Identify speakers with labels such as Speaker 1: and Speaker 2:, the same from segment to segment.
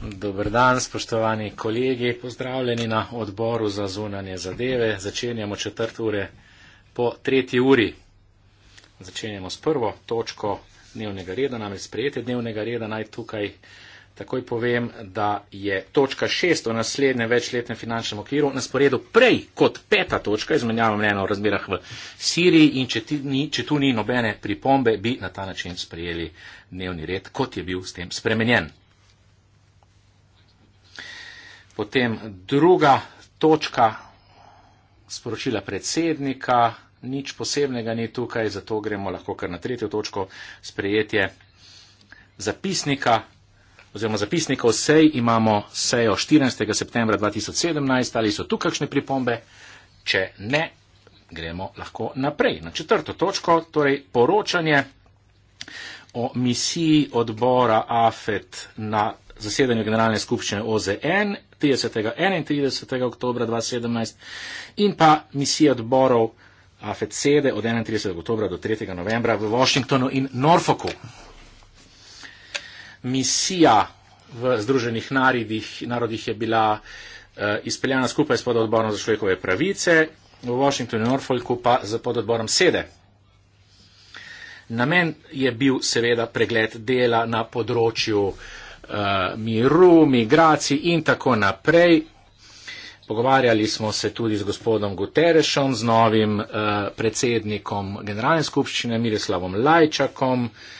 Speaker 1: Dobr dan, spoštovani kolegi, pozdravljeni na odboru za zunanje zadeve. Začenjamo četrt ure po tretji uri. Začenjamo s prvo točko dnevnega reda, namreč sprejete dnevnega reda naj tukaj takoj povem, da je točka šest o naslednjem večletnem finančnem okviru na sporedu prej kot peta točka izmenjava mnenja o razmerah v Siriji in če, ni, če tu ni nobene pripombe, bi na ta način sprejeli dnevni red, kot je bil s tem spremenjen. Potem druga točka sporočila predsednika, nič posebnega ni tukaj, zato gremo lahko kar na tretjo točko sprejetje zapisnika oziroma zapisnikov sej imamo sejo 14. septembra 2017, ali so tu kakšne pripombe? Če ne, gremo lahko naprej. Na četrto točko, torej poročanje o misiji odbora AFET na zasedanju Generalne skupščine OZN 30. 31. oktobra 2017 in pa misije odborov AFET-CD od 31. oktobra do 3. novembra v Washingtonu in Norfolku misija v Združenih narodih, narodih je bila uh, izpeljana skupaj s pododborom za človekove pravice, v Washingtonu in Norfolku pa z pododborom sede. Namen je bil seveda pregled dela na področju uh, miru, migracij in tako naprej. Pogovarjali smo se tudi z gospodom Guterešom, z novim uh, predsednikom generalne skupščine Miroslavom Lajčakom. Uh,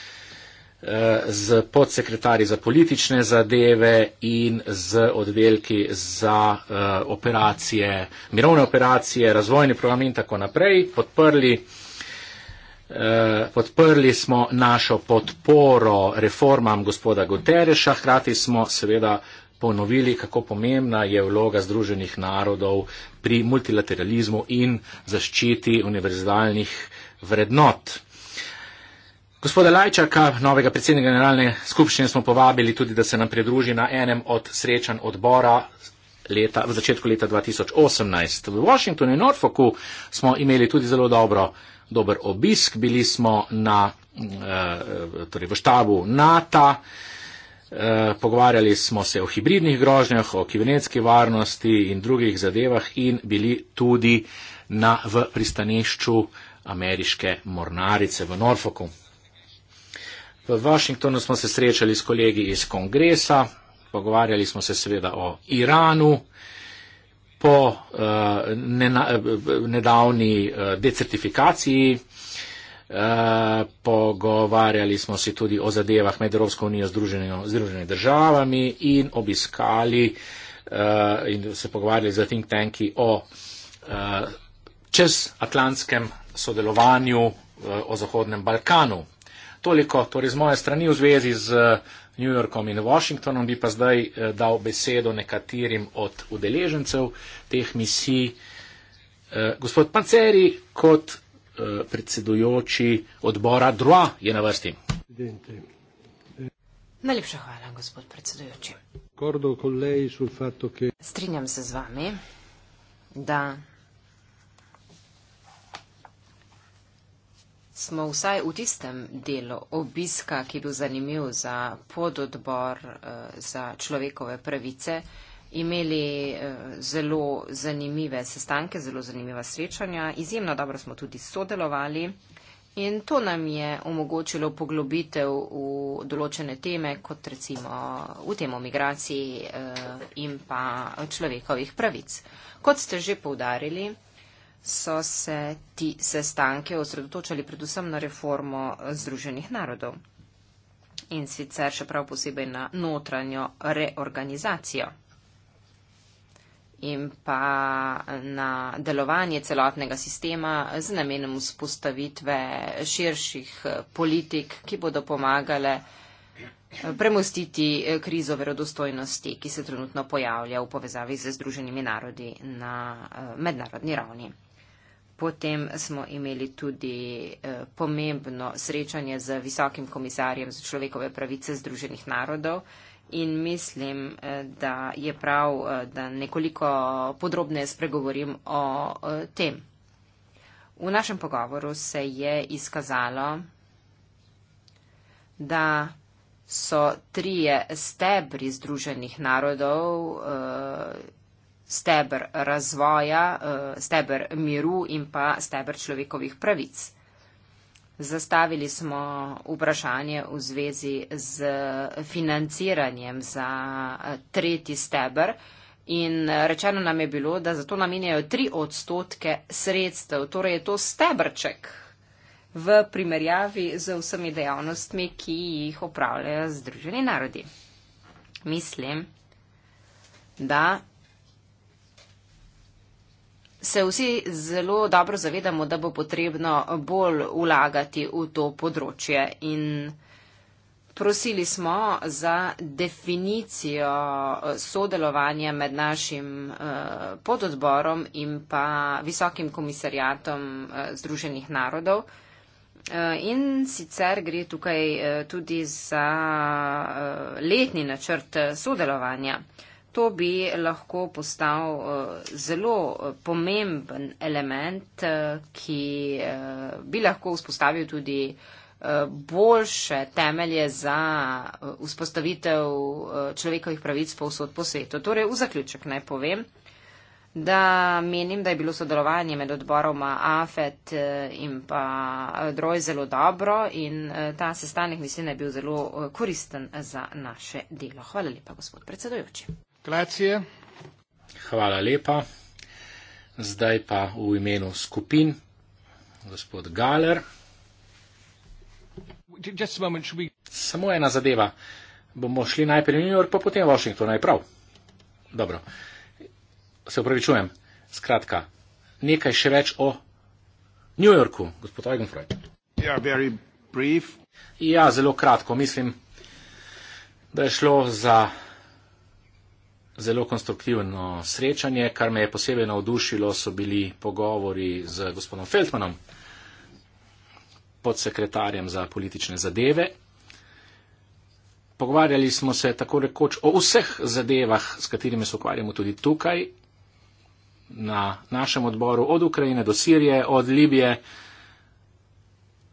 Speaker 1: Eh, z podsekretarji za politične zadeve in z oddelki za eh, operacije, mirovne operacije, razvojni program in tako naprej. Podprli, eh, podprli smo našo podporo reformam gospoda Gutereša, hkrati smo seveda ponovili, kako pomembna je vloga Združenih narodov pri multilateralizmu in zaščiti univerzalnih vrednot. Gospoda Lajčaka, novega predsednika generalne skupščine, smo povabili tudi, da se nam pridruži na enem od srečanj odbora leta, v začetku leta 2018. V Washingtonu in Norfolku smo imeli tudi zelo dobro, dober obisk. Bili smo na, eh, eh, torej v štabu NATO. Eh, pogovarjali smo se o hibridnih grožnjah, o kibernetski varnosti in drugih zadevah in bili tudi na, v pristanišču ameriške mornarice v Norfolku. V Washingtonu smo se srečali s kolegi iz kongresa, pogovarjali smo se seveda o Iranu. Po uh, nena, eh, nedavni uh, decertifikaciji uh, pogovarjali smo se tudi o zadevah med Evropsko unijo in Združenimi državami in obiskali uh, in se pogovarjali z think tanki o uh, čezatlantskem sodelovanju uh, o Zahodnem Balkanu. Toliko torej z moje strani v zvezi z eh, New Yorkom in Washingtonom bi pa zdaj eh, dal besedo nekaterim od udeležencev teh misij. Eh, gospod Panceri, kot predsedujoči odbora DROA je na vrsti.
Speaker 2: Najlepša hvala, gospod predsedujoči.
Speaker 3: Strinjam se z
Speaker 2: vami, da smo vsaj v tistem delu obiska, ki je bil zanimiv za pododbor eh, za človekove pravice, imeli eh, zelo zanimive sestanke, zelo zanimiva srečanja. Izjemno dobro smo tudi sodelovali in to nam je omogočilo poglobitev v določene teme, kot recimo v temo migraciji eh, in pa človekovih pravic. Kot ste že povdarili, so se ti sestanke osredotočali predvsem na reformo eh, Združenih narodov in sicer še prav posebej na notranjo reorganizacijo in pa eh, na delovanje celotnega sistema z namenom vzpostavitve širših eh, politik, ki bodo pomagale premostiti krizo verodostojnosti, ki se trenutno pojavlja v povezavi z Združenimi narodi na mednarodni ravni. Potem smo imeli tudi eh, pomembno srečanje z visokim komisarjem za človekove pravice Združenih narodov in mislim, eh, da je prav, eh, da nekoliko podrobneje spregovorim o eh, tem. V našem pogovoru se je izkazalo, da so trije stebri Združenih narodov. Eh, steber razvoja, eh, steber miru in pa steber človekovih pravic. Zastavili smo vprašanje v zvezi z financiranjem za eh, tretji steber in eh, rečeno nam je bilo, da za to namenjajo tri odstotke sredstev, torej je to stebrček v primerjavi z vsemi dejavnostmi, ki jih opravljajo Združeni narodi. Mislim, da se vsi zelo dobro zavedamo, da bo potrebno bolj ulagati v to področje in prosili smo za definicijo eh, sodelovanja med našim eh, pododborom in pa visokim komisarjatom eh, Združenih narodov. In sicer gre tukaj tudi za letni načrt sodelovanja to bi lahko postal eh, zelo eh, pomemben element, eh, ki bi lahko vzpostavil tudi boljše temelje za vzpostavitev človekovih pravic povsod po svetu. Torej, v zaključek naj povem, da menim, da je bilo sodelovanje med odboroma AFET in pa DROJ zelo dobro in ta sestanek mislim, da je bil zelo koristen za naše delo. Hvala lepa, gospod predsedujoči.
Speaker 1: Klacije. Hvala lepa. Zdaj pa v imenu skupin, gospod Galer. Moment, we... Samo ena zadeva. Bomo šli najprej v New York, pa potem v Washington, najprav. Dobro. Se upravičujem. Skratka, nekaj še več o New Yorku, gospod Eigenfreud. Ja, ja, zelo kratko. Mislim, da je šlo za zelo konstruktivno srečanje. Kar me je posebej navdušilo, so bili pogovori z gospodom Feldmanom, podsekretarjem za politične zadeve. Pogovarjali smo se tako rekoč o vseh zadevah, s katerimi se ukvarjamo tudi tukaj, na našem odboru, od Ukrajine do Sirije, od Libije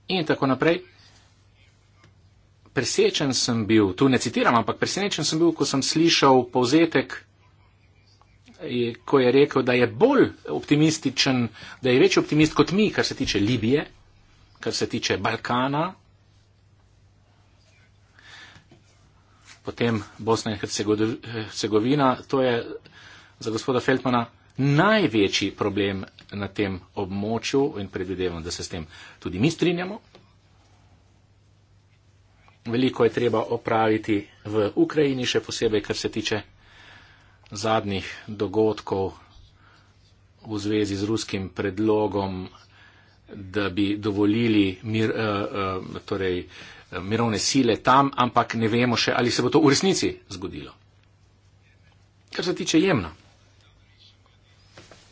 Speaker 1: in tako naprej presečen sem bil, tu ne citiram, ampak presečen sem bil, ko sem slišal povzetek, ko je rekel, da je bolj optimističen, da je večji optimist kot mi, kar se tiče Libije, kar se tiče Balkana, potem Bosna in Hercegovina. To je za gospoda Feldmana največji problem na tem območju in predvidevam, da se s tem tudi mi strinjamo. Veliko je treba opraviti v Ukrajini, še posebej, kar se tiče zadnjih dogodkov v zvezi z ruskim predlogom, da bi dovolili mir, uh, uh, torej, uh, mirovne sile tam, ampak ne vemo še, ali se bo to v resnici zgodilo. Kar se tiče jemna.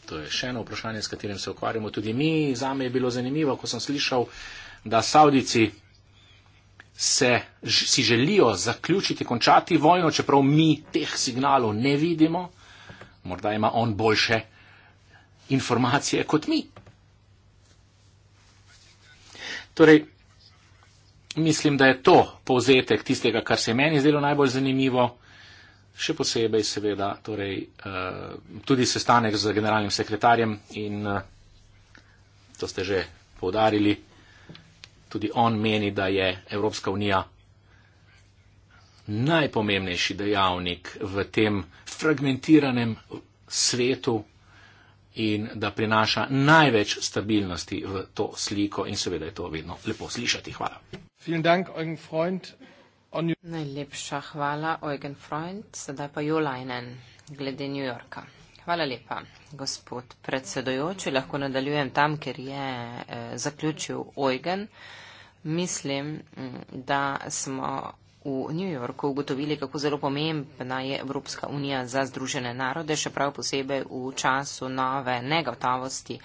Speaker 1: To je še eno vprašanje, s katerim se ukvarjamo tudi mi. Zame je bilo zanimivo, ko sem slišal, da Saudici se si želijo zaključiti, končati vojno, čeprav mi teh signalov ne vidimo. Morda ima on boljše informacije kot mi. Torej, mislim, da je to povzetek tistega, kar se je meni zdelo najbolj zanimivo. Še posebej seveda torej, eh, tudi sestanek z generalnim sekretarjem in eh, to ste že poudarili tudi on meni, da je Evropska unija najpomembnejši dejavnik v tem fragmentiranem svetu in da prinaša največ stabilnosti v to sliko in seveda je to vedno lepo slišati. Hvala.
Speaker 2: Dank, Najlepša hvala, Eugen Freund. Sedaj pa Jolajnen glede New Yorka. Hvala lepa, gospod predsedojoči. Lahko nadaljujem tam, ker je eh, zaključil Ojgen. Mislim, mm, da smo v New Yorku ugotovili, kako zelo pomembna je Evropska unija za združene narode, še prav posebej v času nove negotovosti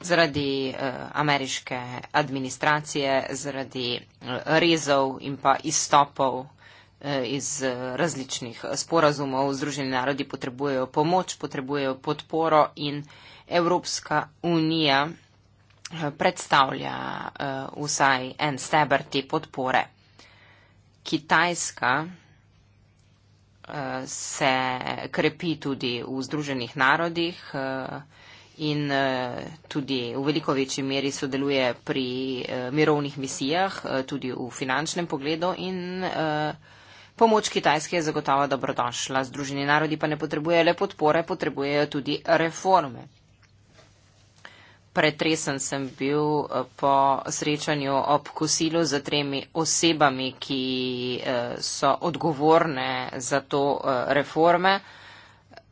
Speaker 2: zaradi eh, ameriške administracije, zaradi eh, rezov in pa izstopov Eh, iz eh, različnih eh, sporazumov. Združeni narodi potrebujejo pomoč, potrebujejo podporo in Evropska unija predstavlja vsaj en stebr te podpore. Kitajska se krepi tudi v Združenih narodih in tudi v veliko večji meri sodeluje pri mirovnih misijah, tudi v finančnem pogledu in Pomoč Kitajske je zagotovo dobrodošla, Združeni narodi pa ne potrebuje le podpore, potrebujejo tudi reforme. Pretresen sem bil eh, po srečanju ob kosilu z tremi osebami, ki eh, so odgovorne za to eh, reforme.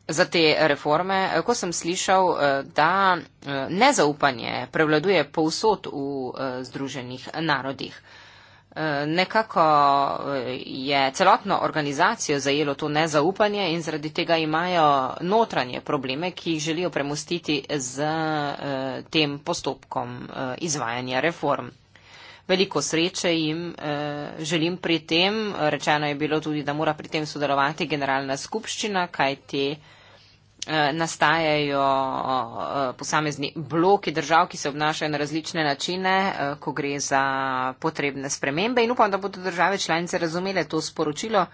Speaker 2: Za te reforme, ko sem slišal, da nezaupanje prevladuje povsod v Združenih narodih. Nekako eh, je celotno organizacijo zajelo to nezaupanje in zaradi tega imajo notranje probleme, ki jih želijo premustiti z eh, tem postopkom eh, izvajanja reform. Veliko sreče jim želim pri tem. Rečeno je bilo tudi, da mora pri tem sodelovati generalna skupščina, kaj te. Eh, nastajajo eh, posamezni bloki držav, ki se obnašajo na različne načine, eh, ko gre za potrebne spremembe in upam, da bodo države članice razumele to sporočilo,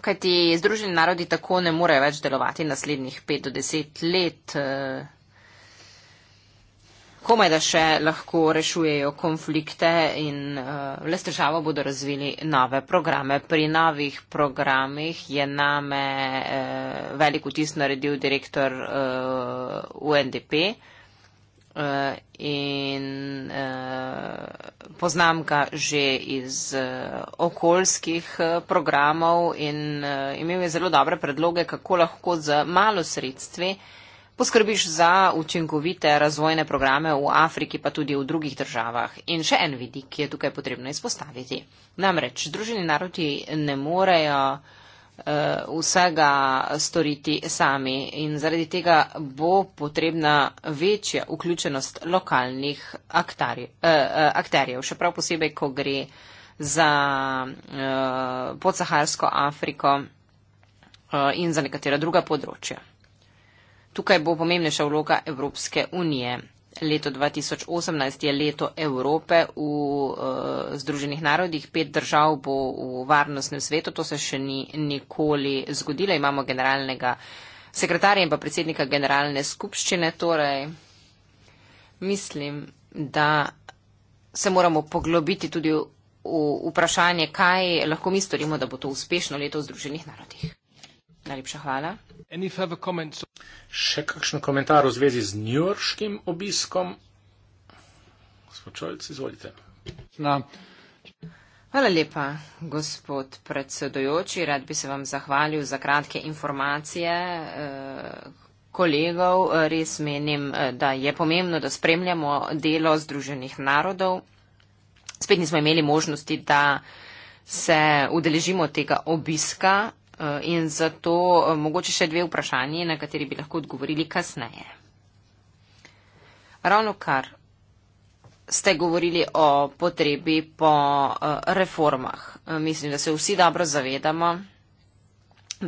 Speaker 2: kajti Združeni narodi tako ne morejo več delovati naslednjih pet do deset let komaj da še lahko rešujejo konflikte in uh, le s težavo bodo razvili nove programe. Pri novih programih je name uh, velik vtis naredil direktor uh, eh, UNDP uh, in uh, poznam ga že iz uh, okoljskih uh, programov in uh, imel je zelo dobre predloge, kako lahko z malo sredstvi uh, Poskrbiš za učinkovite razvojne programe v Afriki, pa tudi v drugih državah. In še en vidik, ki je tukaj potrebno izpostaviti. Namreč, združeni narodi ne morejo uh, vsega storiti sami in zaradi tega bo potrebna večja vključenost lokalnih aktarjev, uh, eh, akterjev, še prav posebej, ko gre za uh, podsaharsko Afriko uh, in za nekatera druga področja. Tukaj bo pomembnejša vloga Evropske unije. Leto 2018 je leto Evrope v uh, Združenih narodih. Pet držav bo v varnostnem svetu. To se še ni nikoli zgodilo. Imamo generalnega sekretarja in pa predsednika generalne skupščine. Torej, mislim, da se moramo poglobiti tudi v vprašanje, kaj lahko mi storimo, da bo to uspešno leto v Združenih narodih. Najlepša hvala.
Speaker 1: Še kakšen komentar v zvezi z njurškim obiskom? Spočoljci, izvolite. Na.
Speaker 2: Hvala lepa, gospod predsedojoči. Rad bi se vam zahvalil za kratke informacije eh, kolegov. Res menim, eh, da je pomembno, da spremljamo delo Združenih narodov. Spet nismo imeli možnosti, da se udeležimo tega obiska Eh, in zato eh, mogoče še dve vprašanje, na kateri bi lahko odgovorili kasneje. Ravno kar ste govorili o potrebi po eh, reformah. Mislim, da se vsi dobro zavedamo,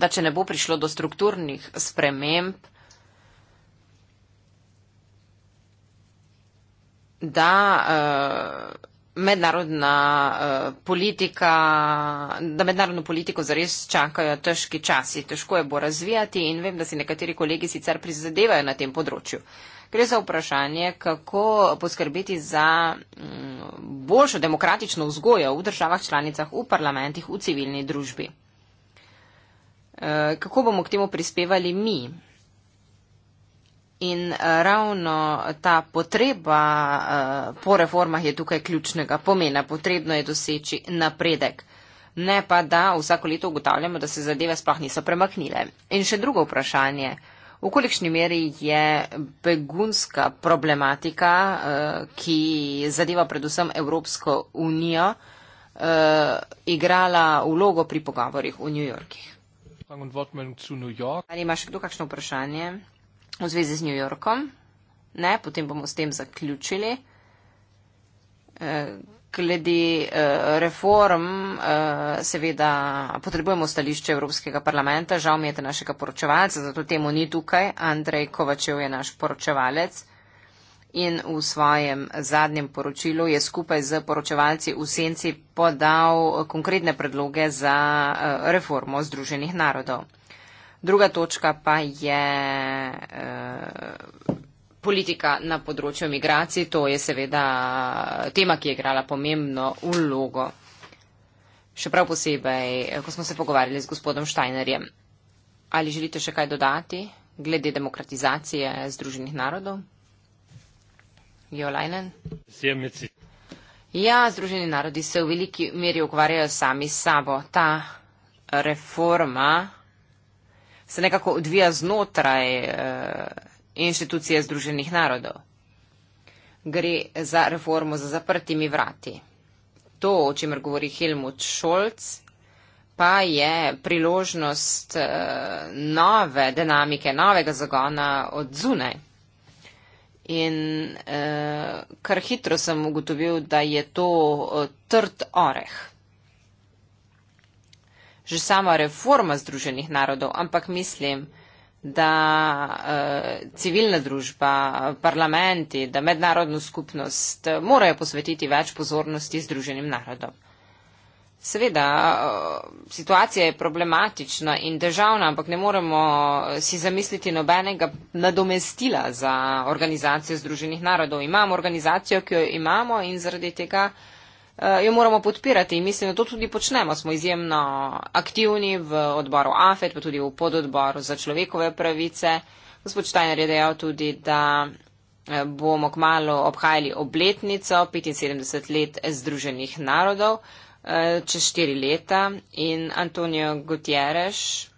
Speaker 2: da če ne bo prišlo do strukturnih sprememb, da. Uh, mednarodna eh, politika, da mednarodno politiko zares čakajo težki časi, težko jo bo razvijati in vem, da si nekateri kolegi sicer prizadevajo na tem področju. Gre za vprašanje, kako poskrbeti za mm, boljšo demokratično vzgojo v državah članicah, v parlamentih, v civilni družbi. Eh, kako bomo k temu prispevali mi? In eh, ravno ta potreba eh, po reformah je tukaj ključnega pomena. Potrebno je doseči napredek. Ne pa, da vsako leto ugotavljamo, da se zadeve sploh niso premaknile. In še drugo vprašanje. V kolikšni meri je begunska problematika, eh, ki zadeva predvsem Evropsko unijo, igrala vlogo pri pogovorjih v New Yorkih? Ali ima še kdo kakšno vprašanje? v zvezi z New Yorkom. Ne, potem bomo s tem zaključili. Eh, glede eh, reform, eh, seveda potrebujemo stališče Evropskega parlamenta. Žal mi je, da našega poročevalca, zato temu ni tukaj. Andrej Kovačev je naš poročevalec in v svojem zadnjem poročilu je skupaj z poročevalci v senci podal konkretne predloge za reformo Združenih narodov. Druga točka pa je eh, politika na področju migracij. To je seveda tema, ki je igrala pomembno vlogo. Še prav posebej, eh, ko smo se pogovarjali z gospodom Štajnerjem. Ali želite še kaj dodati glede demokratizacije Združenih narodov? Jo Lajnen? Ja, Združeni narodi se v veliki meri ukvarjajo sami s sabo. Ta reforma se nekako odvija znotraj eh, inštitucije Združenih narodov. Gre za reformo za zaprtimi vrati. To, o čemer govori Helmut Scholz, pa je priložnost eh, nove dinamike, novega zagona od zunaj. In eh, kar hitro sem ugotovil, da je to trd oreh že sama reforma Združenih narodov, ampak mislim, da eh, civilna družba, parlamenti, da mednarodno skupnost eh, morajo posvetiti več pozornosti Združenim narodom. Seveda, eh, situacija je problematična in državna, ampak ne moremo si zamisliti nobenega nadomestila za organizacijo Združenih narodov. Imamo organizacijo, ki jo imamo in zaradi tega Eh, jo moramo podpirati in mislim, da to tudi počnemo. Smo izjemno aktivni v odboru AFET, pa tudi v pododboru za človekove pravice. Gospod Štajner je dejal tudi, da eh, bomo kmalo obhajali obletnico 75 let Združenih narodov eh, čez 4 leta in Antonijo Gutierrez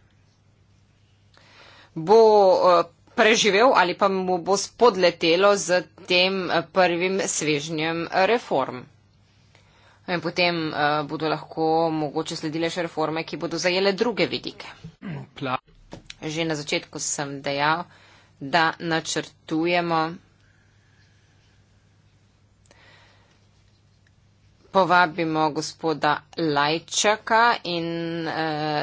Speaker 2: bo preživel ali pa mu bo spodletelo z tem prvim svežnjem reform. In potem uh, bodo lahko mogoče sledile še reforme, ki bodo zajele druge vidike. Pla. Že na začetku sem dejal, da načrtujemo Povabimo gospoda Lajčaka in e,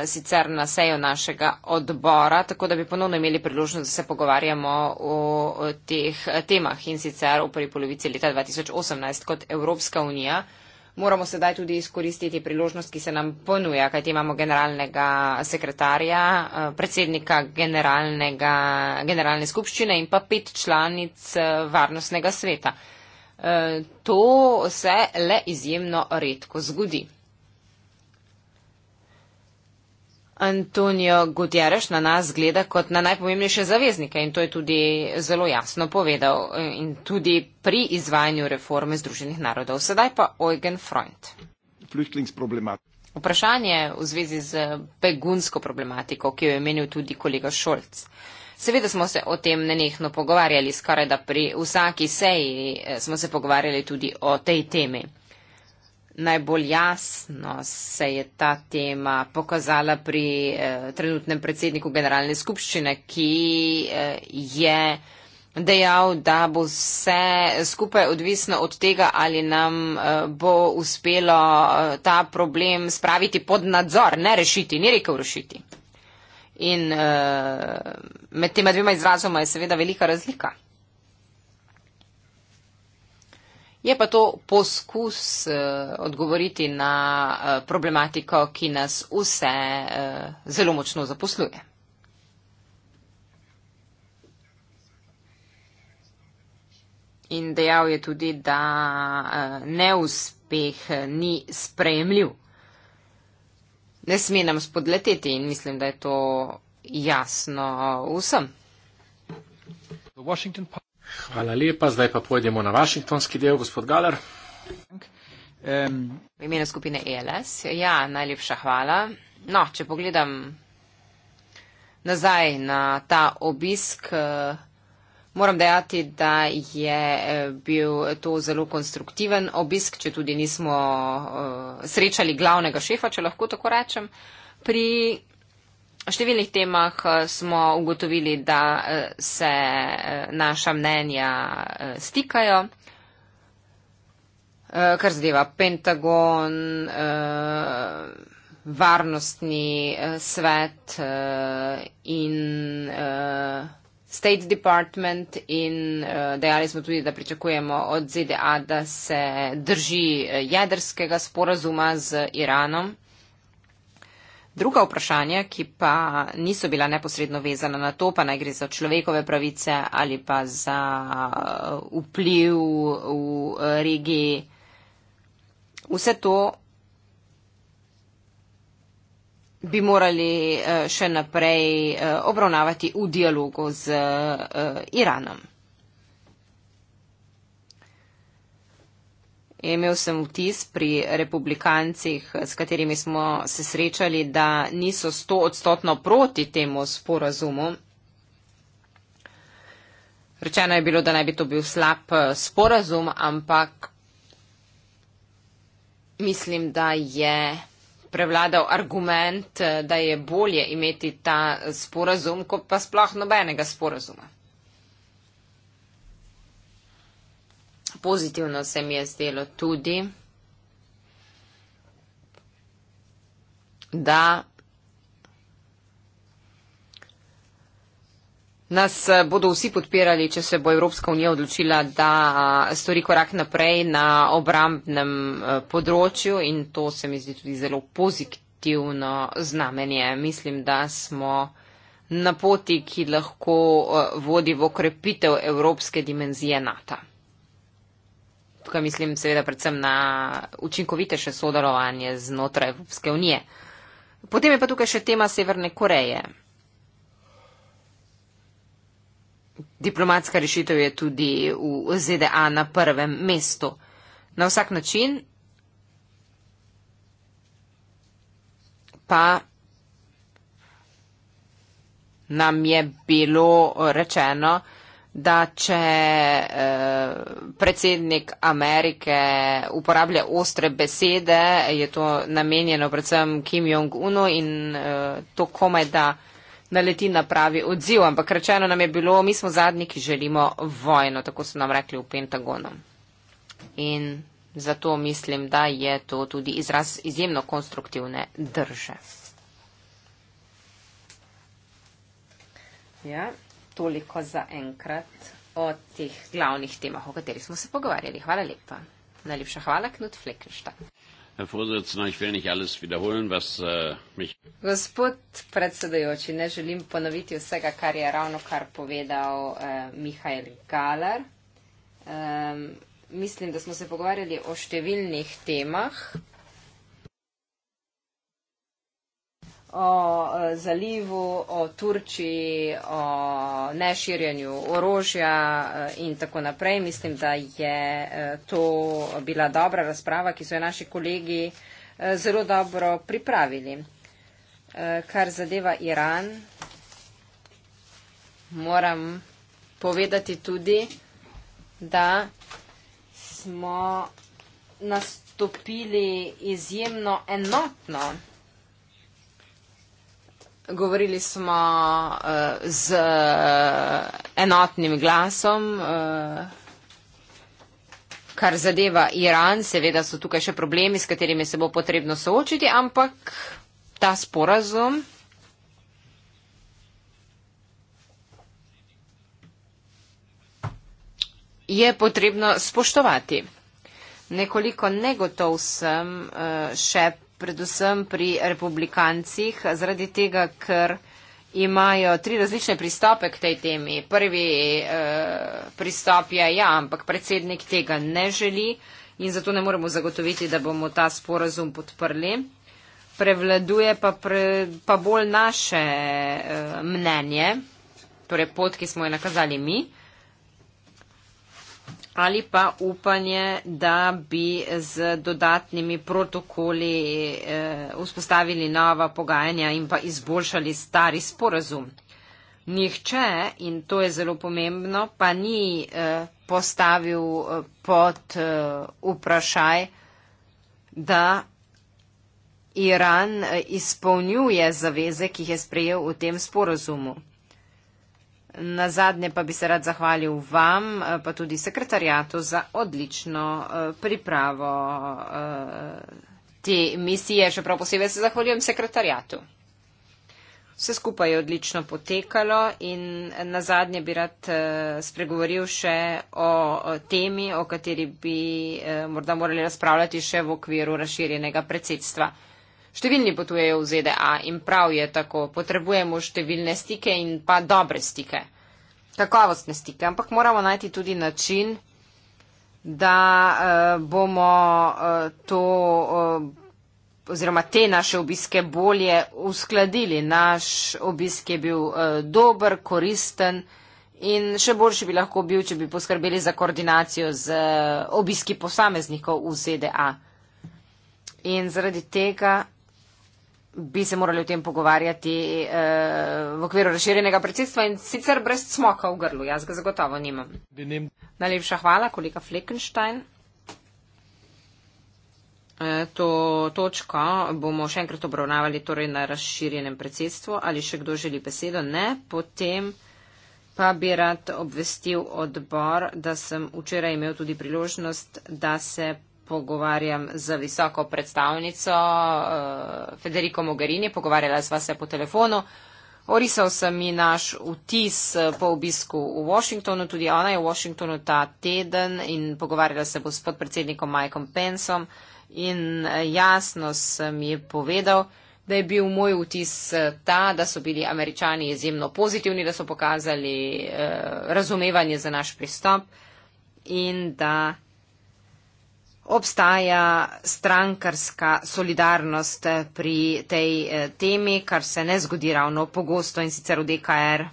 Speaker 2: sicer na sejo našega odbora, tako da bi ponovno imeli priložnost, da se pogovarjamo o, o teh eh, temah in sicer v prvi polovici leta 2018 kot Evropska unija moramo sedaj tudi izkoristiti priložnost, ki se nam ponuja, kajti imamo generalnega sekretarja, eh, predsednika generalne skupščine in pa pet članic eh, varnostnega sveta. Eh, to se le izjemno redko zgodi. Antonijo Gutjereš na nas gleda kot na najpomembnejše zaveznike in to je tudi zelo jasno povedal eh, in tudi pri izvajanju reforme Združenih narodov. Sedaj pa Eugen Freund. Vprašanje v zvezi z begunsko problematiko, ki jo je menil tudi kolega Šolc. Seveda smo se o tem nenehno pogovarjali, skoraj da pri vsaki seji eh, smo se pogovarjali tudi o tej temi najbolj jasno se je ta tema pokazala pri eh, trenutnem predsedniku generalne skupščine, ki eh, je dejal, da bo vse skupaj odvisno od tega, ali nam eh, bo uspelo eh, ta problem spraviti pod nadzor, ne rešiti, ni rekel rešiti. In eh, med tema dvema izrazoma je seveda velika razlika. Je pa to poskus eh, odgovoriti na eh, problematiko, ki nas vse eh, zelo močno zaposluje. In dejal je tudi, da neuspeh ni sprejemljiv. Ne sme nam spodleteti in mislim, da je to jasno vsem.
Speaker 1: Hvala lepa. Zdaj pa pojdemo na vašingtonski del, gospod Galar.
Speaker 2: V imenu skupine ELS. Ja, najlepša hvala. No, če pogledam nazaj na ta obisk, eh, moram dejati, da je eh, bil to zelo konstruktiven obisk, če tudi nismo eh, srečali glavnega šefa, če lahko tako rečem. Pri O številnih temah eh, smo ugotovili, da eh, se eh, naša mnenja stikajo, kar zadeva Pentagon, varnostni svet in State Department in dejali smo tudi, da pričakujemo od ZDA, da se drži jedrskega sporazuma z Iranom. Druga vprašanja, ki pa niso bila neposredno vezana na to, pa naj gre za človekove pravice ali pa za uh, vpliv v uh, regiji, vse to bi morali uh, še naprej obravnavati v dialogu z Iranom. Imel sem vtis pri republikancih, s katerimi smo se srečali, da niso sto odstotno proti temu sporazumu. Rečeno je bilo, da naj bi to bil slab eh, sporazum, ampak mislim, da je prevladal argument, eh, da je bolje imeti ta eh, sporazum, kot pa sploh nobenega sporazuma. pozitivno se mi je zdelo tudi, da nas bodo vsi podpirali, če se bo Evropska unija odločila, da stori korak naprej na obrambnem e, področju in to se mi zdi tudi zelo pozitivno znamenje. Mislim, da smo na poti, ki lahko e, vodi v okrepitev evropske dimenzije NATO. Tukaj mislim seveda predvsem na učinkovitejše sodelovanje znotraj Evropske unije. Potem je pa tukaj še tema Severne Koreje. Diplomatska rešitev je tudi v ZDA na prvem mestu. Na vsak način pa nam je bilo rečeno, da če eh, predsednik Amerike uporablja ostre besede, je to namenjeno predvsem Kim Jong-unu in eh, to komaj da naleti na pravi odziv. Ampak rečeno nam je bilo, mi smo zadnji, ki želimo vojno, tako so nam rekli v Pentagonu. In zato mislim, da je to tudi izraz izjemno konstruktivne drže. Yeah. Ja toliko za enkrat o teh glavnih temah, o katerih smo se pogovarjali. Hvala lepa. Najlepša hvala, Knut Fleckenstein.
Speaker 1: Äh,
Speaker 2: Gospod predsedajoči, ne želim ponoviti vsega, kar je ravno kar povedal eh, äh, Mihajl Galar. Eh, ähm, mislim, da smo se pogovarjali o številnih temah. o e, zalivu, o Turčiji, o neširjenju orožja e, in tako naprej. Mislim, da je e, to bila dobra razprava, ki so jo naši kolegi zelo dobro pripravili. Kar zadeva Iran, moram povedati tudi, da smo nastopili izjemno enotno Govorili smo uh, z eh, enotnim glasom. Uh, Kar zadeva Iran, seveda so tukaj še problemi, s katerimi se bo potrebno soočiti, ampak ta sporazum je potrebno spoštovati. Nekoliko negotov sem še predvsem pri republikancih, zaradi tega, ker imajo tri različne pristope k tej temi. Prvi eh, pristop je, ja, ampak predsednik tega ne želi in zato ne moremo zagotoviti, da bomo ta sporazum podprli. Prevladuje pa, pre, pa bolj naše eh, mnenje, torej pot, ki smo jo nakazali mi ali pa upanje, da bi z dodatnimi protokoli eh, vzpostavili nova pogajanja in pa izboljšali stari sporazum. Nihče, in to je zelo pomembno, pa ni eh, postavil eh, pod vprašaj, da Iran izpolnjuje zaveze, ki jih je sprejel v tem sporazumu. Na zadnje pa bi se rad zahvalil vam, eh, pa tudi sekretarjatu za odlično eh, pripravo eh, te misije. Še prav posebej se zahvaljujem sekretarjatu. Vse skupaj je odlično potekalo in na zadnje bi rad spregovoril še o temi, o kateri bi morda morali razpravljati še v okviru razširjenega predsedstva. Številni potujejo v ZDA in prav je tako, potrebujemo številne stike in pa dobre stike, kakovostne stike, ampak moramo najti tudi način, da uh, bomo uh, to, uh, oziroma te naše obiske bolje uskladili. Naš obisk je bil uh, dober, koristen in še boljši bi lahko bil, če bi poskrbeli za koordinacijo z uh, obiski posameznikov v ZDA. In zaradi tega bi se morali o tem pogovarjati eh, v okviru razširjenega predsedstva in sicer brez smoka v grlu. Jaz ga zagotovo nimam. Denim. Najlepša hvala, kolega Fleckenstein. Eh, to točko bomo še enkrat obravnavali torej na razširjenem predsedstvu. Ali še kdo želi besedo? Ne. Potem pa bi rad obvestil odbor, da sem včeraj imel tudi priložnost, da se pogovarjam z visoko predstavnico eh, Federico Mogherini, pogovarjala sva se po telefonu. Orisal sem ji naš vtis eh, po obisku v Washingtonu, tudi ona je v Washingtonu ta teden in pogovarjala se bo s podpredsednikom Mikeom Pensom in eh, jasno sem ji povedal, da je bil moj vtis ta, da so bili američani izjemno pozitivni, da so pokazali eh, razumevanje za naš pristop in da obstaja strankarska solidarnost pri tej eh, temi, kar se ne zgodi ravno pogosto in sicer v DKR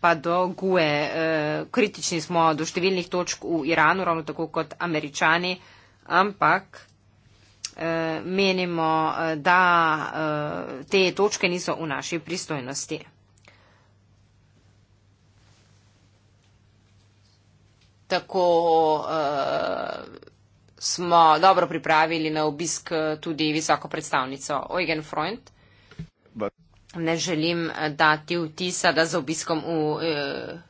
Speaker 2: pa do GUE. Eh, kritični smo do številnih točk v Iranu, ravno tako kot američani, ampak eh, menimo, da te točke niso v naši pristojnosti. Tako uh, smo dobro pripravili na obisk eh, tudi visoko predstavnico Eugen Freund. But. Ne želim eh, dati vtisa, da z obiskom v eh,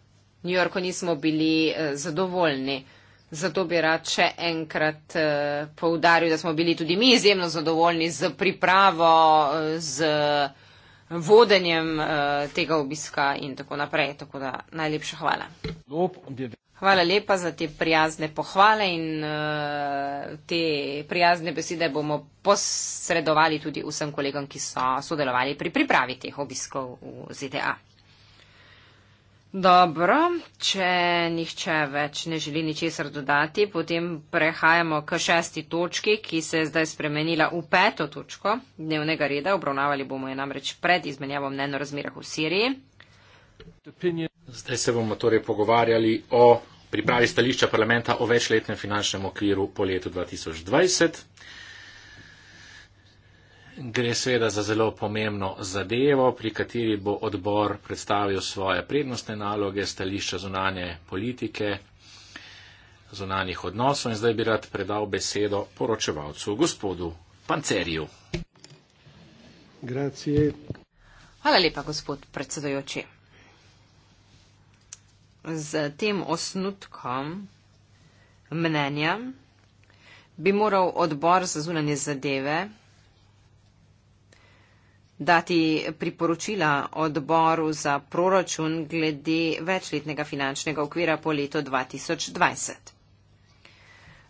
Speaker 2: New Yorku nismo bili eh, zadovoljni. Zato bi rad še enkrat eh, poudaril, da smo bili tudi mi izjemno zadovoljni z pripravo, eh, z vodenjem eh, tega obiska in tako naprej. Tako da najlepša hvala. Lop, Hvala lepa za te prijazne pohvale in uh, te prijazne besede bomo posredovali tudi vsem kolegom, ki so sodelovali pri pripravi teh obiskov v ZDA. Dobro, če nihče več ne želi ničesar dodati, potem prehajamo k šesti točki, ki se je zdaj spremenila v peto točko dnevnega reda. Obravnavali bomo je namreč pred izmenjavom mnenorazmerah v Siriji.
Speaker 1: Zdaj se bomo torej pogovarjali o pripravi stališča parlamenta o večletnem finančnem okviru po letu 2020. Gre seveda za zelo pomembno zadevo, pri kateri bo odbor predstavil svoje prednostne naloge, stališča zunanje politike, zunanih odnosov in zdaj bi rad predal besedo poročevalcu gospodu Panceriju.
Speaker 3: Grazie.
Speaker 2: Hvala lepa, gospod predsedojoči z tem osnutkom mnenja bi moral odbor za zunanje zadeve dati priporočila odboru za proračun glede večletnega finančnega okvira po leto 2020.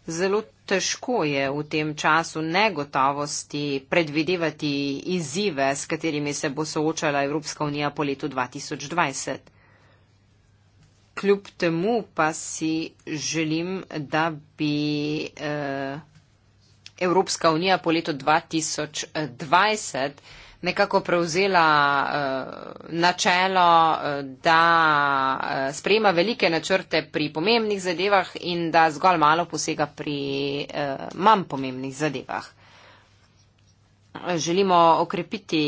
Speaker 2: Zelo težko je v tem času negotovosti predvidevati izzive, s katerimi se bo soočala Evropska unija po letu 2020 kljub temu pa si želim, da bi eh, Evropska unija po letu 2020 nekako prevzela eh, načelo, eh, da sprejema velike načrte pri pomembnih zadevah in da zgolj malo posega pri manj pomembnih zadevah. Želimo okrepiti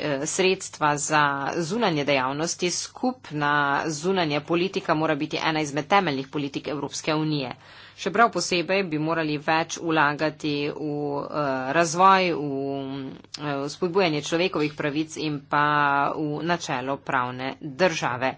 Speaker 2: eh, sredstva za zunanje dejavnosti. Skupna zunanje politika mora biti ena izmed temeljnih politik Evropske unije. Še prav posebej bi morali več vlagati v eh, razvoj, v eh, spodbujanje človekovih pravic in pa v načelo pravne države.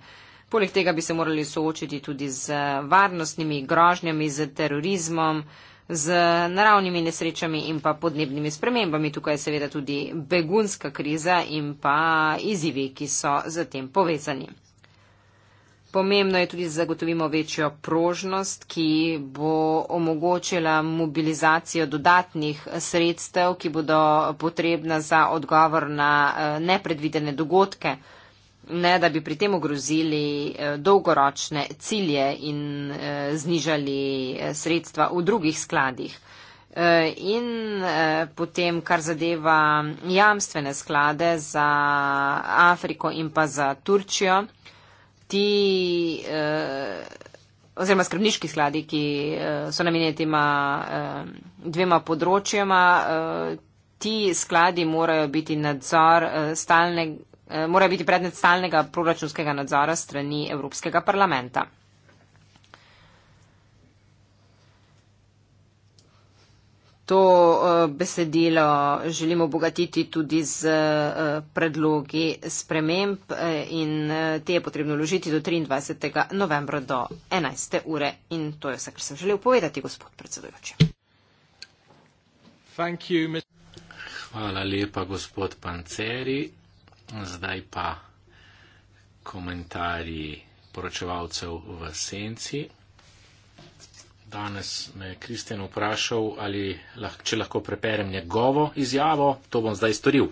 Speaker 2: Poleg tega bi se morali soočiti tudi z varnostnimi grožnjami, z terorizmom, z naravnimi nesrečami in pa podnebnimi spremembami. Tukaj je seveda tudi begunska kriza in pa izzivi, ki so z tem povezani. Pomembno je tudi, da zagotovimo večjo prožnost, ki bo omogočila mobilizacijo dodatnih sredstev, ki bodo potrebna za odgovor na eh, nepredvidene dogodke ne da bi pri tem ogrozili eh, dolgoročne cilje in eh, znižali eh, sredstva v drugih skladih. In potem, kar zadeva jamstvene sklade za Afriko in pa za Turčijo, ti oziroma skrbniški skladi, ki so namenjeni tema dvema področjama, ti skladi morajo biti nadzor stalne, Eh, mora biti predmet stalnega proračunskega nadzora strani Evropskega parlamenta. To eh, besedilo želimo obogatiti tudi z eh, predlogi sprememb in te je potrebno ložiti do 23. novembra do 11. ure. In to je vse, kar sem želel povedati, gospod predsedujoči.
Speaker 1: Hvala lepa, gospod Panceri. Zdaj pa komentarji poročevalcev v senci. Danes me je Kristjan vprašal, ali, če lahko preperem njegovo izjavo, to bom zdaj storil.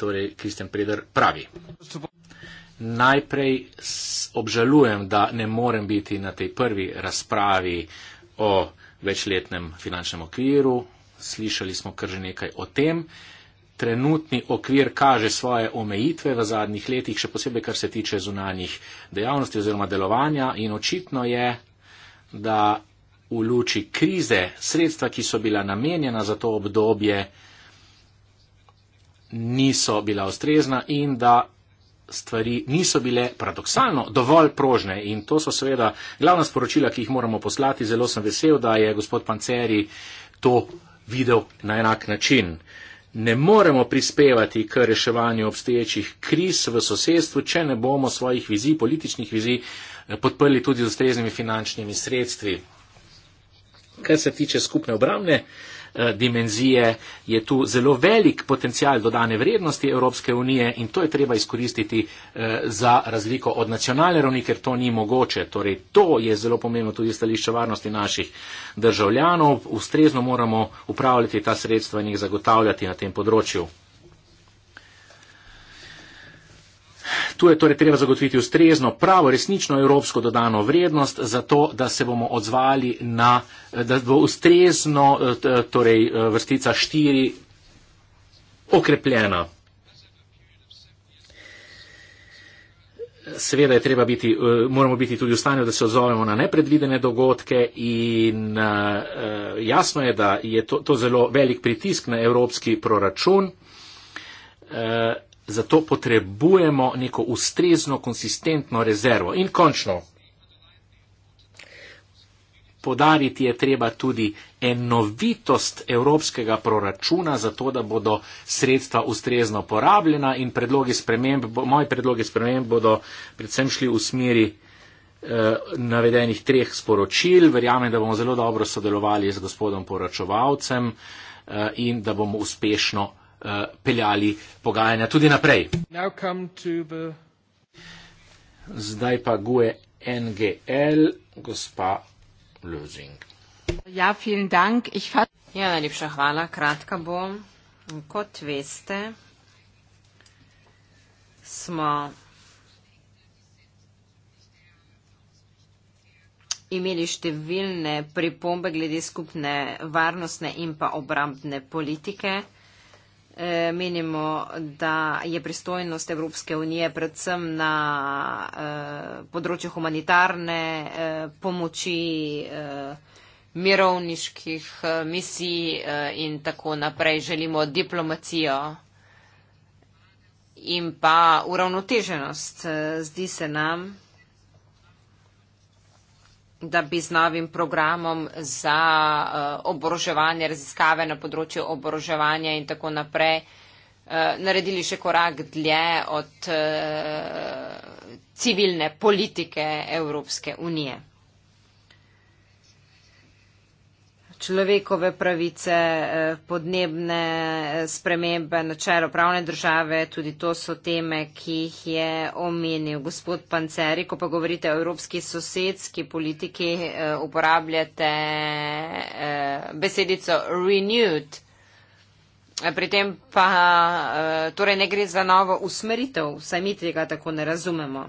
Speaker 1: Torej, Kristjan Preder pravi. Najprej obžalujem, da ne morem biti na tej prvi razpravi o večletnem finančnem okviru. Slišali smo kar že nekaj o tem trenutni okvir kaže svoje omejitve v zadnjih letih, še posebej kar se tiče zunanjih dejavnosti oziroma delovanja in očitno je, da v luči krize sredstva, ki so bila namenjena za to obdobje, niso bila ustrezna in da stvari niso bile paradoksalno dovolj prožne. In to so seveda glavna sporočila, ki jih moramo poslati. Zelo sem vesel, da je gospod Panceri to videl na enak način ne moremo prispevati k reševanju obstoječih kriz v sosedstvu, če ne bomo svojih vizij, političnih vizij, eh, podprli tudi z ustreznimi finančnimi sredstvi. Kar se tiče skupne obramne Eh, dimenzije, je tu zelo velik potencial dodane vrednosti Evropske unije in to je treba izkoristiti eh, za razliko od nacionalne ravni, ker to ni mogoče. Torej, to je zelo pomembno tudi stališče varnosti naših državljanov. Ustrezno moramo upravljati ta sredstva in jih zagotavljati na tem področju. Tu je torej treba zagotoviti ustrezno, pravo, resnično evropsko dodano vrednost, zato da se bomo odzvali na, da bo ustrezno eh, torej, eh, vrstica štiri okrepljena. Seveda je treba biti, eh, moramo biti tudi v stanju, da se odzovemo na nepredvidene dogodke in jasno je, da je to, to zelo velik pritisk na evropski proračun. Zato potrebujemo neko ustrezno, konsistentno rezervo. In končno, podariti je treba tudi enovitost evropskega proračuna, zato da bodo sredstva ustrezno porabljena in predlogi sprememb, moji predlogi sprememb bodo predvsem šli v smeri eh, navedenih treh sporočil. Verjamem, da bomo zelo dobro sodelovali z gospodom poročevalcem eh, in da bomo uspešno Eh, peljali pogajanja tudi naprej. Zdaj pa guje NGL, gospa Lozing.
Speaker 2: Ja, dank. Fa... ja, najlepša hvala. Kratka bom. Kot veste, smo imeli številne pripombe glede skupne varnostne in pa obrambne politike. Eh, menimo, da je pristojnost Evropske unije predvsem na eh, področju humanitarne eh, pomoči, mirovniških misij in tako naprej. Želimo diplomacijo in pa uravnoteženost, zdi se nam da bi z novim programom za eh, oboroževanje, raziskave na področju oboroževanja in tako naprej eh, naredili še korak dlje od eh, civilne politike Evropske unije. človekove pravice, eh, podnebne eh, spremembe, načelo pravne države, tudi to so teme, ki jih je omenil gospod Panceri. Ko pa govorite o evropski sosedski politiki, eh, uporabljate besedico renewed. Pri tem pa torej ne gre za novo usmeritev, saj mi tega tako ne razumemo.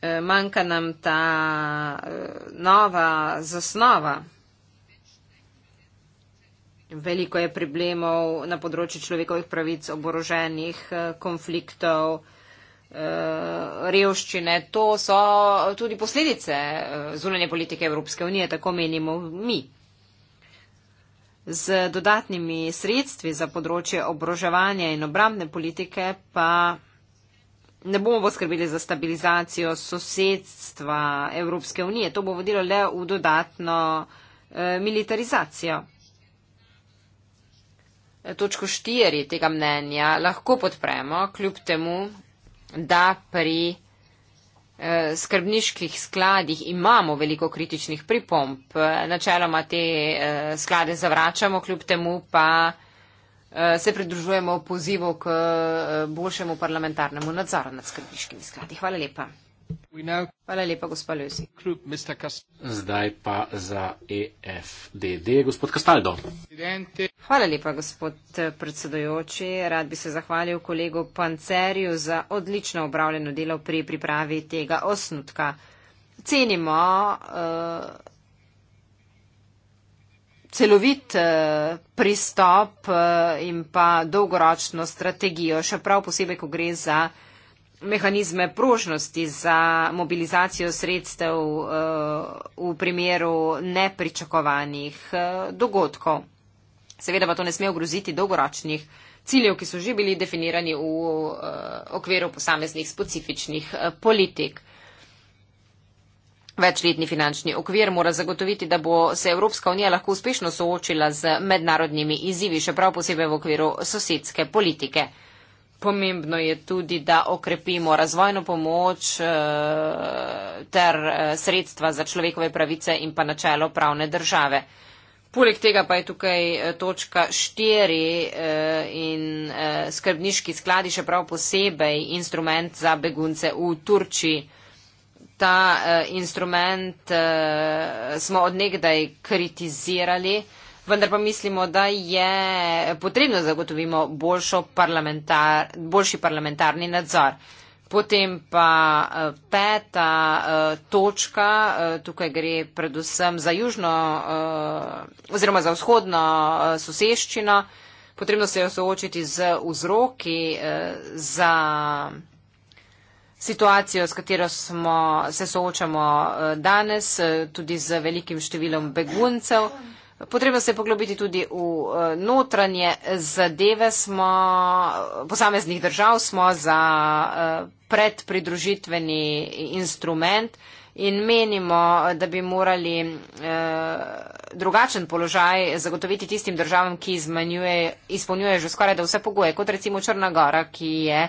Speaker 2: Eh, manjka nam ta eh, nova zasnova. Veliko je problemov na področju človekovih pravic, oboroženih eh, konfliktov, revščine. To so tudi posledice zunanje politike Evropske unije, tako menimo mi. Z dodatnimi sredstvi za področje obroževanja in obramne politike pa ne bomo poskrbeli za stabilizacijo sosedstva Evropske unije. To bo vodilo le v dodatno eh, militarizacijo. Točko štiri tega mnenja lahko podpremo, kljub temu, da pri eh, skrbniških skladih imamo veliko kritičnih pripomp. Načeloma te eh, sklade zavračamo, kljub temu pa. Eh, se pridružujemo pozivu k eh, boljšemu parlamentarnemu nadzoru nad skrbniškimi skladi. Hvala lepa. E Hvala lepa, gospod Ljusi.
Speaker 1: Zdaj pa za EFDD, gospod Kastaldo.
Speaker 2: Hvala lepa, gospod predsedojoči. Rad bi se zahvalil kolegu Pancerju za odlično obravljeno delo pri pripravi tega osnutka. Cenimo. Uh, celovit uh, pristop uh, in pa dolgoročno strategijo, še prav posebej, ko gre za mehanizme prožnosti za mobilizacijo sredstev uh, v primeru nepričakovanih uh, dogodkov. Seveda pa to ne sme ogroziti dolgoročnih ciljev, ki so že bili definirani v uh, okviru posameznih specifičnih uh, politik. Večletni finančni okvir mora zagotoviti, da bo se Evropska unija lahko uspešno soočila z mednarodnimi izzivi, še prav posebej v okviru sosedske politike. Pomembno je tudi, da okrepimo razvojno pomoč eh, ter eh, sredstva za človekove pravice in pa načelo pravne države. Poleg tega pa je tukaj eh, točka štiri in skrbniški skladi še prav posebej instrument za begunce v Turčiji ta uh, instrument uh, smo odnegdaj kritizirali, vendar pa mislimo, da je potrebno zagotovimo parlamentar, boljši parlamentarni nadzor. Potem pa eh, peta točka, tukaj gre predvsem za južno oziroma za vzhodno soseščino. Potrebno se je soočiti z vzroki za situacijo, s katero smo, se soočamo eh, danes, eh, tudi z velikim številom beguncev. Potrebno se je poglobiti tudi v eh, notranje zadeve smo, posameznih držav smo za predpridružitveni instrument in menimo, da bi morali drugačen položaj zagotoviti tistim državam, ki izpolnjujejo že skoraj da vse pogoje, kot recimo Črna Gora, ki je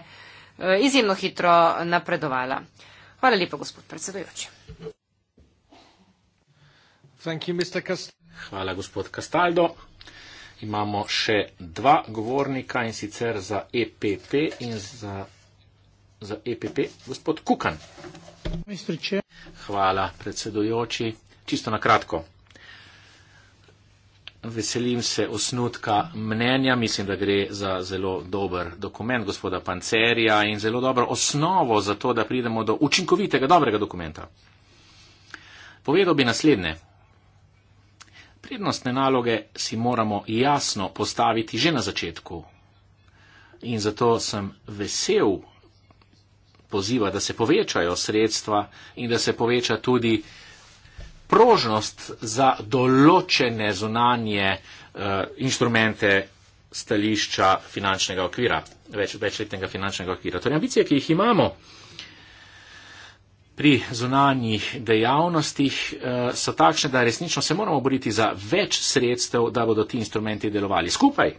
Speaker 2: Eh, izjemno hitro napredovala. Hvala lepa, gospod predsedujoči.
Speaker 1: Hvala, gospod Kastaldo. Imamo še dva govornika in sicer za EPP in za, za EPP gospod Kukan. Hvala, predsedujoči. Čisto na kratko. Veselim se osnutka mnenja, mislim, da gre za zelo dober dokument gospoda Pancerija in zelo dobro osnovo za to, da pridemo do učinkovitega, dobrega dokumenta. Povedal bi naslednje. Prednostne naloge si moramo jasno postaviti že na začetku. In zato sem vesel poziva, da se povečajo sredstva in da se poveča tudi prožnost za določene zunanje uh, eh, instrumente stališča finančnega okvira, več, večletnega finančnega okvira. Torej, ambicije, ki jih imamo pri zunanjih dejavnostih, uh, so takšne, da resnično se moramo boriti za več sredstev, da bodo ti instrumenti delovali skupaj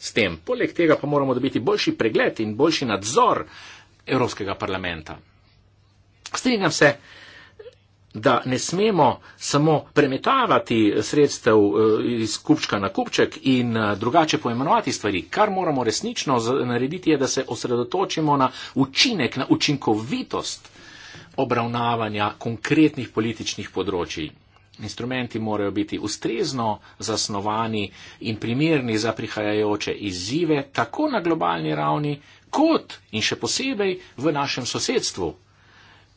Speaker 1: s tem. Poleg tega pa moramo dobiti boljši pregled in boljši nadzor Evropskega parlamenta. Strinjam se, da ne smemo samo premetavati sredstev eh, iz kupčka na kupček in eh, drugače poimenovati stvari. Kar moramo resnično narediti je, da se osredotočimo na učinek, na učinkovitost obravnavanja konkretnih političnih področji. Instrumenti morajo biti ustrezno zasnovani in primerni za prihajajoče izzive tako na globalni ravni kot in še posebej v našem sosedstvu.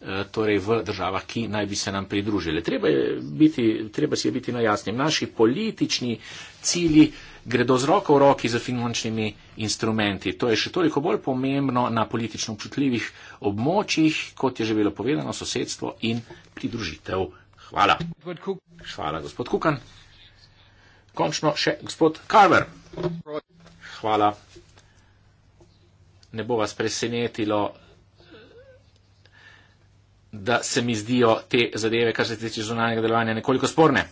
Speaker 1: Eh, torej v državah, ki naj bi se nam pridružile. Treba, biti, treba si je biti najjasnim. Naši politični cilji gredo z roko v roki z finančnimi instrumenti. To je še toliko bolj pomembno na politično občutljivih območjih, kot je že bilo povedano, sosedstvo in pridružitev. Hvala. Hvala, gospod Kukan. Končno še gospod Carver. Hvala. Ne bo vas presenetilo, da se mi zdijo te zadeve, kar se tiče zunanjega delovanja, nekoliko sporne.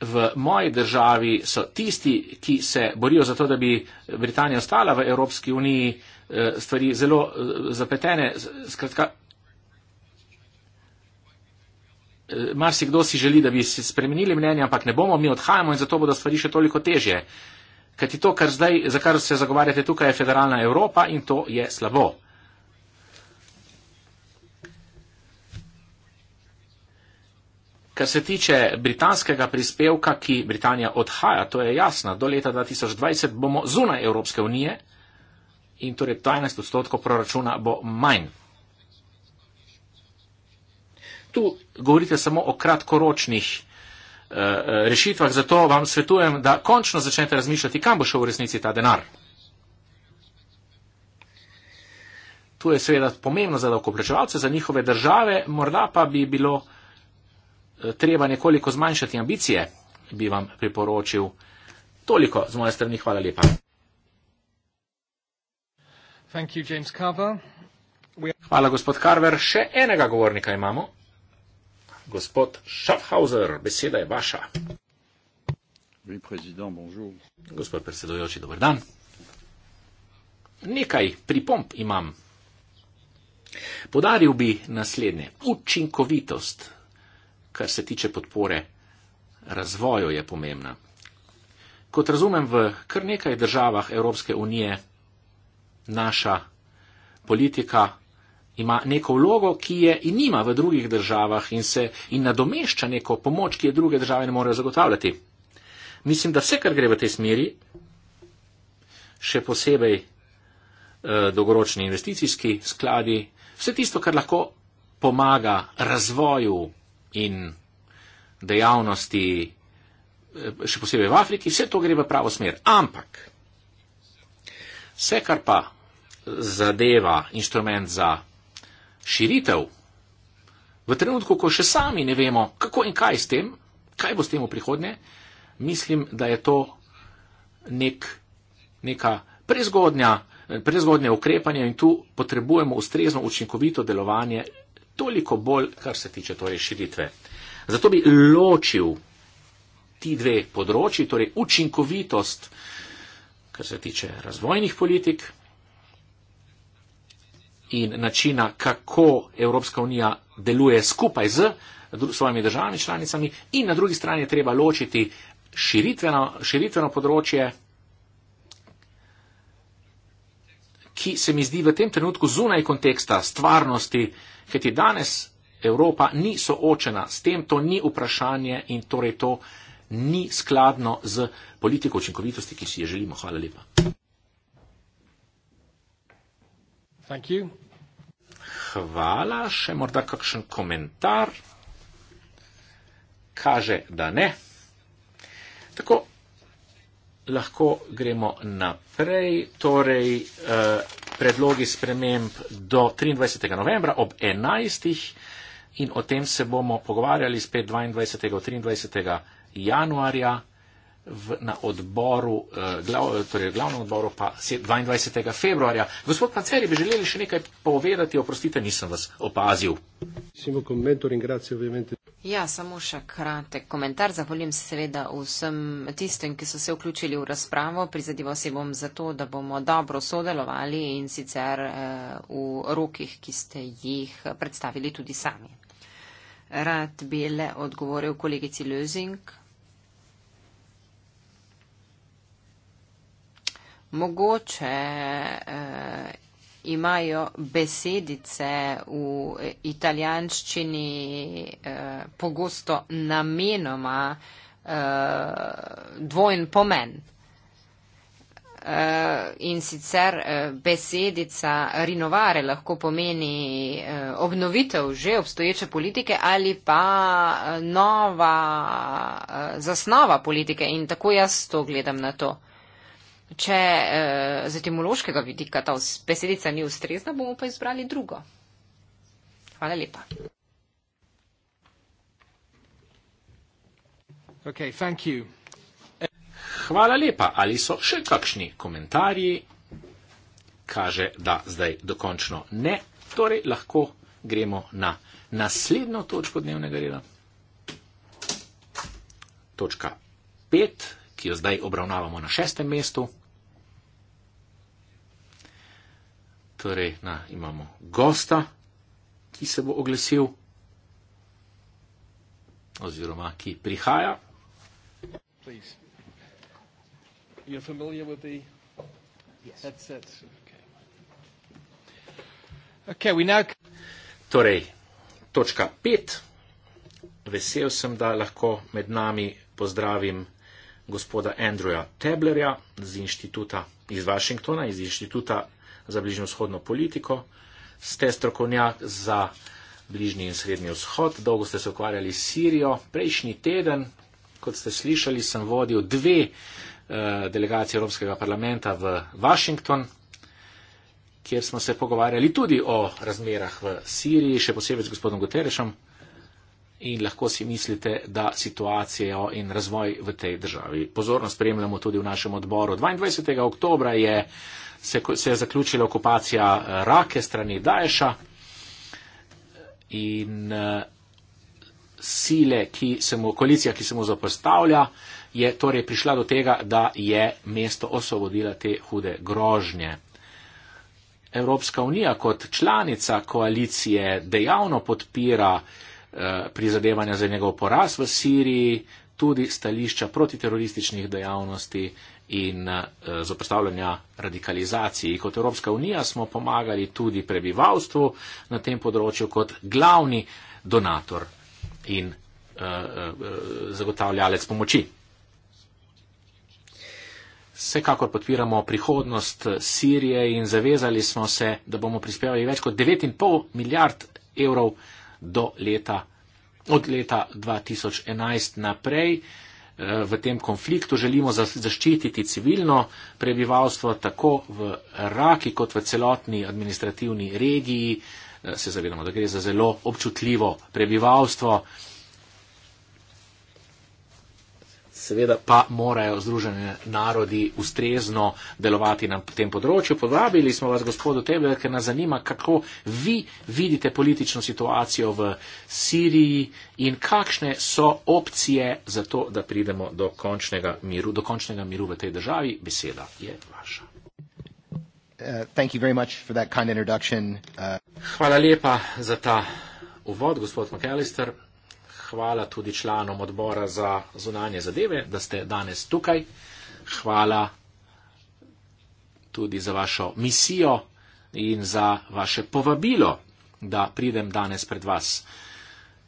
Speaker 1: V moji državi so tisti, ki se borijo za to, da bi Britanija ostala v Evropski uniji, eh, stvari zelo eh, zapletene. Skratka, eh, marsikdo si želi, da bi se spremenili mnenje, ampak ne bomo, mi odhajamo in zato bodo stvari še toliko težje. Kajti to, kar zdaj, za kar se zagovarjate tukaj, je federalna Evropa in to je slabo. Kar se tiče britanskega prispevka, ki Britanija odhaja, to je jasno, do leta 2020 bomo zunaj Evropske unije in torej 12 odstotkov proračuna bo manj. Tu govorite samo o kratkoročnih eh, eh, rešitvah, zato vam svetujem, da končno začnete razmišljati, kam bo šel v resnici ta denar. Tu je seveda pomembno za davkoplačevalce, za njihove države, morda pa bi bilo treba nekoliko zmanjšati ambicije, bi vam priporočil. Toliko z moje strani, hvala lepa.
Speaker 3: You,
Speaker 1: hvala, gospod Carver. Še enega govornika imamo. Gospod Schaffhauser, beseda je vaša. Gospod predsedujoči, dober dan. Nekaj pripomp imam. Podaril bi naslednje. Učinkovitost kar se tiče podpore razvoju, je pomembna. Kot razumem, v kar nekaj državah Evropske unije naša politika ima neko vlogo, ki je in nima v drugih državah in se in nadomešča neko pomoč, ki je druge države ne morejo zagotavljati. Mislim, da vse, kar gre v tej smeri, še posebej eh, dolgoročni investicijski skladi, vse tisto, kar lahko pomaga razvoju in dejavnosti, eh, še posebej v Afriki, vse to gre v pravo smer. Ampak vse, kar pa zadeva inštrument za širitev, v trenutku, ko še sami ne vemo, kako in kaj s tem, kaj bo s tem v prihodnje, mislim, da je to nek, neka prezgodnja, prezgodnja ukrepanja in tu potrebujemo ustrezno učinkovito delovanje toliko bolj, kar se tiče torej širitve. Zato bi ločil ti dve področji, torej učinkovitost, kar se tiče razvojnih politik in načina, kako Evropska unija deluje skupaj z svojimi državami članicami in na drugi strani je treba ločiti širitveno, širitveno področje ki se mi zdi v tem trenutku zunaj konteksta stvarnosti, kajti danes Evropa ni soočena s tem, to ni vprašanje in torej to ni skladno z politiko učinkovitosti, ki si jo želimo. Hvala lepa. Hvala. Še morda kakšen komentar. Kaže, da ne. Tako, lahko gremo naprej. Torej, eh, predlogi sprememb do 23. novembra ob 11. in o tem se bomo pogovarjali spet 22. in 23. januarja v, na odboru, eh, glav, torej glavnem odboru pa 22. februarja. Gospod Panceri, bi želeli še nekaj povedati, oprostite, nisem vas opazil. Simo komentor in grazie ovviamente.
Speaker 2: Ja, samo še kratek komentar. Zahvaljujem se seveda vsem tistim, ki so se vključili v razpravo. Prizadeval se bom za to, da bomo dobro sodelovali in sicer eh, v rokih, ki ste jih predstavili tudi sami. Rad bi le odgovoril kolegici Lözing. Mogoče eh, imajo besedice v italijanščini eh, pogosto namenoma eh, dvojen pomen. Uh, in sicer uh, besedica rinovare lahko pomeni uh, obnovitev že obstoječe politike ali pa uh, nova uh, zasnova politike in tako jaz to gledam na to. Če eh, z etimološkega vidika ta besedica ni ustrezna, bomo pa izbrali drugo. Hvala lepa.
Speaker 1: Okay, thank you. Hvala lepa. Ali so še kakšni komentarji? Kaže, da zdaj dokončno ne. Torej lahko gremo na naslednjo točko dnevnega reda. Točka 5, ki jo zdaj obravnavamo na šestem mestu. torej na, imamo gosta, ki se bo oglesil oziroma ki prihaja. Okay, now... Torej, točka pet. Vesel sem, da lahko med nami pozdravim gospoda Andrewa Teblerja iz, iz Washingtona, iz inštituta za bližnjo-shodno politiko, ste strokovnjak za bližnji in srednji vzhod, dolgo ste se ukvarjali s Sirijo. Prejšnji teden, kot ste slišali, sem vodil dve eh, delegacije Evropskega parlamenta v Washington, kjer smo se pogovarjali tudi o razmerah v Siriji, še posebej z gospodom Guterešem. In lahko si mislite, da situacijo in razvoj v tej državi pozorno spremljamo tudi v našem odboru. 22. oktobra je se, se je zaključila okupacija eh, Rake strani Daesha in eh, sile, ki se mu, koalicija, ki se mu zapostavlja, je torej prišla do tega, da je mesto osvobodila te hude grožnje. Evropska unija kot članica koalicije dejavno podpira eh, prizadevanja za njegov poraz v Siriji, tudi stališča protiterorističnih dejavnosti in eh, zoprstavljanja radikalizaciji. Kot Evropska unija smo pomagali tudi prebivalstvu na tem področju kot glavni donator in eh, eh, zagotavljalec pomoči. Vsekakor podpiramo prihodnost Sirije in zavezali smo se, da bomo prispevali več kot 9,5 milijard evrov leta, od leta 2011 naprej. Eh, v tem konfliktu, želimo zaščititi civilno prebivalstvo tako v Raki kot v celotni administrativni regiji. Eh, se zavedamo, da gre za zelo občutljivo prebivalstvo. seveda pa morajo Združene narodi ustrezno delovati na tem področju. Podrabili smo vas, gospodu Tebe, ker nas zanima, kako vi vidite politično situacijo v Siriji in kakšne so opcije za to, da pridemo do končnega miru, do končnega miru v tej državi. Beseda je vaša.
Speaker 3: Uh, kind of uh...
Speaker 1: Hvala lepa za ta uvod, gospod McAllister hvala tudi članom odbora za zunanje zadeve, da ste danes tukaj. Hvala tudi za vašo misijo in za vaše povabilo, da pridem danes pred vas.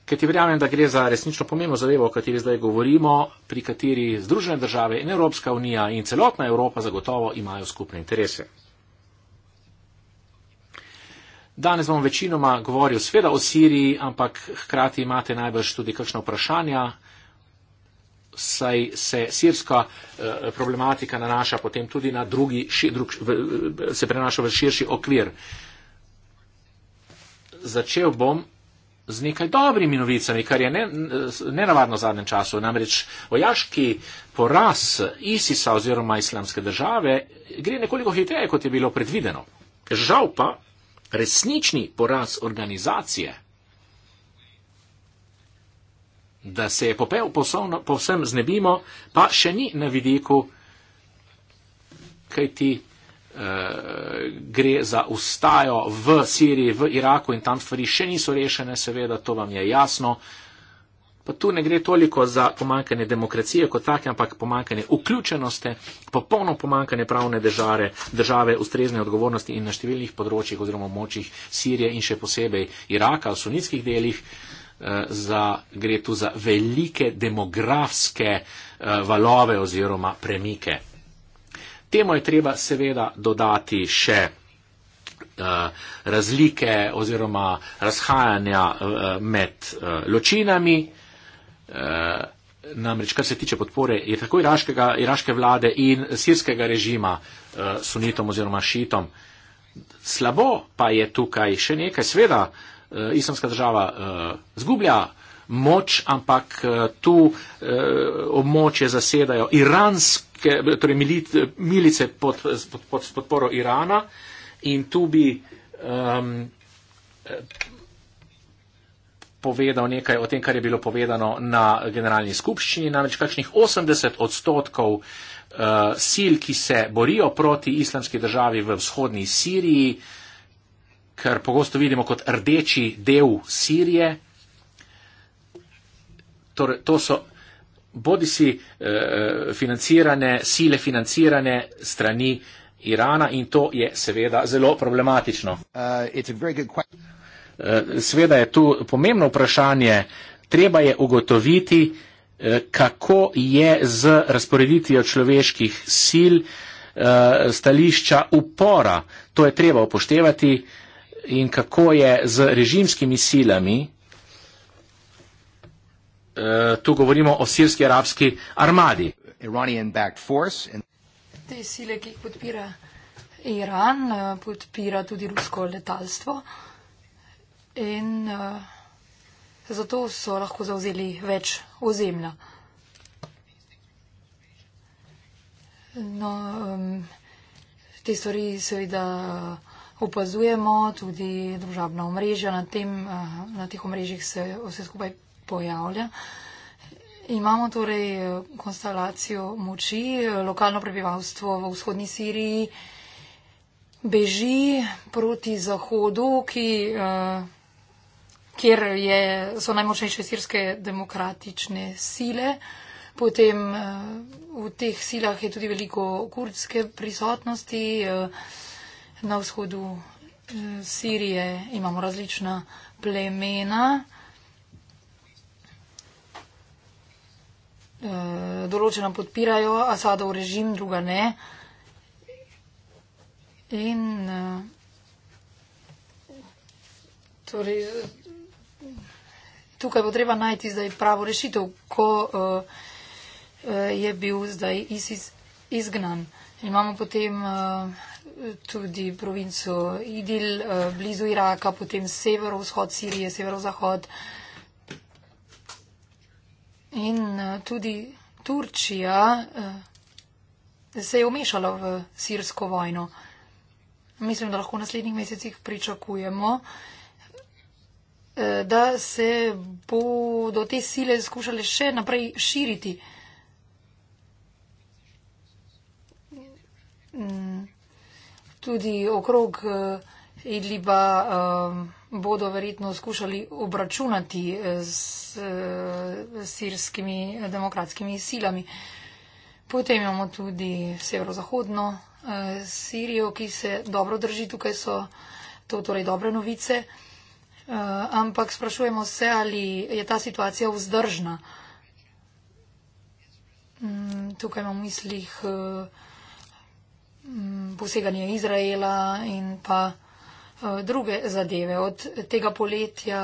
Speaker 1: Ker ti verjamem, da gre za resnično pomembno zadevo, o kateri zdaj govorimo, pri kateri Združene države in Evropska unija in celotna Evropa zagotovo imajo skupne interese. Danes bom večinoma govoril sveda o Siriji, ampak hkrati imate najbrž tudi kakšno vprašanja, saj se sirska eh, problematika nanaša potem tudi na drugi, drug, eh, se prenaša v širši okvir. Začel bom z nekaj dobrimi novicami, kar je eh, nenavadno ne v zadnjem času. Namreč vojaški poraz ISIS-a oziroma islamske države gre nekoliko hiteje, kot je bilo predvideno. Žal pa resnični poraz organizacije, da se je popel poslovno, povsem znebimo, pa še ni na vidiku, kaj ti eh, gre za ustajo v Siriji, v Iraku in tam stvari še niso rešene, seveda to vam je jasno, Pa tu ne gre toliko za pomankanje demokracije kot take, ampak pomankanje vključenosti, popolno pomankanje pravne države, države ustrezne odgovornosti in na številnih področjih oziroma močjih Sirije in še posebej Iraka v sunitskih delih. Eh, za, gre tu za velike demografske eh, valove oziroma premike. Temu je treba seveda dodati še eh, razlike oziroma razhajanja med ločinami, Eh, namreč kar se tiče podpore je tako iraškega, iraške vlade in sirskega režima uh, sunitom oziroma šitom. Slabo pa je tukaj še nekaj, sveda uh, eh, islamska država uh, zgublja moč, ampak uh, tu uh, območje zasedajo iranske, torej milit, milice pod, pod, pod, pod podporo Irana in tu bi. Um, povedal nekaj o tem, kar je bilo povedano na generalni skupščini, namreč kakšnih 80 odstotkov uh, sil, ki se borijo proti islamski državi v vzhodni Siriji, kar pogosto vidimo kot rdeči del Sirije. Torej, to so bodi si uh, eh, financirane, sile financirane strani Irana in to je seveda zelo problematično. Uh, Sveda je tu pomembno vprašanje, treba je ugotoviti, eh, kako je z razporeditvijo človeških sil eh, stališča upora. To je treba upoštevati in kako je z režimskimi silami. Eh, tu govorimo o sirski arabski armadi.
Speaker 4: Te sile, ki jih podpira Iran, podpira tudi rusko letalstvo in uh, zato so lahko zauzeli več ozemlja. No, um, te stvari seveda opazujemo, tudi družabna omrežja na, tem, uh, na teh omrežjih se vse skupaj pojavlja. Imamo torej eh, konstelacijo moči, lokalno prebivalstvo v vzhodni Siriji beži proti zahodu, ki. Uh, kjer je, so najmočnejše sirske demokratične sile. Potem eh, v teh silah je tudi veliko kurdske prisotnosti. Eh, na vzhodu eh, Sirije imamo različna plemena. Določena podpirajo Asadov režim, druga ne. In torej, tukaj bo treba najti zdaj pravo rešitev, ko uh, uh, je bil zdaj ISIS izgnan. Imamo potem uh, tudi provinco Idil, uh, blizu Iraka, potem severovzhod Sirije, severozahod. In uh, tudi Turčija uh, se je umešala v sirsko vojno. Mislim, da lahko v naslednjih mesecih pričakujemo, uh, Eh, da se bodo te sile skušale še naprej širiti. Mm. Tudi okrog eh, Idliba eh, bodo verjetno skušali obračunati s sirskimi demokratskimi silami. Potem imamo tudi severozahodno Sirijo, ki se dobro drži. Tukaj so to torej dobre novice. Eh, ampak sprašujemo se, ali je ta situacija vzdržna. Mm, tukaj imamo v mislih eh, mm, poseganje Izraela in pa eh, druge zadeve. Od tega poletja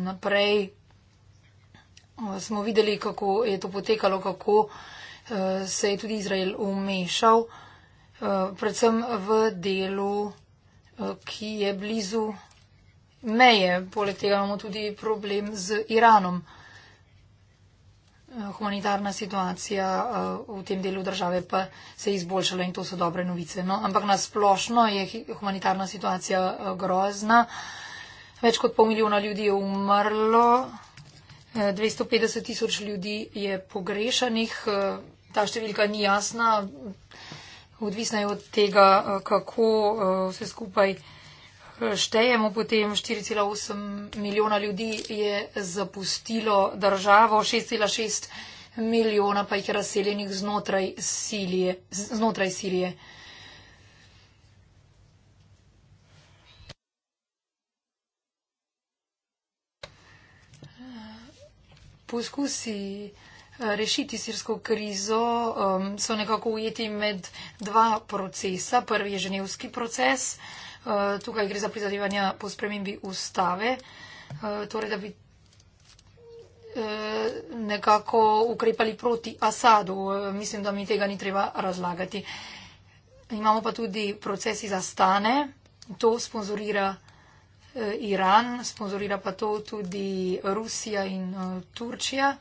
Speaker 4: naprej smo videli, kako je to potekalo, kako se je tudi Izrael umešal, predvsem v delu, ki je blizu meje. Poleg tega imamo tudi problem z Iranom. Eh, humanitarna situacija eh, v tem delu države pa se je izboljšala in to so dobre novice. No, ampak nasplošno je humanitarna situacija eh, grozna. Več kot pol milijona ljudi je umrlo, 250 tisoč ljudi je pogrešanih. Ta številka ni jasna, odvisna je od tega, kako vse skupaj štejemo, potem 4,8 milijona ljudi je zapustilo državo, 6,6 milijona pa jih je razseljenih znotraj Sirije. Znotraj Sirije. Poskusi eh, rešiti sirsko krizo eh, so nekako ujeti med dva procesa. Prvi je ženevski proces. Eh, tukaj gre za prizadevanja po spremembi ustave, eh, torej da bi eh, nekako ukrepali proti Asadu. Mislim, da mi tega ni treba razlagati. Imamo pa tudi procesi za stane. To sponzorira Iran, sponzorira pa to tudi Rusija in Turčija.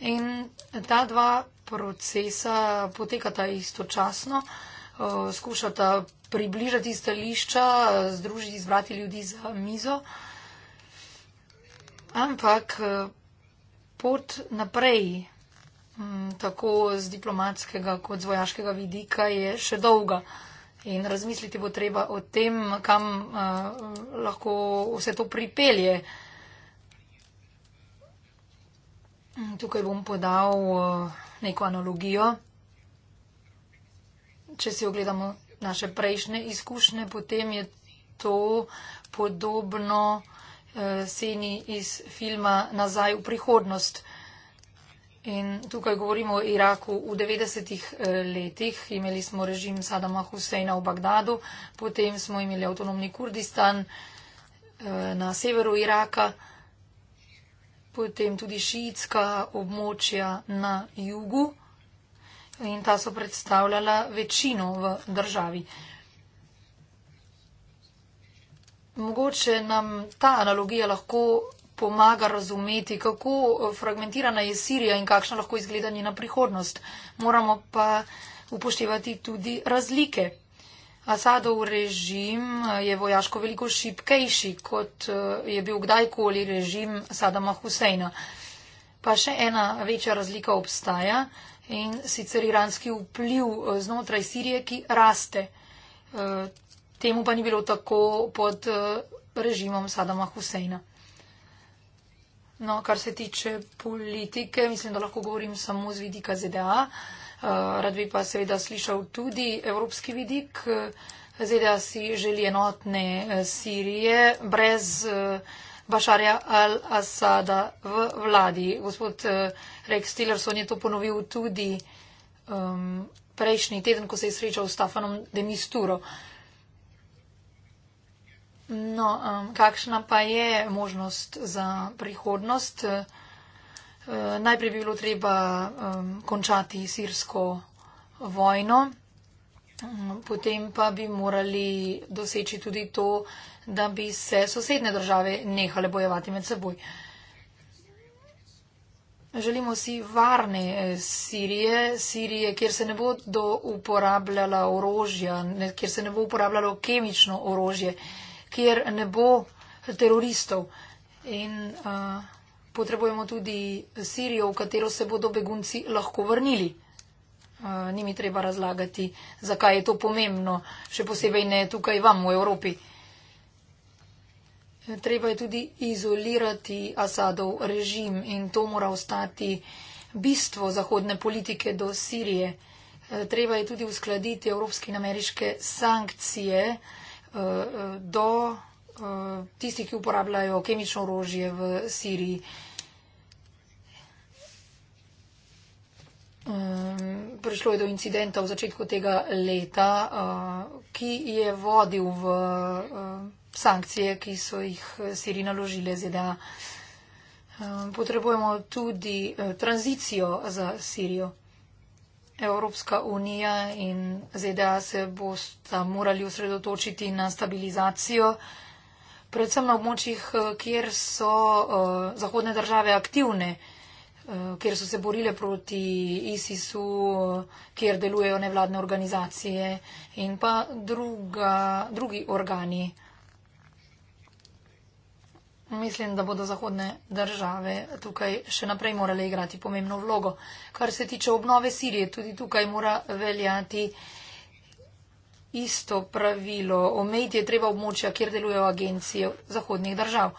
Speaker 4: In ta dva procesa potekata istočasno, skušata približati stališča, združiti, izbrati ljudi za mizo. Ampak eh, pot naprej, hm, tako z diplomatskega kot z vojaškega vidika, je še dolga. In razmisliti bo treba o tem, kam eh, lahko vse to pripelje. Hm, tukaj bom podal eh, neko analogijo. Če si ogledamo naše prejšnje izkušnje, potem je to podobno eh, sceni iz filma Nazaj v prihodnost. In tukaj govorimo o Iraku v 90-ih eh, letih. Imeli smo režim Sadama Huseina v Bagdadu, potem smo imeli avtonomni Kurdistan eh, na severu Iraka, potem tudi šiitska območja na jugu in ta so predstavljala večino v državi. Mogoče nam ta analogija lahko pomaga razumeti, kako fragmentirana je Sirija in kakšna lahko izgleda njena prihodnost. Moramo pa upoštevati tudi razlike. Asadov režim je vojaško veliko šipkejši, kot eh, je bil kdajkoli režim Sadama Huseina. Pa še ena večja razlika obstaja, in sicer iranski vpliv eh, znotraj Sirije, ki raste. Eh, temu pa ni bilo tako pod eh, režimom Sadama Huseina. No, kar se tiče politike, mislim, da lahko govorim samo z vidika ZDA. Rad bi pa seveda slišal tudi evropski vidik. ZDA si želi enotne Sirije brez Bašarja al-Assada v vladi. Gospod eh, Rex Tillerson je to ponovil tudi um, prejšnji teden, ko se je srečal s Stefanom de Misturo. No, um, kakšna pa je možnost za prihodnost? Uh, najprej bi bilo treba um, končati sirsko vojno. Mm, potem pa bi morali doseči tudi to, da bi se sosedne države nehale bojevati med seboj. Želimo si varne eh, Sirije, Sirije, kjer se ne bodo uporabljala orožja, kjer se ne bo uporabljalo kemično orožje, kjer ne bo teroristov. In uh, potrebujemo tudi Sirijo, v katero se bodo begunci lahko vrnili ni mi treba razlagati, zakaj je to pomembno, še posebej ne tukaj vam v Evropi. Treba je tudi izolirati Asadov režim in to mora ostati bistvo zahodne politike do Sirije. E, treba je tudi uskladiti evropske in ameriške sankcije e, e, do tistih, ki uporabljajo kemično orožje v Siriji. Um, prišlo je do incidenta v začetku tega leta, uh, ki je vodil v uh, sankcije, ki so jih eh, Siri naložile ZDA. Um, ehm, potrebujemo tudi uh, tranzicijo za Sirijo. Evropska unija in ZDA se bosta morali osredotočiti na stabilizacijo, predvsem na območjih, kjer so uh, zahodne države aktivne. Uh, Eh, kjer so se borile proti ISIS-u, kjer delujejo nevladne organizacije in pa druga, drugi organi. Mislim, da bodo zahodne države tukaj še naprej morale igrati pomembno vlogo. Kar se tiče obnove Sirije, tudi tukaj mora veljati isto pravilo. Omejiti je treba območja, kjer delujejo agencije zahodnih držav.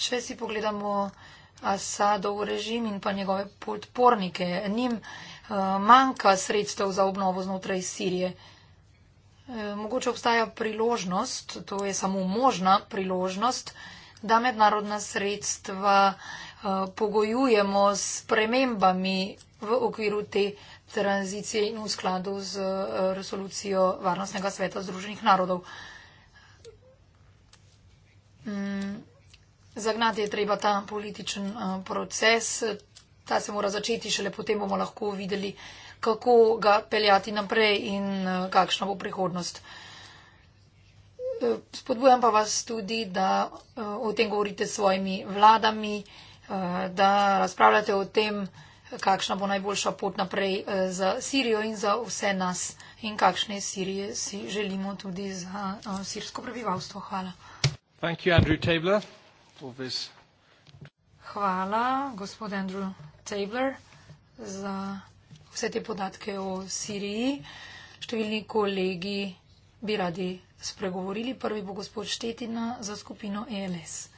Speaker 4: če si pogledamo Asadov režim in pa njegove podpornike, njim eh, manjka sredstev za obnovo znotraj Sirije. Eh, mogoče obstaja priložnost, to je samo možna priložnost, da mednarodna sredstva eh, pogojujemo s premembami v okviru te tranzicije in v skladu z resolucijo Varnostnega sveta Združenih narodov. Mm, Zagnati je treba ta političen eh, proces, ta se mora začeti, šele potem bomo lahko videli, kako ga peljati naprej in eh, kakšna bo prihodnost. Eh, spodbujam pa vas tudi, da o tem govorite s svojimi vladami, da razpravljate o tem, kakšna bo najboljša pot naprej za Sirijo in za vse nas in kakšne Sirije si želimo tudi za sirsko prebivalstvo. Hvala.
Speaker 3: Thank you, this.
Speaker 4: Hvala, gospod Andrew Tabler, za vse te podatke o Siriji. Številni kolegi bi radi spregovorili. Prvi bo gospod Štetina za skupino ELS.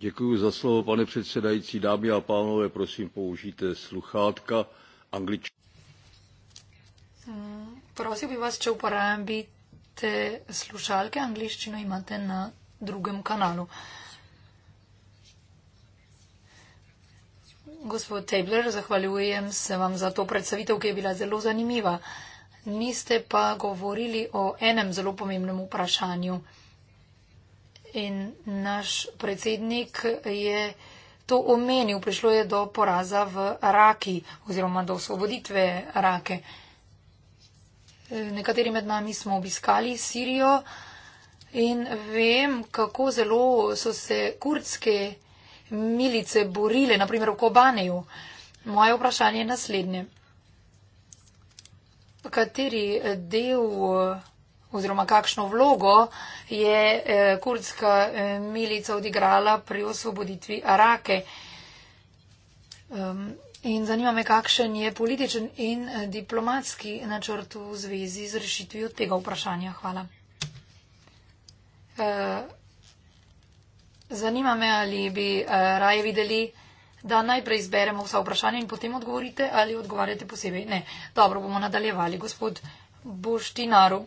Speaker 3: Děkuji za slovo, pane předsedající. Dámy a pánové, prosím, použijte sluchátka angličtiny.
Speaker 4: Mm, prosil bi vas, če uporabite slušalke, angliščino imate na drugem kanalu. Gospod Tabler, zahvaljujem se vam za to predstavitev, ki je bila zelo zanimiva. Niste pa govorili o enem zelo pomembnem vprašanju. In naš predsednik je to omenil, prišlo je do poraza v raki oziroma do osvoboditve rake. Nekateri med nami smo obiskali Sirijo. In vem, kako zelo so se kurdske milice borile, naprimer v Kobaneju. Moje vprašanje je naslednje. Kateri del oziroma kakšno vlogo je eh, kurdska eh, milica odigrala pri osvoboditvi Arake? Ehm, in zanima me, kakšen je političen in eh, diplomatski načrt v zvezi z rešitvijo tega vprašanja. Hvala. Eh, zanima me, ali bi eh, raje videli, da najprej izberemo vsa vprašanja in potem odgovorite ali odgovarjate posebej. Ne, dobro, bomo nadaljevali. Gospod Boštinaru,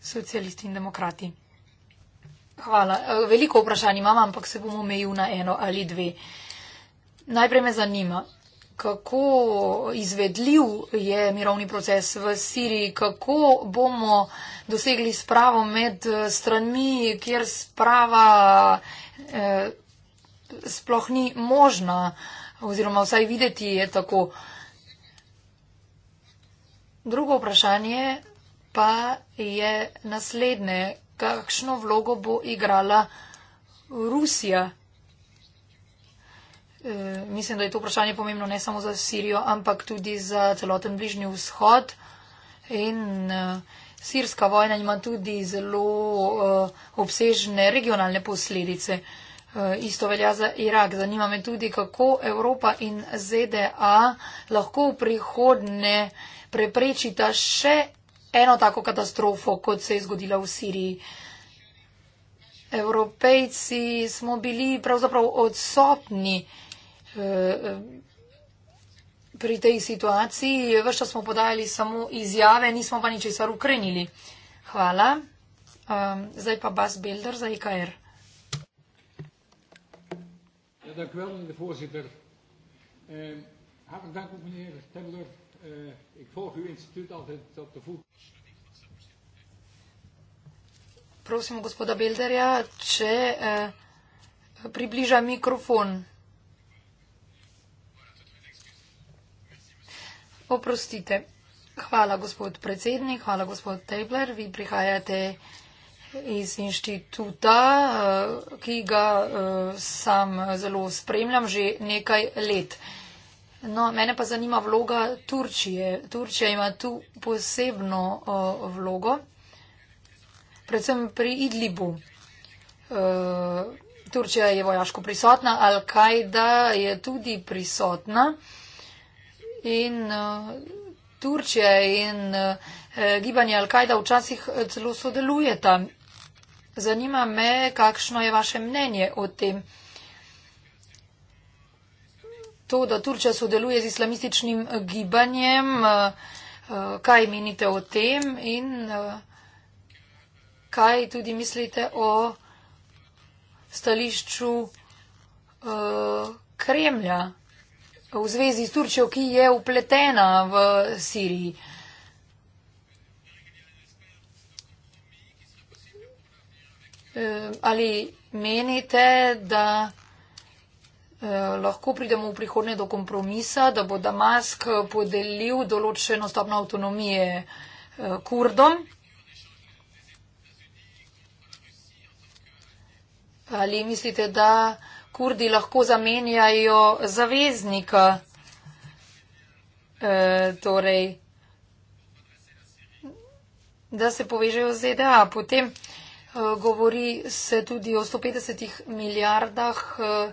Speaker 4: socialisti in demokrati. Hvala. Eh, veliko vprašanj imam, ampak se bom omejil na eno ali dve. Najprej me zanima, kako izvedljiv je mirovni proces v Siriji, kako bomo uh, dosegli spravo med eh, stranmi, kjer sprava eh, sploh ni možna oziroma vsaj videti je tako. Drugo vprašanje pa je naslednje, kakšno vlogo bo igrala Rusija. Eh, mislim, da je to vprašanje pomembno ne samo za Sirijo, ampak tudi za celoten bližnji vzhod. In uh, sirska vojna ima tudi zelo uh, obsežne regionalne posledice. Uh, isto velja za Irak. Zanima me tudi, kako Evropa in ZDA lahko v prihodne preprečita še eno tako katastrofo, kot se je zgodila v Siriji. Evropejci smo bili pravzaprav odsotni. Uh, pri tej situaciji. Vse čas smo podajali samo izjave, nismo pa ničesar ukrenili. Hvala. Um, zdaj pa Bas Bilder za IKR. E
Speaker 3: ja, dank u wel, meneer de voorzitter. Eh, hartelijk dank ook, meneer Temmler. Eh, ik volg uw instituut altijd op de voet.
Speaker 4: Prosim, gospoda Bilderja, če eh, približa microfoon. Oprostite. Hvala, gospod predsednik. Hvala, gospod Tabler. Vi prihajate iz inštituta, eh, ki ga eh, sam eh, zelo spremljam že nekaj let. No, mene pa zanima vloga Turčije. Turčija ima tu posebno vlogo, predvsem pri Idlibu. Turčija je vojaško prisotna, Al-Kaida je tudi prisotna in uh, Turčija in uh, gibanje Al-Kaida včasih eh, celo sodelujeta. Zanima me, kakšno je vaše mnenje o tem. To, da Turčija sodeluje z islamističnim gibanjem, kaj menite o tem in kaj tudi mislite o stališču Kremlja? v zvezi s Turčjo, ki je upletena v Siriji. Eh, ali menite, da eh, lahko pridemo v prihodnje do kompromisa, da bo Damask podelil določeno stopno avtonomije eh, Kurdom? Ali mislite, da kurdi lahko zamenjajo zaveznika. E, eh, torej, da se povežejo z ZDA. Potem e, govori se tudi o 150 milijardah, e,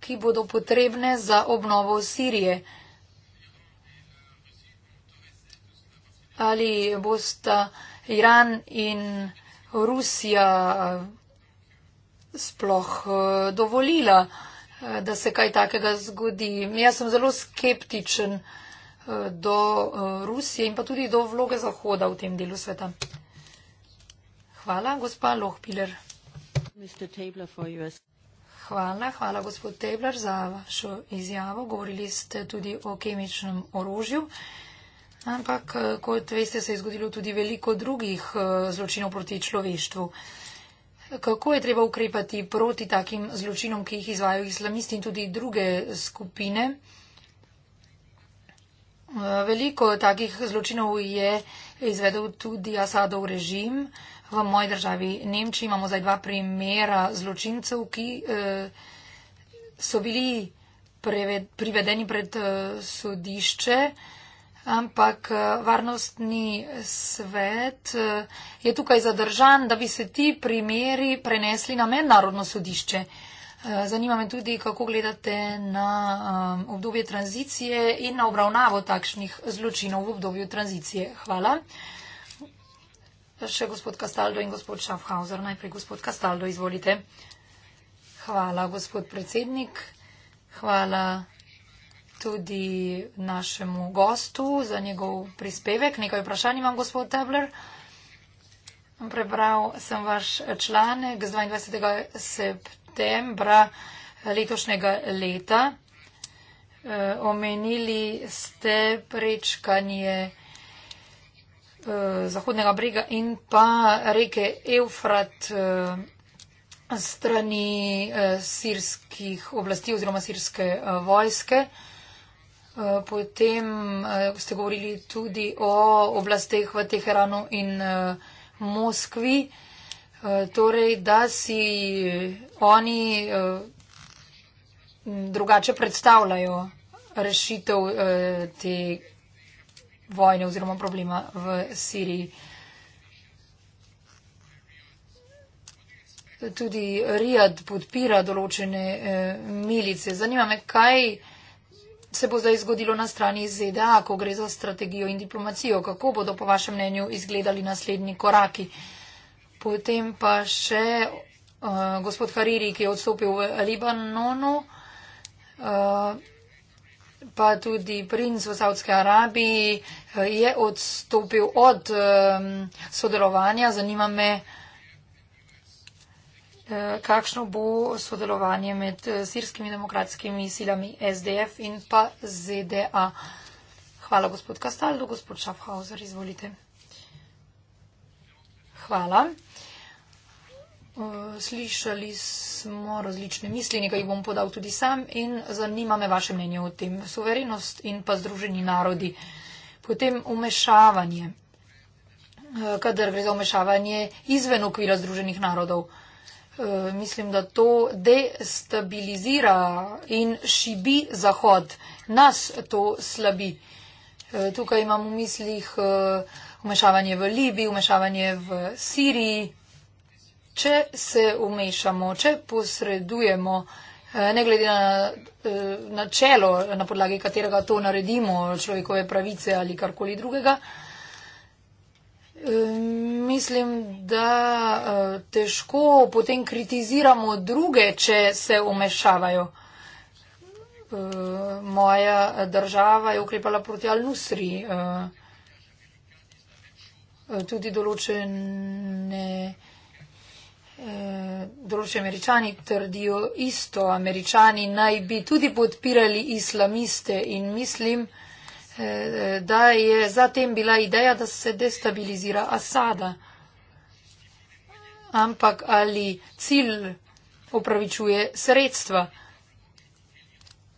Speaker 4: ki bodo potrebne za obnovo Sirije. Ali bosta Iran in Rusija sploh eh, dovolila, eh, da se kaj takega zgodi. Jaz sem zelo skeptičen eh, do Rusije in pa tudi do vloge Zahoda v tem delu sveta. Hvala, gospa Lohpiler. Hvala, hvala, gospod Tebler, za vašo izjavo. Govorili ste tudi o kemičnem orožju. Ampak, kot veste, se je zgodilo tudi veliko drugih zločinov proti človeštvu kako je treba ukrepati proti takim zločinom, ki jih izvajo islamisti in tudi druge skupine. Veliko takih zločinov je izvedel tudi Asadov režim. V moji državi Nemčiji imamo zdaj dva primera zločincev, ki eh, so bili prived, privedeni pred eh, sodišče ampak eh, varnostni svet eh, je tukaj zadržan, da bi se ti primeri prenesli na mednarodno sodišče. Eh, zanima me tudi, kako gledate na obdobje tranzicije in na obravnavo takšnih zločinov v obdobju tranzicije. Hvala. Še gospod Kastaldo in gospod Schaffhauser. Najprej gospod Kastaldo, izvolite. Hvala, gospod predsednik. Hvala tudi našemu gostu za njegov prispevek. Nekaj vprašanj imam, gospod Tabler. Prebral sem vaš članek z 22. septembra letošnjega leta. E, omenili ste prečkanje e, Zahodnega brega in pa reke Eufrat e, strani e, sirskih oblasti oziroma sirske e, vojske. E, Eh, potem eh, ste govorili tudi o oblasteh v Teheranu in eh, Moskvi, torej da si oni drugače predstavljajo rešitev te vojne oziroma problema v Siriji. Tudi Rijad podpira določene milice. Zanima me, kaj se bo zdaj zgodilo na strani ZDA, ko gre za strategijo in diplomacijo? Kako bodo po vašem mnenju izgledali naslednji koraki? Potem pa še uh, gospod Hariri, ki je odstopil v Libanonu, uh, pa tudi princ v Saudski Arabiji uh, je odstopil od um, sodelovanja. Zanima me, uh, Eh, kakšno bo sodelovanje med eh, sirskimi demokratskimi silami SDF in pa ZDA. Hvala, gospod Kastaldo. Gospod Schaffhauser, izvolite. Hvala. Eh, slišali smo različne misli, nekaj jih bom podal tudi sam in zanima me vaše mnenje o tem. Suverenost in pa združeni narodi. Potem umešavanje, kadar gre za umešavanje izven okvira združenih narodov. Eh, mislim, da to destabilizira in šibi Zahod. Nas to slabi. Eh, tukaj imamo v mislih umešavanje eh, v Libiji, umešavanje v Siriji. Če se umešamo, če posredujemo, ne glede na načelo, na podlagi katerega to naredimo, človekove pravice ali karkoli drugega, Mislim, da eh, težko potem kritiziramo druge, če se umešavajo. Eh, moja država je ukrepala proti Al-Nusri. Eh, tudi določene, določene američani trdijo isto. Američani naj bi tudi podpirali islamiste in mislim, da je zatem bila ideja, da se destabilizira Asada. Ampak ali cilj opravičuje sredstva?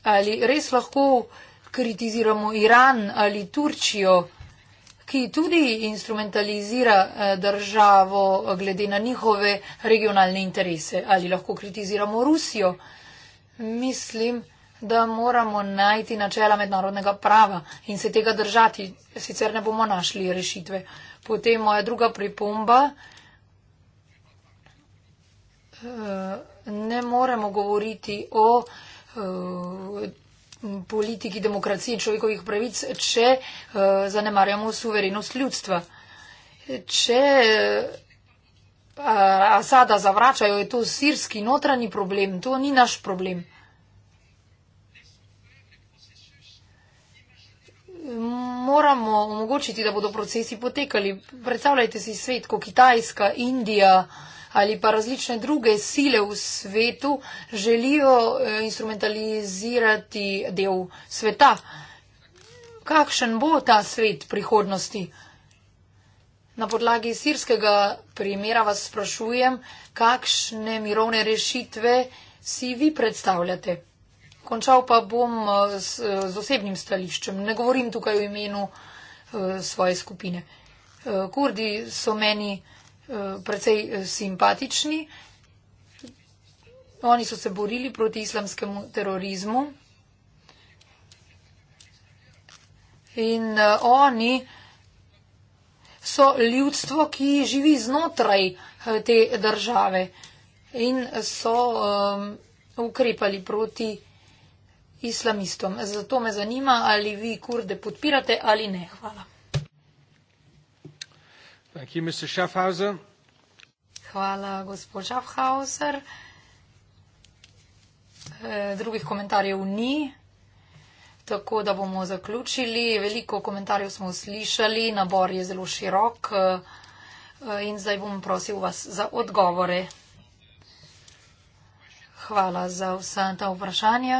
Speaker 4: Ali res lahko kritiziramo Iran ali Turčijo, ki tudi instrumentalizira eh, državo glede na njihove regionalne interese? Ali lahko kritiziramo Rusijo? Mislim, da moramo najti načela mednarodnega prava in se tega držati, sicer ne bomo našli rešitve. Potem moja druga pripomba. Eh, ne moremo govoriti o eh, politiki demokracije in človekovih pravic, če eh, zanemarjamo suverenost ljudstva. Če Asada zavračajo, je to sirski notranji problem, to ni naš problem. moramo omogočiti, da bodo procesi potekali. Predstavljajte si svet, ko Kitajska, Indija ali pa različne druge sile v svetu želijo eh, instrumentalizirati del sveta. Kakšen bo ta svet prihodnosti? Na podlagi sirskega primera vas sprašujem, kakšne mirovne rešitve si vi predstavljate? Končal pa bom z, eh, eh, z osebnim stališčem. Ne govorim tukaj o imenu eh, svoje skupine. Kurdi so meni precej simpatični. Oni so se borili proti islamskemu terorizmu. In oni so ljudstvo, ki živi znotraj te države in so um, ukrepali proti islamistom. Zato me zanima, ali vi kurde podpirate ali ne. Hvala.
Speaker 3: Thank you, Mr. Schaffhauser.
Speaker 4: Hvala, gospod Schaffhauser. E, drugih komentarjev ni, tako da bomo zaključili. Veliko komentarjev smo slišali, nabor je zelo širok e, in zdaj bom prosil vas za odgovore. Hvala za vsa ta vprašanja.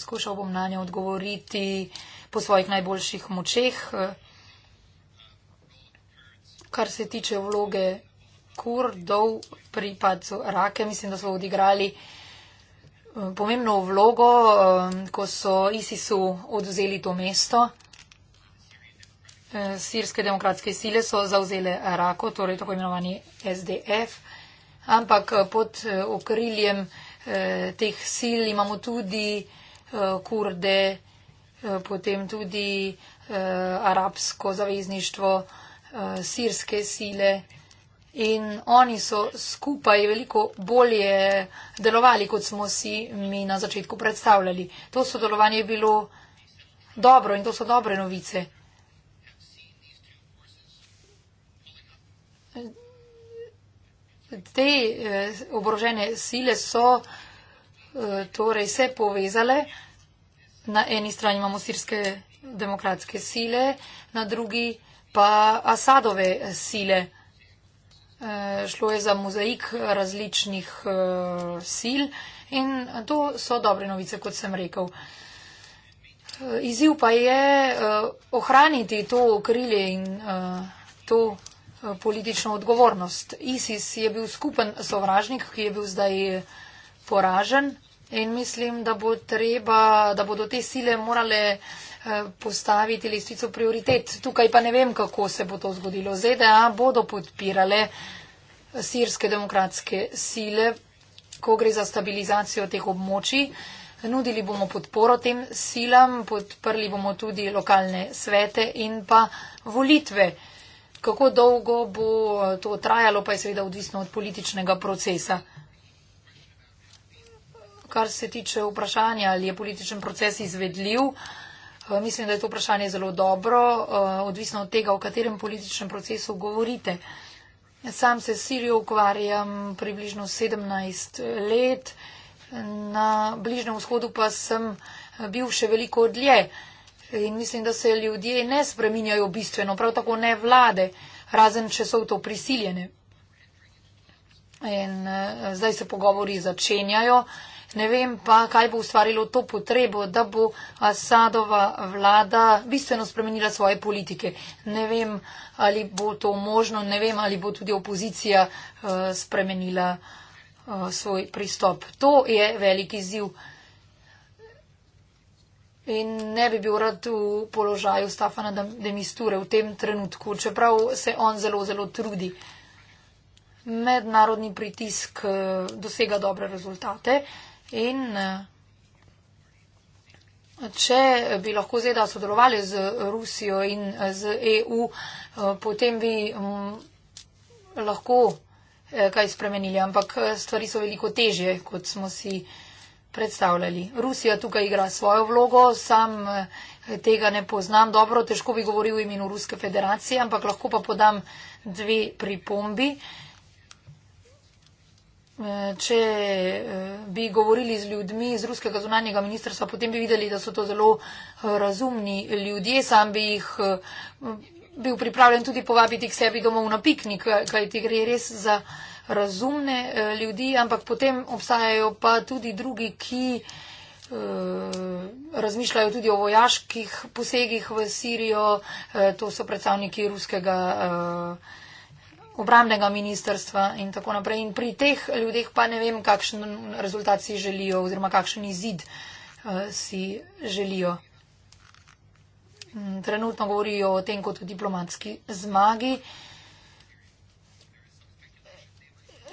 Speaker 4: Skušal bom na nje odgovoriti po svojih najboljših močeh. Kar se tiče vloge kurdov pri padcu rake, mislim, da so odigrali pomembno vlogo, ko so ISIS-u oduzeli to mesto. Sirske demokratske sile so zauzele rako, torej tako imenovani SDF, ampak eh, pod eh, okriljem eh, teh sil, imamo tudi eh, kurde, eh, potem tudi eh, arabsko zavezništvo, eh, sirske sile in oni so skupaj veliko bolje delovali, kot smo si mi na začetku predstavljali. To sodelovanje je bilo dobro in to so dobre novice. te eh, oborožene sile so eh, torej se povezale. Na eni strani imamo sirske demokratske sile, na drugi pa Asadove sile. Eh, šlo je za mozaik različnih eh, sil in to so dobre novice, kot sem rekel. Eh, iziv pa je eh, ohraniti to okrilje in eh, to politično odgovornost. ISIS je bil skupen sovražnik, ki je bil zdaj poražen in mislim, da, bo treba, da bodo te sile morale eh, postaviti listico prioritet. Tukaj pa ne vem, kako se bo to zgodilo. ZDA bodo podpirale sirske demokratske sile, ko gre za stabilizacijo teh območij. Nudili bomo podporo tem silam, podprli bomo tudi lokalne svete in pa volitve. Kako dolgo bo eh, to trajalo, pa je seveda odvisno od političnega procesa. Kar se tiče vprašanja, ali je političen proces izvedljiv, eh, mislim, da je to vprašanje zelo dobro, eh, odvisno od tega, o katerem političnem procesu govorite. Sam se s Sirijo ukvarjam približno 17 let, na Bližnem vzhodu pa sem bil še veliko dlje. In mislim, da se ljudje ne spreminjajo bistveno, prav tako ne vlade, razen če so v to prisiljene. In uh, zdaj se pogovori začenjajo. Ne vem pa, kaj bo ustvarilo to potrebo, da bo Asadova vlada bistveno spremenila svoje politike. Ne vem, ali bo to možno, ne vem, ali bo tudi opozicija uh, spremenila uh, svoj pristop. To je veliki ziv. Uh, in ne bi bil rad v položaju Stefana Demisture v tem trenutku, čeprav se on zelo, zelo trudi. Mednarodni pritisk eh, dosega dobre rezultate in eh, če bi lahko zeda sodelovali z Rusijo in eh, z EU, potem bi mm, lahko kaj spremenili, ampak stvari so veliko težje, kot smo si predstavljali. Rusija tukaj igra svojo vlogo, sam eh, tega ne poznam dobro, težko bi govoril v imenu Ruske federacije, ampak lahko pa podam dve pripombi. Eh, če eh, bi govorili z ljudmi iz Ruskega zunanjega ministrstva, potem bi videli, da so to zelo razumni ljudje. Sam bi jih bil pripravljen tudi povabiti k sebi domov na piknik, kaj ti gre res za razumne eh, ljudi, ampak potem obstajajo pa tudi drugi, ki eh, razmišljajo tudi o vojaških posegih v Sirijo. Eh, to so predstavniki ruskega obramnega ministerstva in tako naprej. In pri teh ljudeh pa ne vem, kakšen rezultat si želijo oziroma kakšen izid si želijo. Mm, trenutno govorijo o tem kot o diplomatski zmagi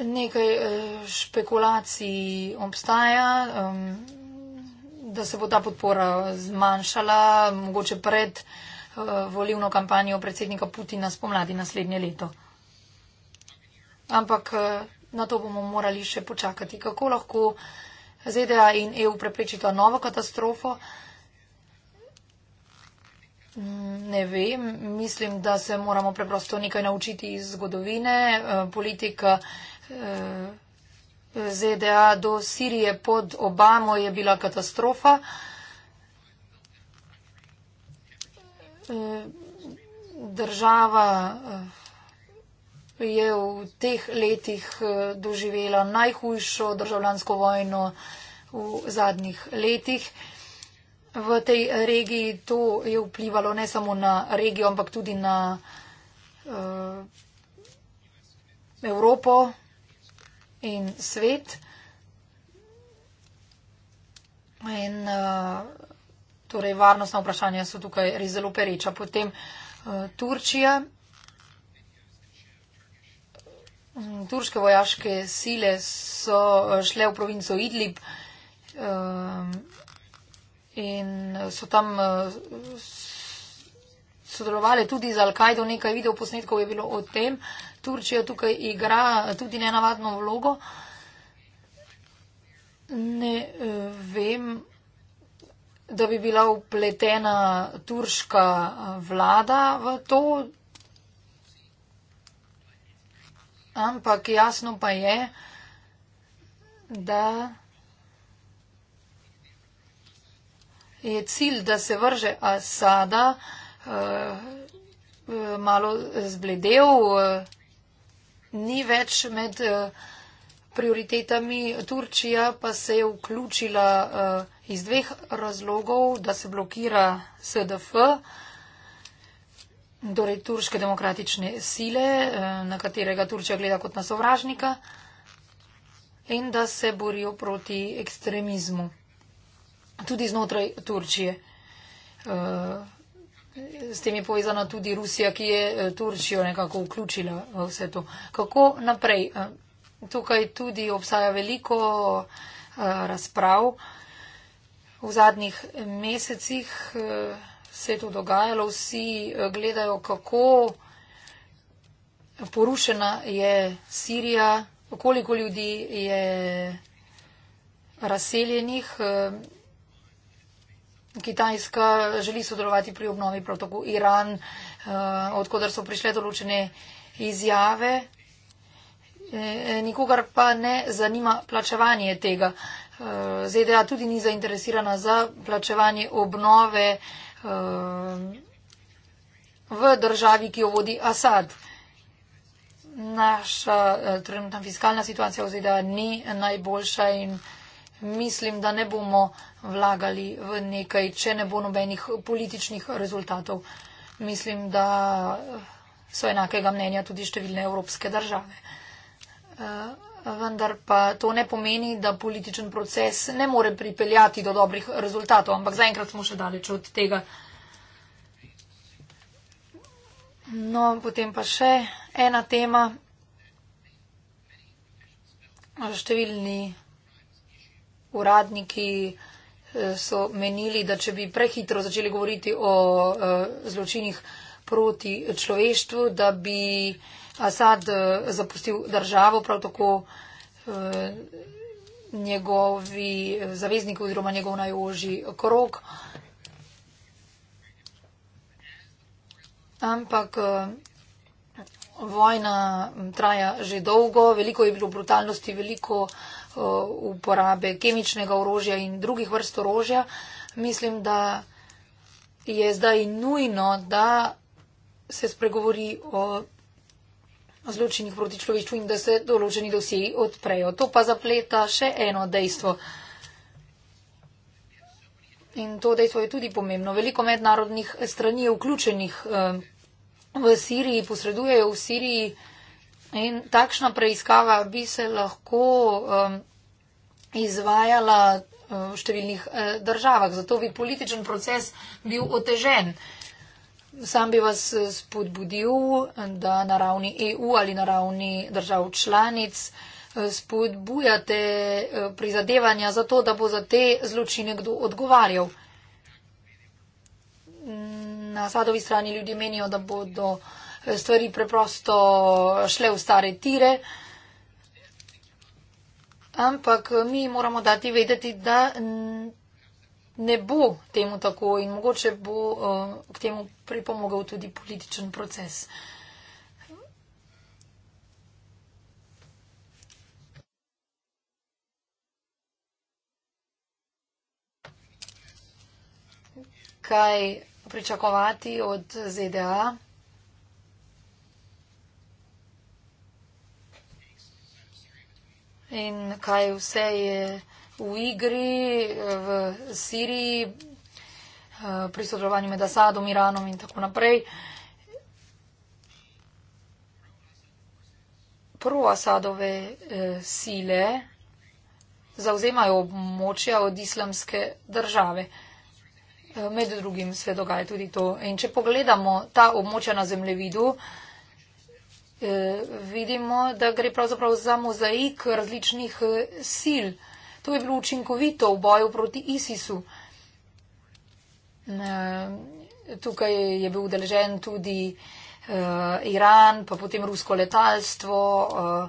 Speaker 4: nekaj eh, špekulacij obstaja, da se bo ta podpora zmanjšala, mogoče pred eh, volivno kampanjo predsednika Putina spomladi naslednje leto. Ampak eh, na to bomo morali še počakati. Kako lahko ZDA in EU preprečita novo katastrofo? Ne vem, mislim, da se moramo preprosto nekaj naučiti iz zgodovine. Politika Eh, ZDA do Sirije pod Obamo je bila katastrofa. Eh, država eh, je v teh letih doživela najhujšo državljansko vojno v zadnjih letih. V tej regiji to je vplivalo ne samo na regijo, ampak tudi na uh, Evropo in svet. In uh, torej varnostna vprašanja so tukaj res zelo pereča. Potem uh, Turčija. Mm, turške vojaške sile so uh, šle v provinco Idlib um, in so tam sodelovali tudi z Al-Kaido. Nekaj videoposnetkov je bilo o tem. Turčija tukaj igra tudi nenavadno vlogo. Ne eh, vem, da bi bila upletena turška eh, vlada v to. Ampak jasno pa je, da je cilj, da se vrže Asada, eh, malo zbledel ni več med eh, prioritetami. Turčija pa se je vključila eh, iz dveh razlogov, da se blokira SDF, torej turške demokratične sile, eh, na katerega Turčija gleda kot na sovražnika in da se borijo proti ekstremizmu. Tudi znotraj Turčije. S tem je povezana tudi Rusija, ki je eh, Turčijo nekako vključila v vse to. Kako naprej? Eh, tukaj tudi obstaja veliko eh, razprav. V zadnjih mesecih se je to dogajalo, vsi gledajo, kako porušena je Sirija, koliko ljudi je razseljenih. Kitajska želi sodelovati pri obnovi, prav tako Iran, eh, odkudar so prišle določene izjave. Eh, nikogar pa ne zanima plačevanje tega. Eh, ZDA e tudi ni zainteresirana za plačevanje obnove v državi, ki jo vodi Asad. Naša trenutna fiskalna situacija v ZDA e ni najboljša in najboljša mislim, da ne bomo vlagali v nekaj, če ne bo nobenih političnih rezultatov. Mislim, da so enakega mnenja tudi številne evropske države. Eh, vendar pa to ne pomeni, da političen proces ne more pripeljati do dobrih rezultatov, ampak zaenkrat smo še daleč od tega. No, potem pa še ena tema. Številni uradniki eh, so menili, da če bi prehitro začeli govoriti o eh, zločinih proti človeštvu, da bi Asad eh, zapustil državo, prav tako njegovi zavezniki oziroma njegov najožji krok. Ampak vojna mm, traja že dolgo, veliko je bilo brutalnosti, veliko Eh, uporabe kemičnega orožja in drugih vrst orožja, mislim, da je zdaj nujno, da se spregovori o zločinih proti človeštvu in da se določeni dosjeji odprejo. To pa zapleta še eno dejstvo. In to dejstvo je tudi pomembno. Veliko mednarodnih strani je vključenih eh, v Siriji, posredujejo v Siriji. In takšna preiskava bi se lahko um, izvajala uh, v številnih eh, državah, zato bi političen proces bil otežen. Sam bi vas uh, spodbudil, da na ravni EU ali na ravni držav članic spodbujate prizadevanja za to, da bo za te zločine kdo odgovarjal. Na sadovi strani ljudje menijo, da bodo. Eh, stvari preprosto šle v stare tire. Ampak mi moramo dati vedeti, da ne bo temu tako in mogoče bo eh, k temu pripomogel tudi političen proces. Kaj pričakovati od ZDA? in kaj vse je v igri v Siriji eh, pri sodelovanju med Asadom, Iranom in tako naprej. Pro-Asadove eh, sile zauzemajo območja od islamske države. Eh, med drugim se dogaja tudi to. In če pogledamo ta območja na zemljevidu, vidimo, da gre pravzaprav za mozaik različnih eh, sil. To je bilo učinkovito v boju proti ISIS-u. Tukaj je bil udeležen tudi eh, Iran, pa potem rusko letalstvo eh,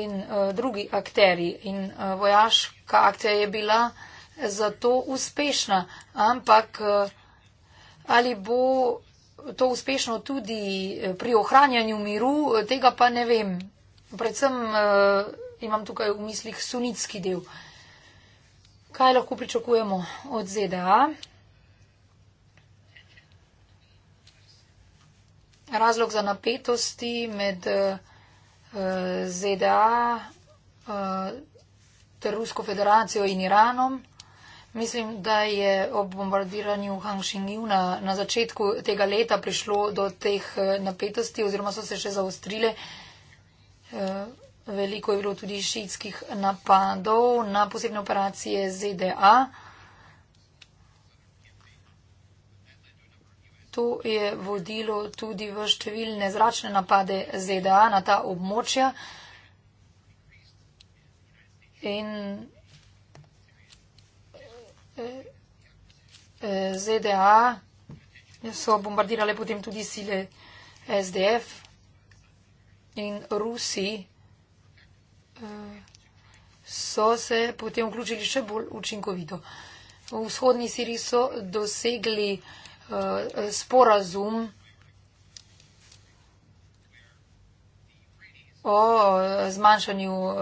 Speaker 4: in drugi akteri. In vojaška akcija je bila zato uspešna. Ampak ali bo to uspešno tudi eh, pri ohranjanju miru, eh, tega pa ne vem. Predvsem uh, imam tukaj v mislih sunitski del. Kaj lahko pričakujemo od ZDA? Razlog za napetosti med uh, ZDA uh, ter Rusko federacijo in Iranom. Mislim, da je ob bombardiranju Hangšingju na, na začetku tega leta prišlo do teh eh, napetosti oziroma so se še zaostrile. Eh, veliko je bilo tudi šitskih napadov na posebne operacije ZDA. To je vodilo tudi v številne zračne napade ZDA na ta območja. In ZDA, so bombardirale potem tudi sile SDF in Rusi eh, so se potem vključili še bolj učinkovito. V vzhodni Siriji so dosegli eh, sporazum, o zmanjšanju eh,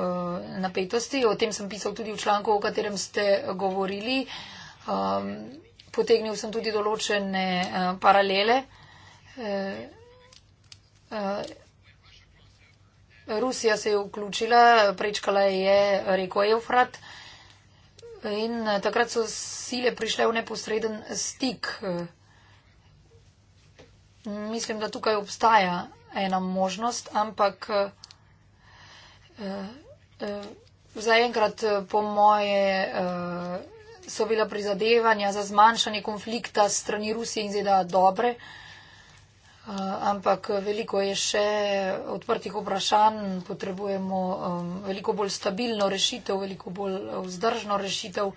Speaker 4: napetosti. O tem sem pisal tudi v članku, o katerem ste govorili. Ehm, potegnil sem tudi določene eh, paralele. Eh, Rusija se je vključila, prečkala je reko Eufrat in takrat so sile prišle v neposreden stik. Mislim, da tukaj obstaja ena možnost, ampak Eh, eh, zaenkrat, eh, po moje, so bila prizadevanja za zmanjšanje konflikta strani Rusije in zeda dobre, ampak veliko je še odprtih vprašanj, potrebujemo veliko bolj stabilno rešitev, veliko bolj vzdržno rešitev.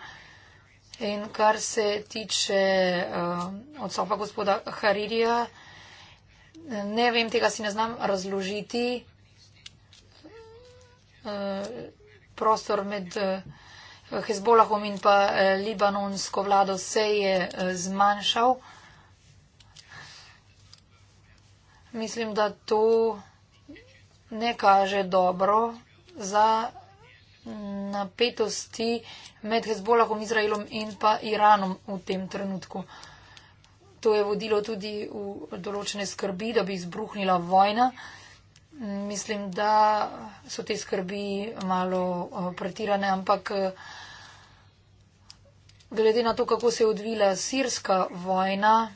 Speaker 4: In kar se tiče odsopa gospoda Haririja, ne vem, tega si ne znam razložiti. Eh, prostor med eh, Hezbolahom in pa eh, libanonsko vlado se je zmanjšal. Mislim, da to ne kaže dobro za napetosti med Hezbolahom, Izraelom in pa Iranom v tem trenutku. To je vodilo tudi v določene skrbi, da bi izbruhnila vojna mislim, da so te skrbi malo eh, pretirane, ampak eh, glede na to, kako se je odvila sirska vojna,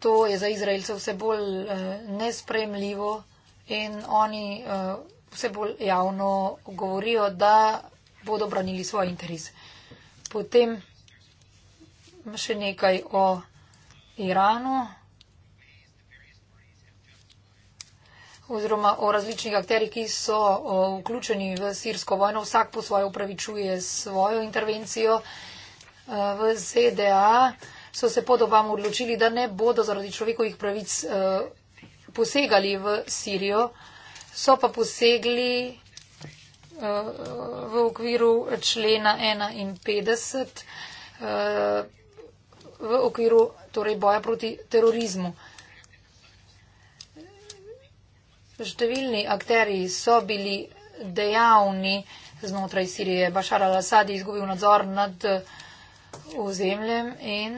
Speaker 4: to je za Izraelce vse bolj eh, nespremljivo in oni vse bolj javno govorijo, da bodo branili svoj interes. Potem še nekaj o Iranu. oziroma o različnih akterjih, ki so vključeni v sirsko vojno. Vsak po svoje upravičuje svojo intervencijo eh, v ZDA. So se pod obama odločili, da ne bodo zaradi človekovih pravic eh, posegali v Sirijo, so pa posegli eh, v okviru člena 51 v okviru torej, boja proti terorizmu. Številni akteri so bili dejavni znotraj Sirije. Bašar al-Assad je izgubil nadzor nad uh, ozemljem in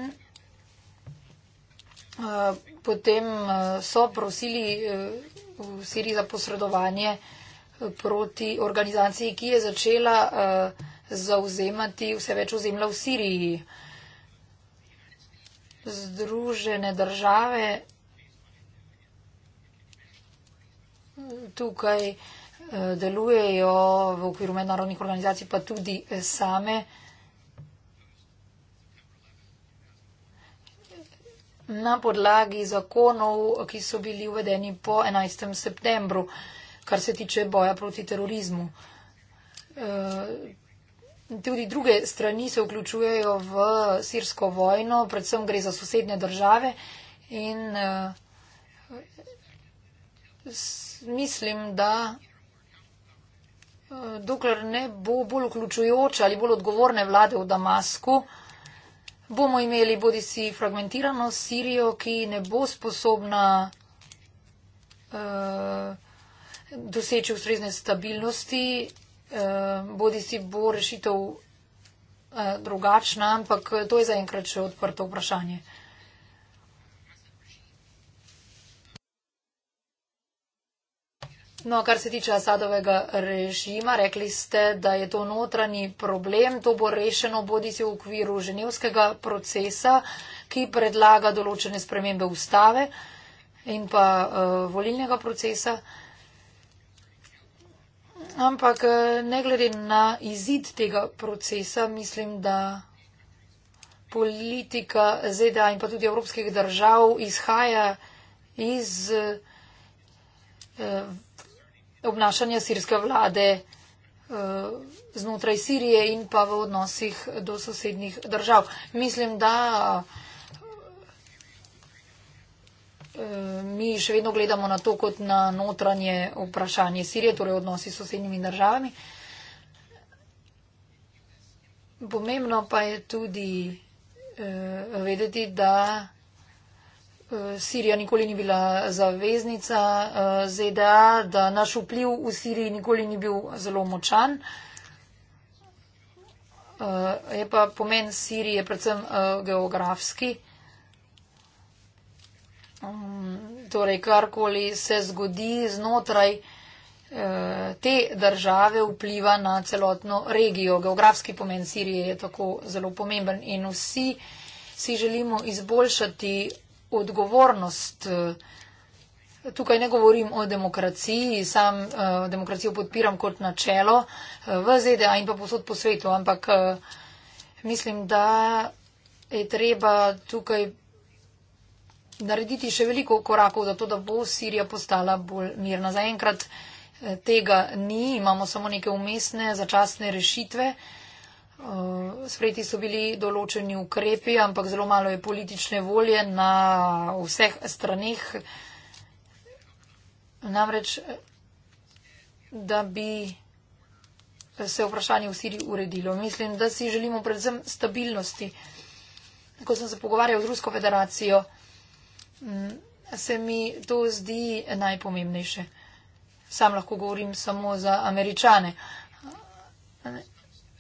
Speaker 4: uh, potem uh, so prosili v Siriji za posredovanje proti organizaciji, ki je začela zauzemati vse več ozemlja v Siriji. Združene države tukaj eh, delujejo v okviru mednarodnih organizacij, pa tudi eh, same. na podlagi zakonov, ki so bili uvedeni po 11. septembru, kar se tiče boja proti terorizmu. Eh, tudi druge strani se vključujejo v sirsko vojno, predvsem gre za sosednje države in mislim, da eh, dokler ne bo bolj vključujoče ali bolj odgovorne vlade v Damasku, bomo imeli bodi si fragmentirano Sirijo, ki ne bo sposobna eh, doseči ustrezne stabilnosti, eh, bodi si bo rešitev eh, drugačna, ampak to je zaenkrat še odprto vprašanje. No, kar se tiče Asadovega režima, rekli ste, da je to notranji problem, to bo rešeno bodi si v okviru ženevskega procesa, ki predlaga določene spremembe ustave in pa uh, volilnega procesa. Ampak eh, ne glede na izid tega procesa, mislim, da politika ZDA in pa tudi evropskih držav izhaja iz. Uh, obnašanja sirske vlade eh, znotraj Sirije in pa v odnosih do sosednjih držav. Mislim, da eh, mi še vedno gledamo na to kot na notranje vprašanje Sirije, torej odnosi s sosednjimi državami. Pomembno pa je tudi eh, vedeti, da Eh, Sirija nikoli ni bila zaveznica eh, ZDA, da naš vpliv v Siriji nikoli ni bil zelo močan. Eh, je pa pomen Sirije predvsem geografski. Mm, torej, karkoli se zgodi znotraj te države vpliva na celotno regijo. Geografski pomen Sirije je tako zelo pomemben in vsi si želimo izboljšati odgovornost. Eh, tukaj ne govorim o demokraciji, sam uh, demokracijo podpiram kot načelo uh, v ZDA in pa posod po svetu, ampak uh, mislim, da je treba tukaj narediti še veliko korakov, zato da bo Sirija postala bolj mirna. Zaenkrat tega ni, imamo samo neke umestne, začasne rešitve. Uh, Eh, sprejeti so bili določeni ukrepi, ampak zelo malo je politične volje na vseh straneh. Namreč, da bi se vprašanje v Siriji uredilo. Mislim, da si želimo predvsem stabilnosti. Ko sem se pogovarjal z Rusko federacijo, mm, se mi to zdi najpomembnejše. Sam lahko govorim samo za američane.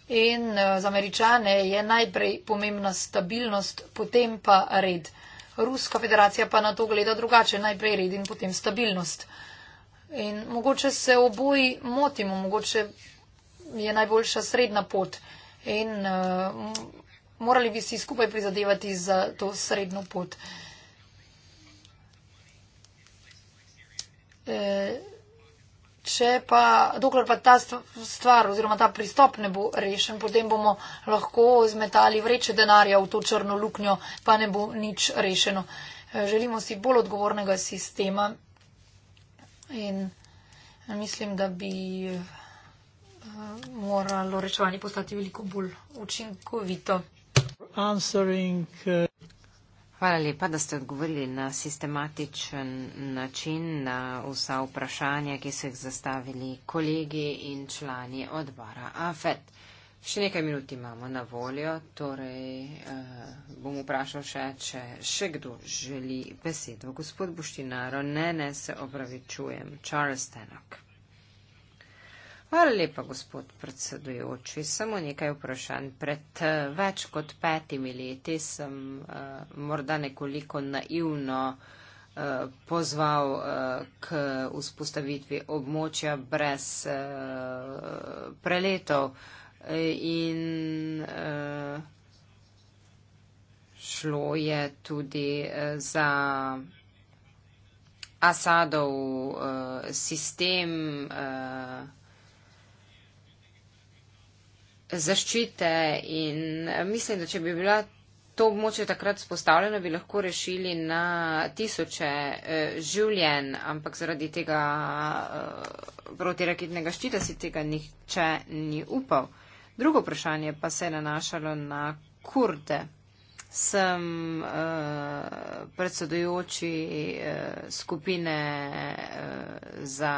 Speaker 4: In eh, za američane je najprej pomembna stabilnost, potem pa red. Ruska federacija pa na to gleda drugače, najprej red in potem stabilnost. In mogoče se oboji motimo, mogoče je najboljša srednja pot. In uh, morali bi si skupaj prizadevati za to srednjo pot. E, če pa, dokler pa ta stvar oziroma ta pristop ne bo rešen, potem bomo lahko zmetali vreče denarja v to črno luknjo, pa ne bo nič rešeno. Eh, želimo si bolj odgovornega sistema in mislim, da bi eh, moralo rečevanje postati veliko bolj učinkovito.
Speaker 2: answering uh... Hvala lepa, da ste odgovorili na sistematičen način na vsa vprašanja, ki so jih zastavili kolegi in člani odbora AFET. Še nekaj minut imamo na voljo, torej eh, bom vprašal še, če še kdo želi besedo. Gospod Buštinaro, ne, ne se opravičujem. Charles Tenok. Hvala lepa, gospod predsedujoči. Samo nekaj vprašanj. Pred eh, več kot petimi leti sem uh, morda nekoliko naivno uh, pozval uh, k vzpostavitvi območja brez uh, preletov in uh, šlo je tudi uh, za. Asadov uh, sistem. Uh, zaščite in eh, mislim, da če bi bila to območje takrat spostavljeno, bi lahko rešili na tisoče eh, življenj, ampak zaradi tega eh, protiraketnega ščita si tega nihče ni upal. Drugo vprašanje pa se je nanašalo na kurde sem eh, predsedujoči eh, skupine eh, za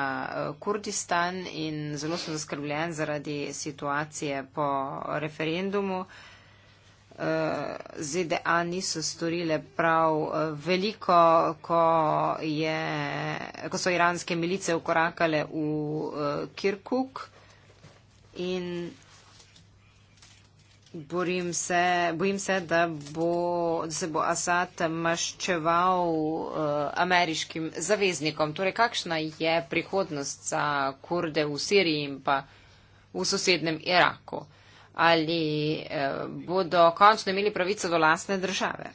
Speaker 2: Kurdistan in zelo sem zaskrbljen zaradi situacije po referendumu. ZDA niso storile prav veliko, ko, je, ko so iranske milice ukorakale v Kirkuk in Borim se, bojim se, da bo, se bo Asad maščeval uh, ameriškim zaveznikom. Torej, kakšna je prihodnost za kurde v Siriji in pa v sosednem Iraku? Ali uh, bodo končno imeli pravico do lastne države?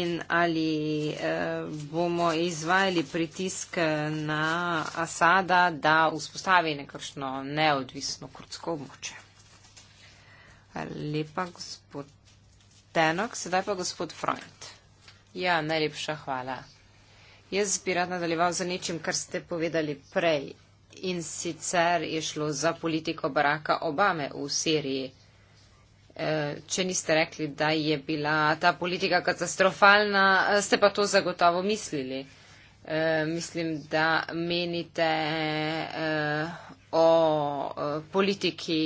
Speaker 2: in ali eh, bomo izvajali pritisk na Asada, da vzpostavi nekakšno neodvisno kurdsko območje. Lepa gospod Tenok, sedaj pa gospod Freund. Ja, najlepša hvala. Jaz bi rad nadaljeval za nečim, kar ste povedali prej. In sicer je šlo za politiko Baraka Obame v Siriji. Eh, če niste rekli, da je bila ta politika katastrofalna, eh, ste pa to zagotovo mislili. Eh, mislim, da menite o politiki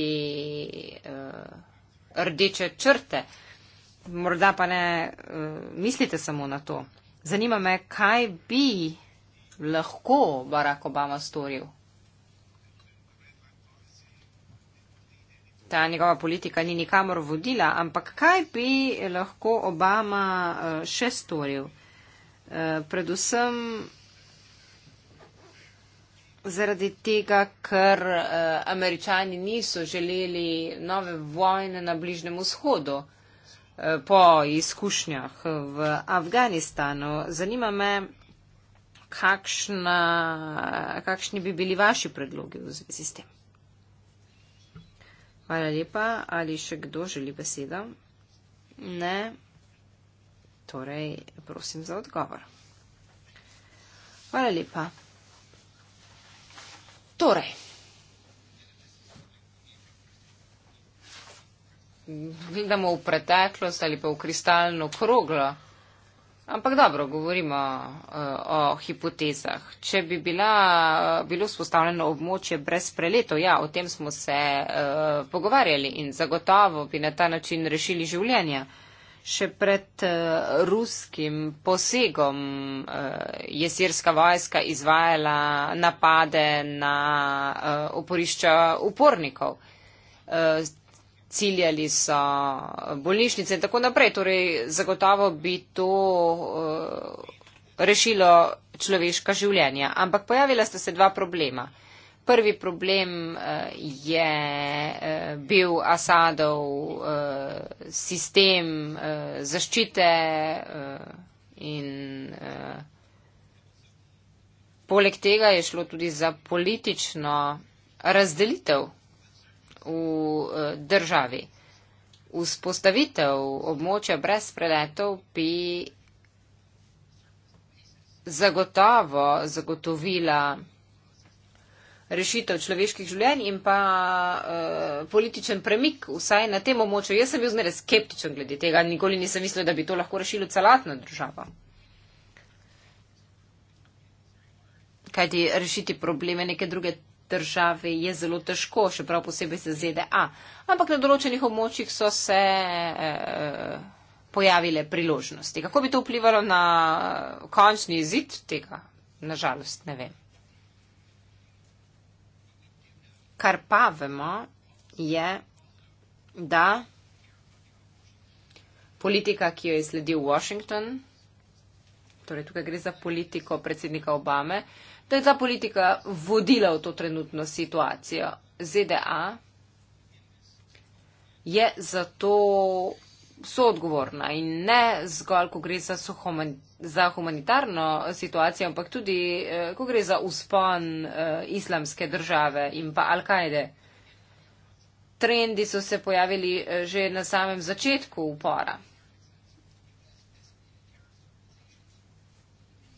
Speaker 2: rdeče črte. Morda pa ne mislite samo na to. Zanima me, kaj bi lahko Barack Obama storil ta njegova politika ni nikamor vodila, ampak kaj bi lahko Obama eh, še storil? Eh, predvsem zaradi tega, ker eh, američani niso želeli nove vojne na Bližnem vzhodu po izkušnjah v Afganistanu. Zanima me, kakšna, kakšni bi bili vaši predlogi v zvezi s tem. Hvala lepa. Ali še kdo želi besedo? Ne. Torej, prosim za odgovor. Hvala lepa. Torej. Gledamo v preteklost ali pa v kristalno kroglo. Ampak dobro, govorimo uh, o hipotezah. Če bi bila, uh, bilo spostavljeno območje brez preletov, ja, o tem smo se uh, pogovarjali in zagotovo bi na ta način rešili življenja. Še pred uh, ruskim posegom uh, je sirska vojska izvajala napade na uh, oporišča upornikov. Uh, ciljali so eh, bolnišnice in tako naprej. Torej, zagotovo bi to eh, rešilo človeška življenja. Ampak pojavila sta se dva problema. Prvi problem eh, je bil Asadov sistem zaščite in poleg tega je šlo tudi za politično razdelitev v eh, državi. Vzpostavitev območja brez preletov bi zagotovo zagotovila rešitev človeških življenj in pa uh, političen premik vsaj na tem območju. Jaz sem bil zmeraj skeptičen glede tega, nikoli nisem mislil, da bi to lahko rešilo celatna država. Kajti rešiti probleme neke druge državi je zelo težko, še prav posebej za ZDA. Ampak na določenih območjih so se eh, pojavile priložnosti. Kako bi to vplivalo na končni izid tega? Nažalost, ne vem. Kar pa vemo je, da politika, ki jo je sledil Washington, torej tukaj gre za politiko predsednika Obame, da je ta politika vodila v to trenutno situacijo. ZDA je zato soodgovorna in ne zgolj, ko gre za, suhoman, za humanitarno situacijo, ampak tudi, eh, ko gre za uspon uh, eh, islamske države in pa Al-Kaide. Trendi so se pojavili eh, že na samem začetku upora.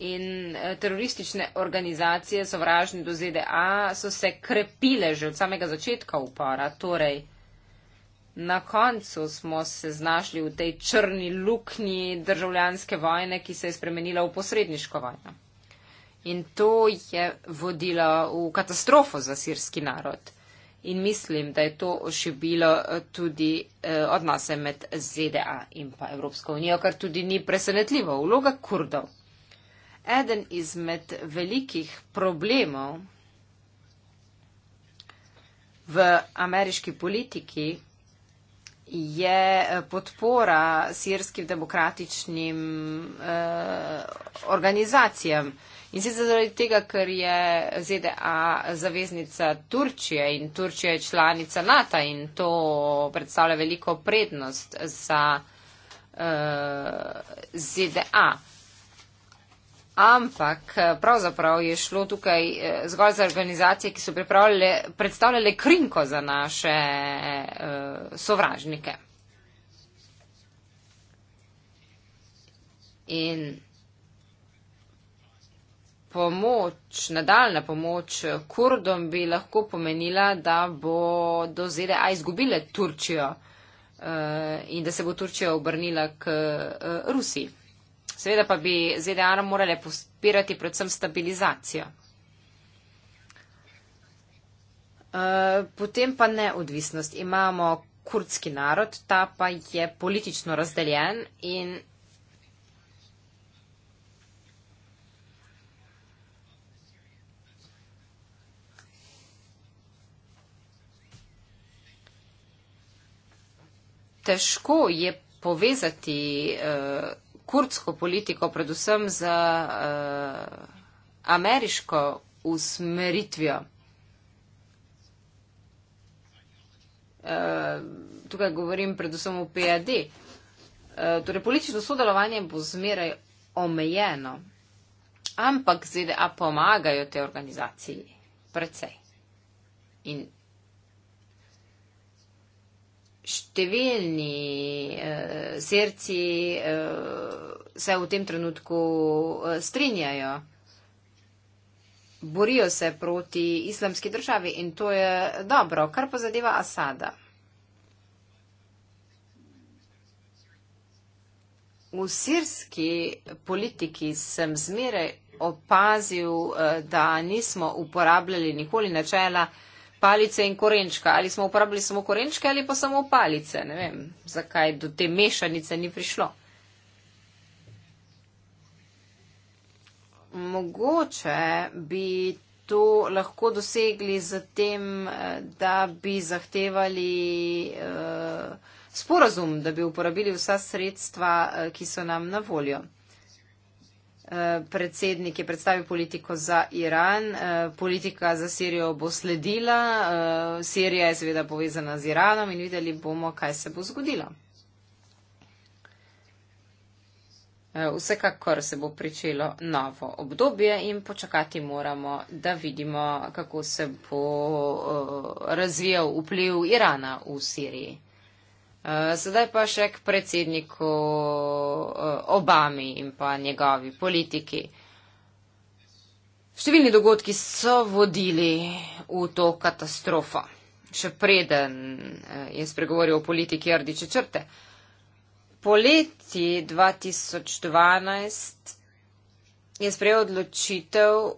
Speaker 2: In eh, teroristične organizacije, sovražni do ZDA, so se krepile že od samega začetka upora. Torej, na koncu smo se znašli v tej črni luknji državljanske vojne, ki se je spremenila v posredniško vojno. In to je vodilo v katastrofo za sirski narod. In mislim, da je to ošibilo eh, tudi eh, odnose med ZDA in pa Evropsko unijo, kar tudi ni presenetljivo. Vloga kurdov Eden izmed velikih problemov v ameriški politiki je podpora sirskim demokratičnim eh, organizacijam. In sicer zaradi tega, ker je ZDA zaveznica Turčije in Turčija je članica NATO in to predstavlja veliko prednost za eh, ZDA. Ampak eh, pravzaprav je šlo tukaj eh, zgolj za organizacije, ki so predstavljale krinko za naše uh, sovražnike. In pomoč, nadaljna pomoč kurdom bi lahko pomenila, da bo do ZDA izgubile Turčijo uh, in da se bo Turčija obrnila k uh, Rusiji. Seveda pa bi ZDA morale pospirati predvsem stabilizacijo. Eh, potem pa neodvisnost. Imamo kurdski narod, ta pa je politično razdeljen in težko je povezati. Uh, kurdsko politiko, predvsem z uh, ameriško usmeritvijo. Uh, tukaj govorim predvsem o PAD. Uh, eh, torej, politično sodelovanje bo zmeraj omejeno, ampak ZDA pomagajo te organizaciji precej. In številni uh, eh, srci uh, eh, se v tem trenutku eh, strinjajo. Borijo se proti islamski državi in to je dobro, kar pa zadeva Asada. V sirski politiki sem zmeraj opazil, da nismo uporabljali nikoli načela uh, palice in korenčka. Ali smo uporabili samo korenčke ali pa samo palice. Ne vem, zakaj do te mešanice ni prišlo. Mogoče bi to lahko dosegli z tem, eh, da bi zahtevali eh, sporazum, da bi uporabili vsa sredstva, eh, ki so nam na voljo. Eh, predsednik je predstavil politiko za Iran, eh, politika za Sirijo bo sledila, eh, Sirija je seveda povezana z Iranom in videli bomo, kaj se bo zgodilo. Vsekakor se bo pričelo novo obdobje in počakati moramo, da vidimo, kako se bo razvijal vpliv Irana v Siriji. Eh, sedaj pa še k predsedniku eh, Obami in pa njegovi politiki. Številni dogodki so vodili v to katastrofo. Še preden eh, je spregovoril o politiki Rdiče črte. Poleti 2012 je sprejel odločitev uh,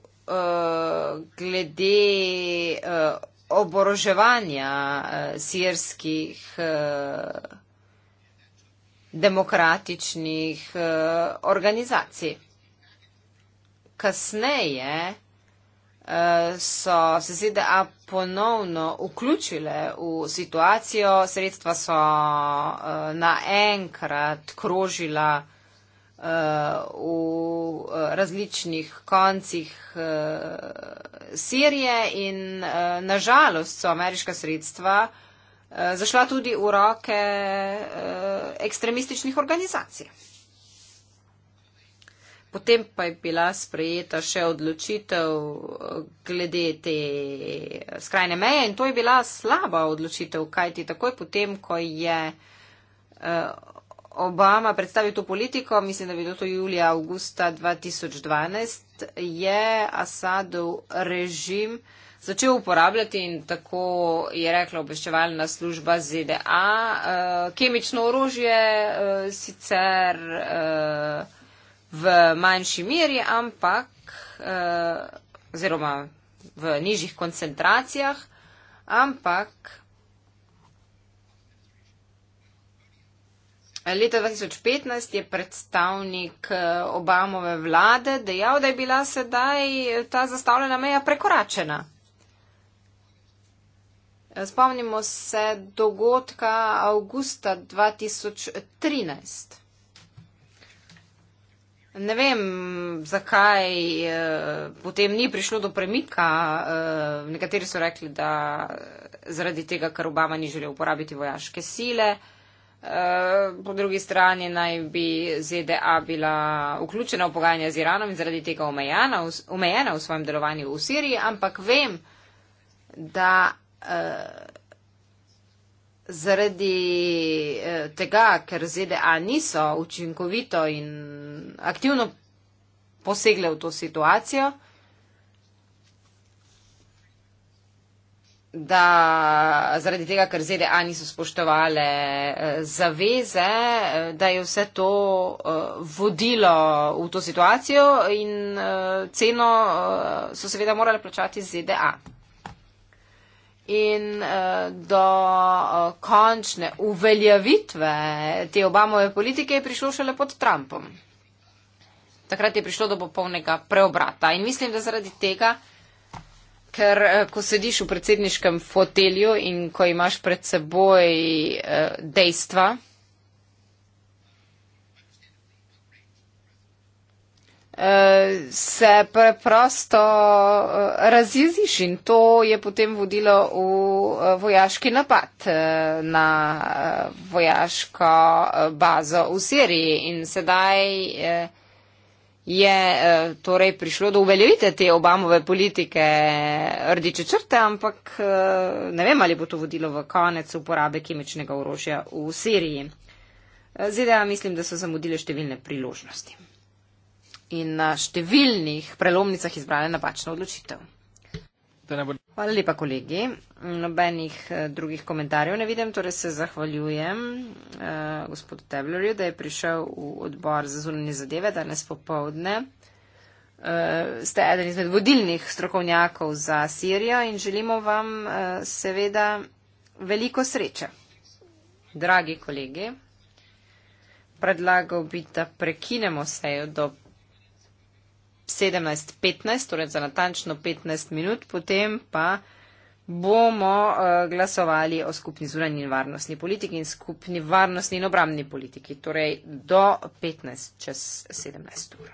Speaker 2: glede uh, oboroževanja eh, sirskih eh, demokratičnih eh, organizacij. Kasneje eh, so se ZDA ponovno vključile v situacijo, sredstva so eh, naenkrat krožila eh, v eh, različnih koncih eh, Sirije in eh, nažalost so ameriška sredstva zašla tudi v roke ekstremističnih organizacij. Potem pa je bila sprejeta še odločitev glede te skrajne meje in to je bila slaba odločitev, kajti takoj potem, ko je Obama predstavil to politiko, mislim, da je bilo to julija, augusta 2012, je Asadov režim začel uporabljati in tako je rekla obveščevalna služba ZDA, eh, kemično orožje eh, sicer eh, v manjši meri, ampak oziroma v nižjih koncentracijah, ampak Leta 2015 je predstavnik eh, Obamove vlade dejal, da je bila sedaj eh, ta zastavljena meja prekoračena. Eh, spomnimo se dogodka avgusta 2013. Ne vem, zakaj potem ni prišlo do premika. Nekateri so rekli, da zaradi tega, ker Obama ni želel uporabiti vojaške sile. Eh, po drugi strani naj bi ZDA bila vključena v pogajanja z Iranom in zaradi tega omejena, omejena v svojem delovanju v Siriji, ampak vem, da eh, zaradi eh, tega, ker ZDA niso učinkovito in aktivno posegle v to situacijo, da zaradi tega, ker ZDA niso spoštovale eh, zaveze, eh, da je vse to eh, vodilo v to situacijo in ceno so seveda morali plačati ZDA. In do končne uveljavitve te Obamove politike je prišlo šele pod Trumpom. Takrat je prišlo do popolnega preobrata in mislim, da zaradi tega Ker eh, ko sediš v predsedniškem fotelju in ko imaš pred seboj eh, dejstva. Eh, se preprosto razjeziš in to je potem vodilo v vojaški napad na vojaško bazo v Siriji in sedaj. Eh, je eh, torej prišlo do uveljavite te Obamove politike rdeče črte, ampak eh, ne vem, ali bo to vodilo v konec uporabe kemičnega orožja v Siriji. Eh, ZDA mislim, da so zamudile številne priložnosti in na številnih prelomnicah izbrale napačno odločitev. Hvala lepa, kolegi. Nobenih eh, drugih komentarjev ne vidim, torej se zahvaljujem uh, gospodu Teblerju, da je prišel v odbor za zunanje zadeve danes popovdne. Uh, eh, ste eden izmed vodilnih strokovnjakov za Sirijo in želimo vam uh, seveda veliko sreče. Dragi kolegi, predlagal bi, da prekinemo sejo do 15.30. 17.15, torej za natančno 15 minut, potem pa bomo eh, glasovali o skupni zunanji in varnostni politiki in skupni varnostni in obramni politiki, torej do 15 čez 17 ur.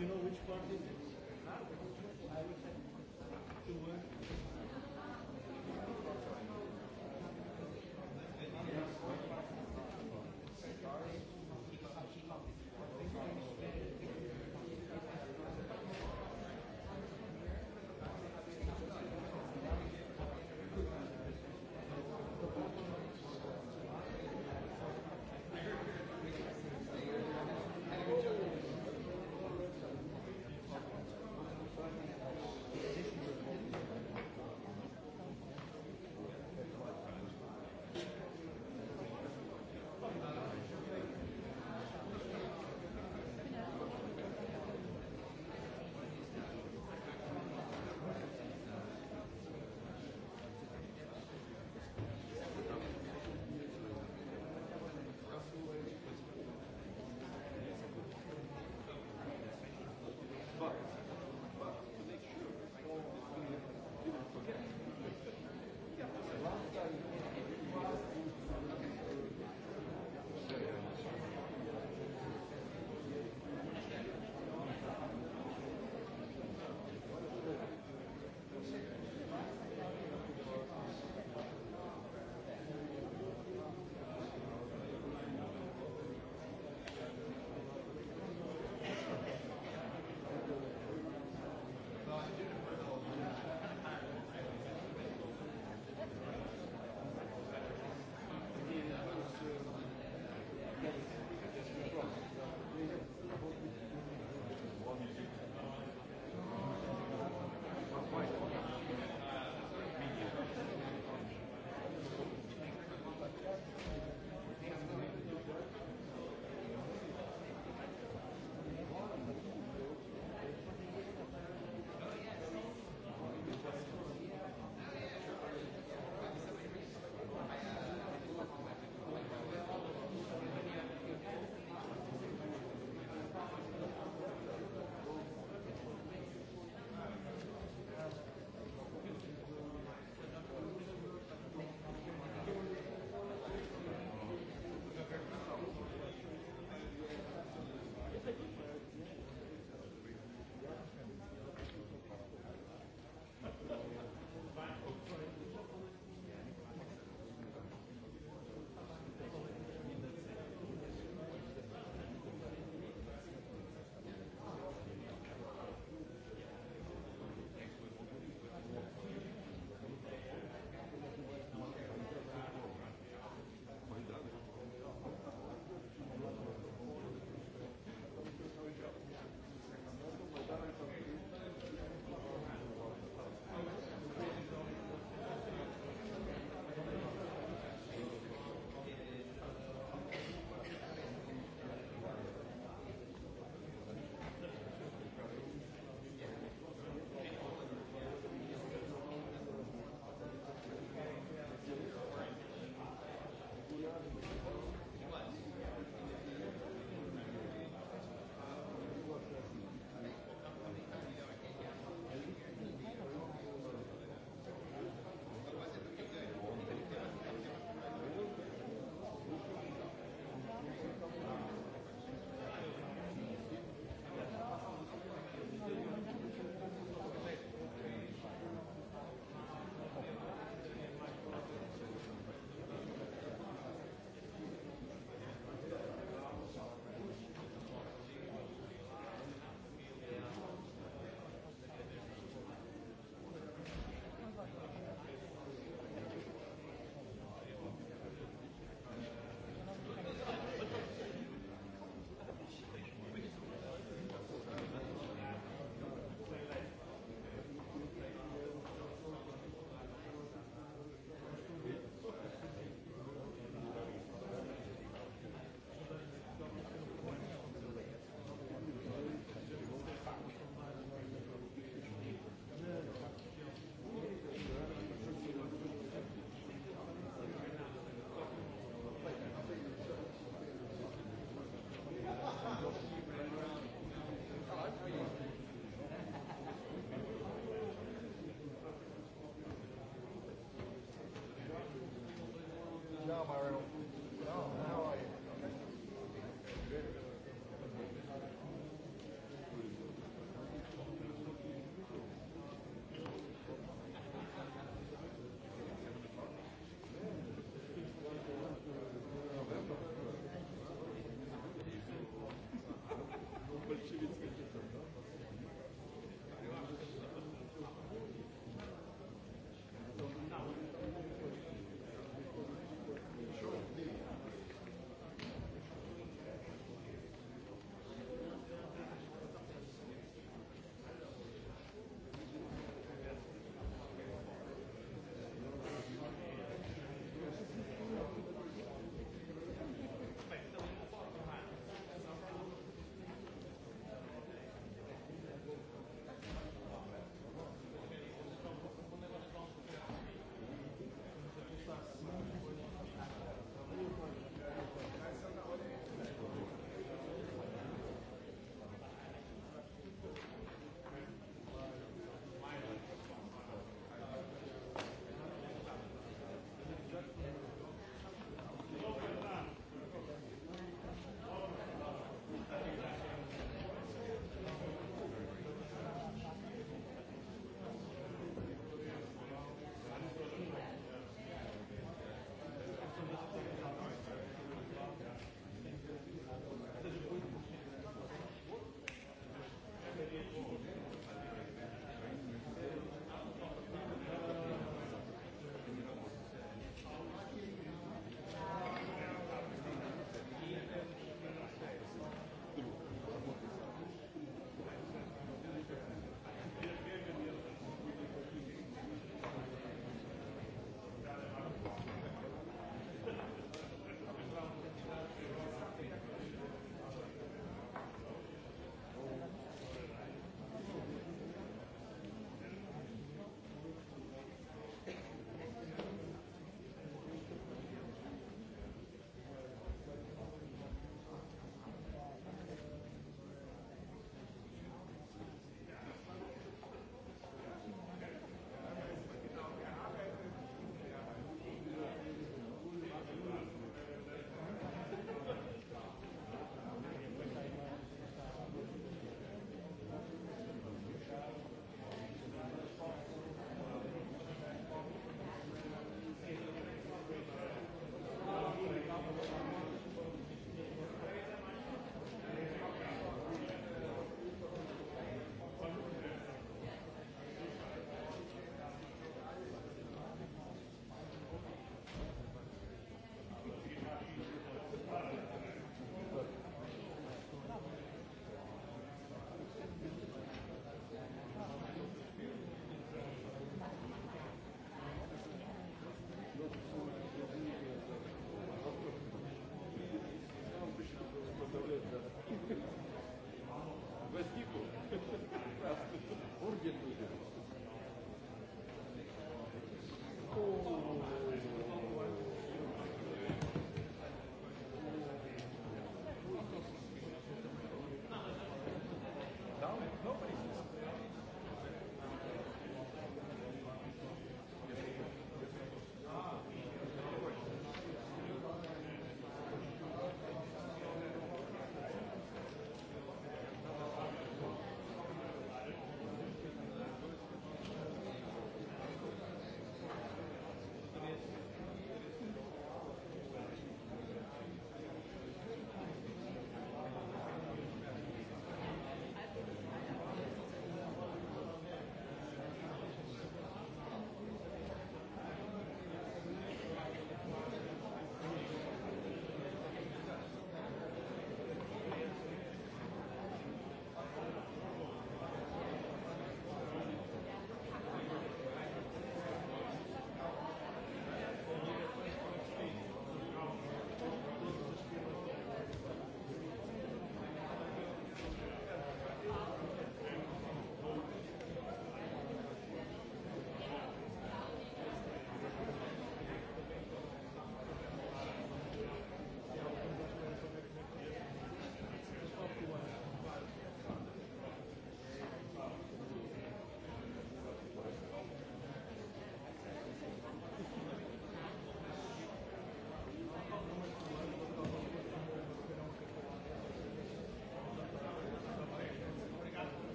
Speaker 3: you know which part is it?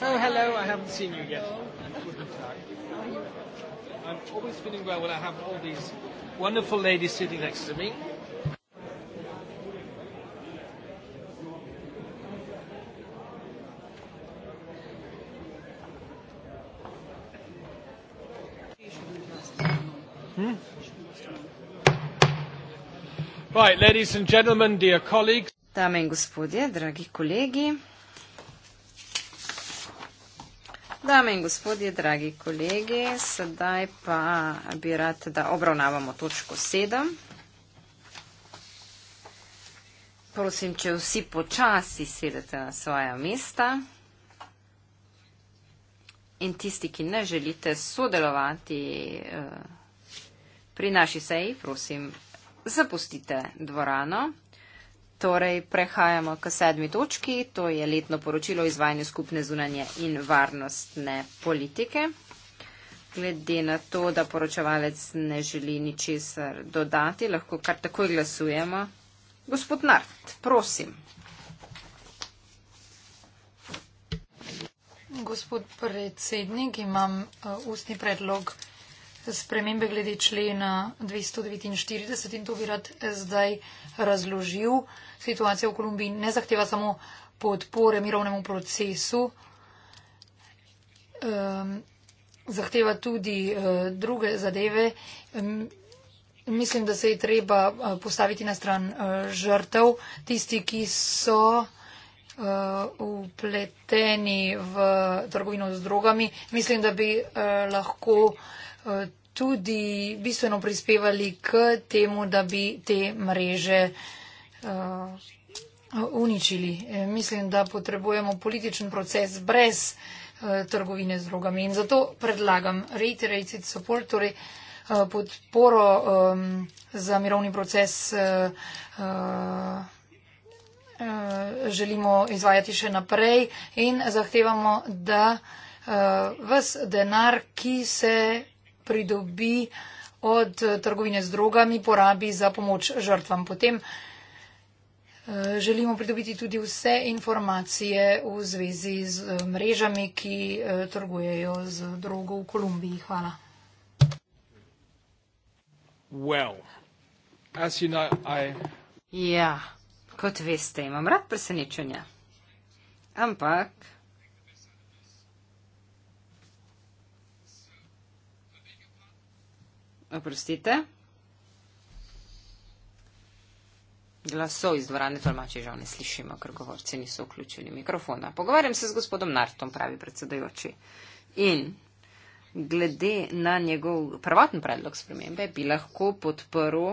Speaker 3: Oh, hello, I haven't seen you yet. I'm always feeling well when I have all these wonderful
Speaker 1: ladies sitting next to me.
Speaker 2: right, ladies and gentlemen, dear colleagues. Dame in gospodje, dragi kolegi. Dame in gospodje, dragi kolegi, sedaj pa bi rad, da obravnavamo točko 7. Prosim, če vsi počasi sedete na svoja mesta in tisti, ki ne želite sodelovati eh, pri naši seji, prosim, zapustite dvorano. Torej, prehajamo k sedmi točki, to je letno poročilo o izvajanju skupne zunanje in varnostne politike. Glede na to, da poročevalec ne želi ničesar dodati, lahko kar takoj glasujemo. Gospod Nart, prosim.
Speaker 4: Gospod predsednik, imam eh, ustni predlog spremembe glede člena 249 in to bi rad zdaj razložil. Situacija v Kolumbiji ne zahteva samo podpore mirovnemu procesu, ehm, zahteva tudi eh, druge zadeve. Mislim, da se je treba eh, postaviti na stran eh, žrtev, tisti, ki so upleteni v trgovino z drogami. Mislim, da bi lahko Eh, tudi bistveno prispevali k temu, da bi te mreže eh, uničili. Eh, mislim, da potrebujemo političen proces brez trgovine z drogami. In zato predlagam reiterated support, torej podporo um, za mirovni proces uh, uh, želimo izvajati še naprej in zahtevamo, da uh, ves denar, ki se pridobi od eh, trgovine z drogami, porabi za pomoč žrtvam. Potem eh, želimo pridobiti tudi vse informacije v zvezi z eh, mrežami, ki trgujejo z drogo v Kolumbiji. Hvala.
Speaker 1: Well,
Speaker 2: you know, I...
Speaker 4: Ja, kot
Speaker 2: veste, imam rad presenečenja. Ampak. Oprostite. Glasov iz dvorane tolmače žal ne slišimo, ker govorci niso vključili mikrofona. Pogovarjam se z gospodom Nartom, pravi predsedajoči. In glede na njegov prvotni predlog spremembe bi lahko podprl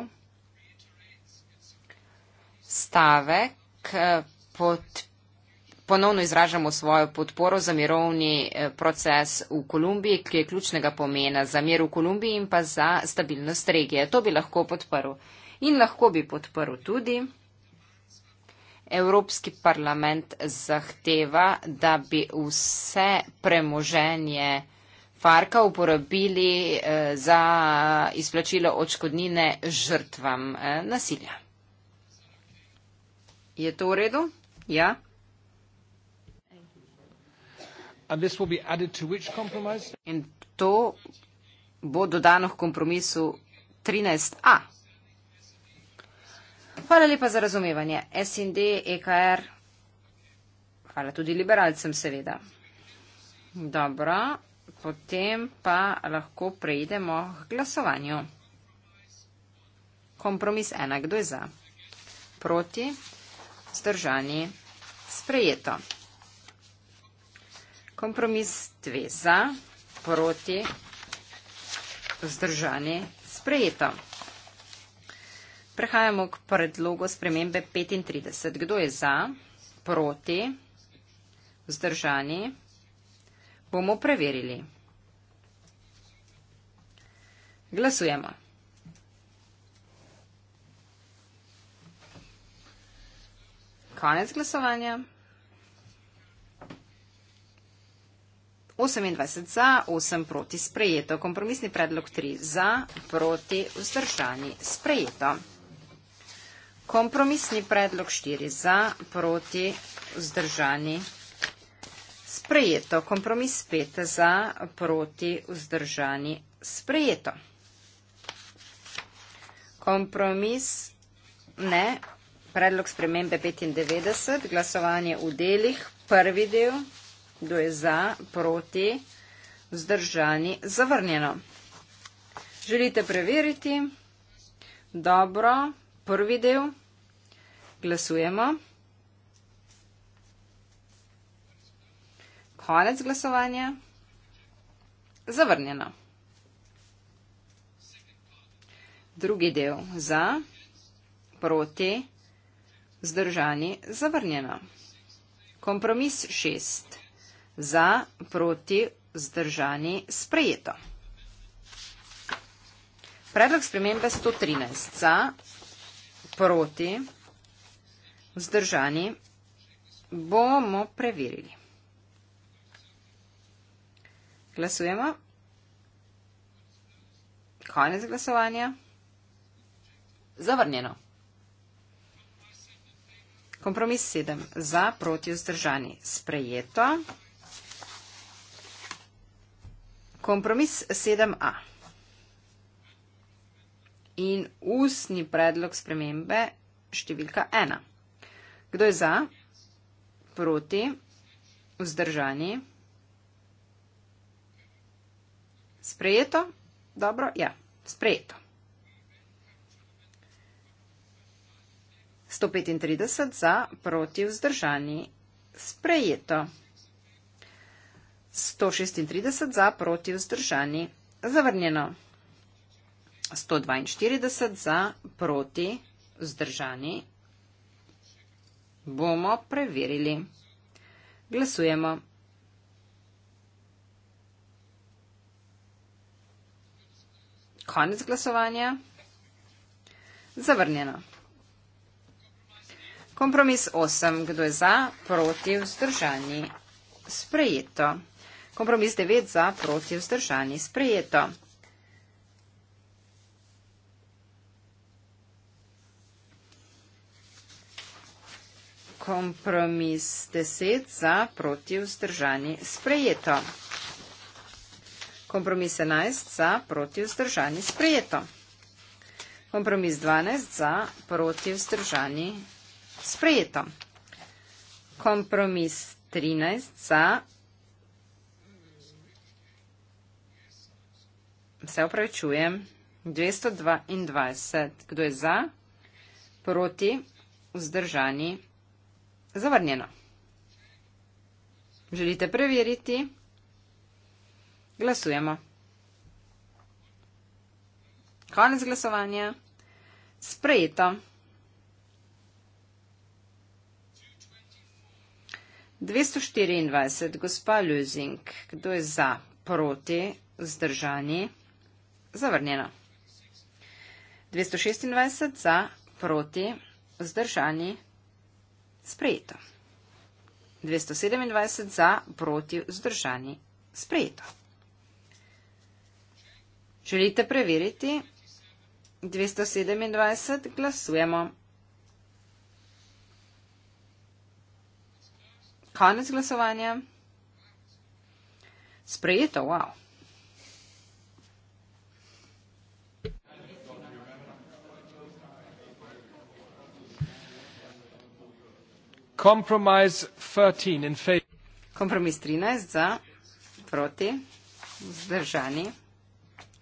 Speaker 2: stavek eh, podpisa ponovno izražamo svojo podporo za mirovni eh, proces v Kolumbiji, ki je ključnega pomena za mir v Kolumbiji in pa za stabilnost regije. To bi lahko podprl. In lahko bi podprl tudi. Evropski parlament zahteva, da bi vse premoženje Farka uporabili eh, za izplačilo očkodnine žrtvam eh, nasilja. Je to v redu? Ja. In to bo dodano k kompromisu 13a. Hvala lepa za razumevanje. SND, EKR, hvala tudi liberalcem seveda. Dobro, potem pa lahko preidemo k glasovanju. Kompromis ena, kdo je za? Proti, zdržani, sprejeto kompromis dve za, proti, vzdržani, sprejeto. Prehajamo k predlogu spremembe 35. Kdo je za, proti, vzdržani, bomo preverili. Glasujemo. Konec glasovanja. 28 za, 8 proti sprejeto. Kompromisni predlog 3 za, proti vzdržani sprejeto. Kompromisni predlog 4 za, proti vzdržani sprejeto. Kompromis 5 za, proti vzdržani sprejeto. Kompromis ne. Predlog spremembe 95, glasovanje v delih, prvi del, Kdo je za, proti, vzdržani, zavrnjeno. Želite preveriti? Dobro, prvi del. Glasujemo. Konec glasovanja. Zavrnjeno. Drugi del za, proti, zdržani, zavrnjeno. Kompromis šest za, proti, zdržani, sprejeto. Predlog spremembe 113. Za, proti, zdržani bomo preverili. Glasujemo. Konec glasovanja. Zavrnjeno. Kompromis 7. Za, proti, vzdržani. Sprejeto. Kompromis 7a in ustni predlog spremembe številka 1. Kdo je za, proti, vzdržani? Sprejeto? Dobro, ja, sprejeto. 135 za, proti, vzdržani? Sprejeto. 136 za, proti vzdržani, zavrnjeno. 142 za, proti vzdržani, bomo preverili. Glasujemo. Konec glasovanja. Zavrnjeno. Kompromis 8. Kdo je za, proti vzdržani? Sprejeto. Kompromis 9 za proti vzdržani sprejeto. Kompromis 10 za proti vzdržani sprejeto. Kompromis 11 za proti vzdržani sprejeto. Kompromis 12 za proti vzdržani sprejeto. Kompromis 13 za Se opravičujem. 222. Kdo je za? Proti? Vzdržani? Zavrnjeno. Želite preveriti? Glasujemo. Konec glasovanja. Sprejeto. 224. Gospa Ljuzink, kdo je za, proti, vzdržani? zavrnjeno. 226 za, proti, vzdržani, sprejeto. 227 za, proti, vzdržani, sprejeto. Želite preveriti? 227 glasujemo. Konec glasovanja. Sprejeto, wow. Compromise 13 in favor. Kompromis 13 za, proti, vzdržani,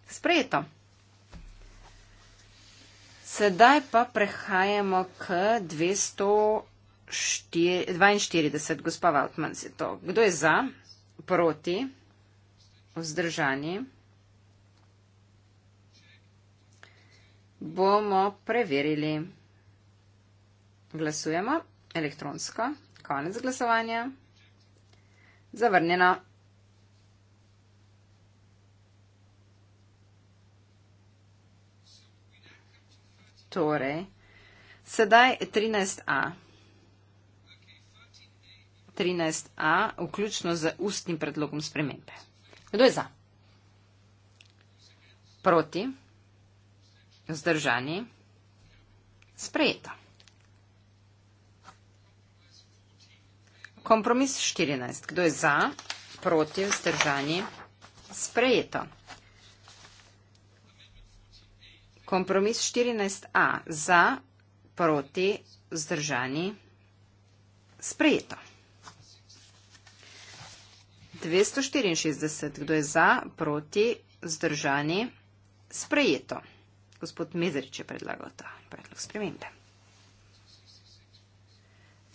Speaker 2: sprejeto. Sedaj pa prehajamo k 242. Gospa Valtman si to. Kdo je za, proti, vzdržani? Bomo preverili. Glasujemo elektronsko. Konec glasovanja. Zavrnjeno. Torej, sedaj 13a. 13a, vključno z ustnim predlogom spremembe. Kdo je za? Proti? Zdržani? Sprejeto. Kompromis 14. Kdo je za, proti, vzdržani, sprejeto? Kompromis 14a. Za, proti, vzdržani, sprejeto. 264. Kdo je za, proti, vzdržani, sprejeto? Gospod Mezerič je predlagal ta predlog spremembe.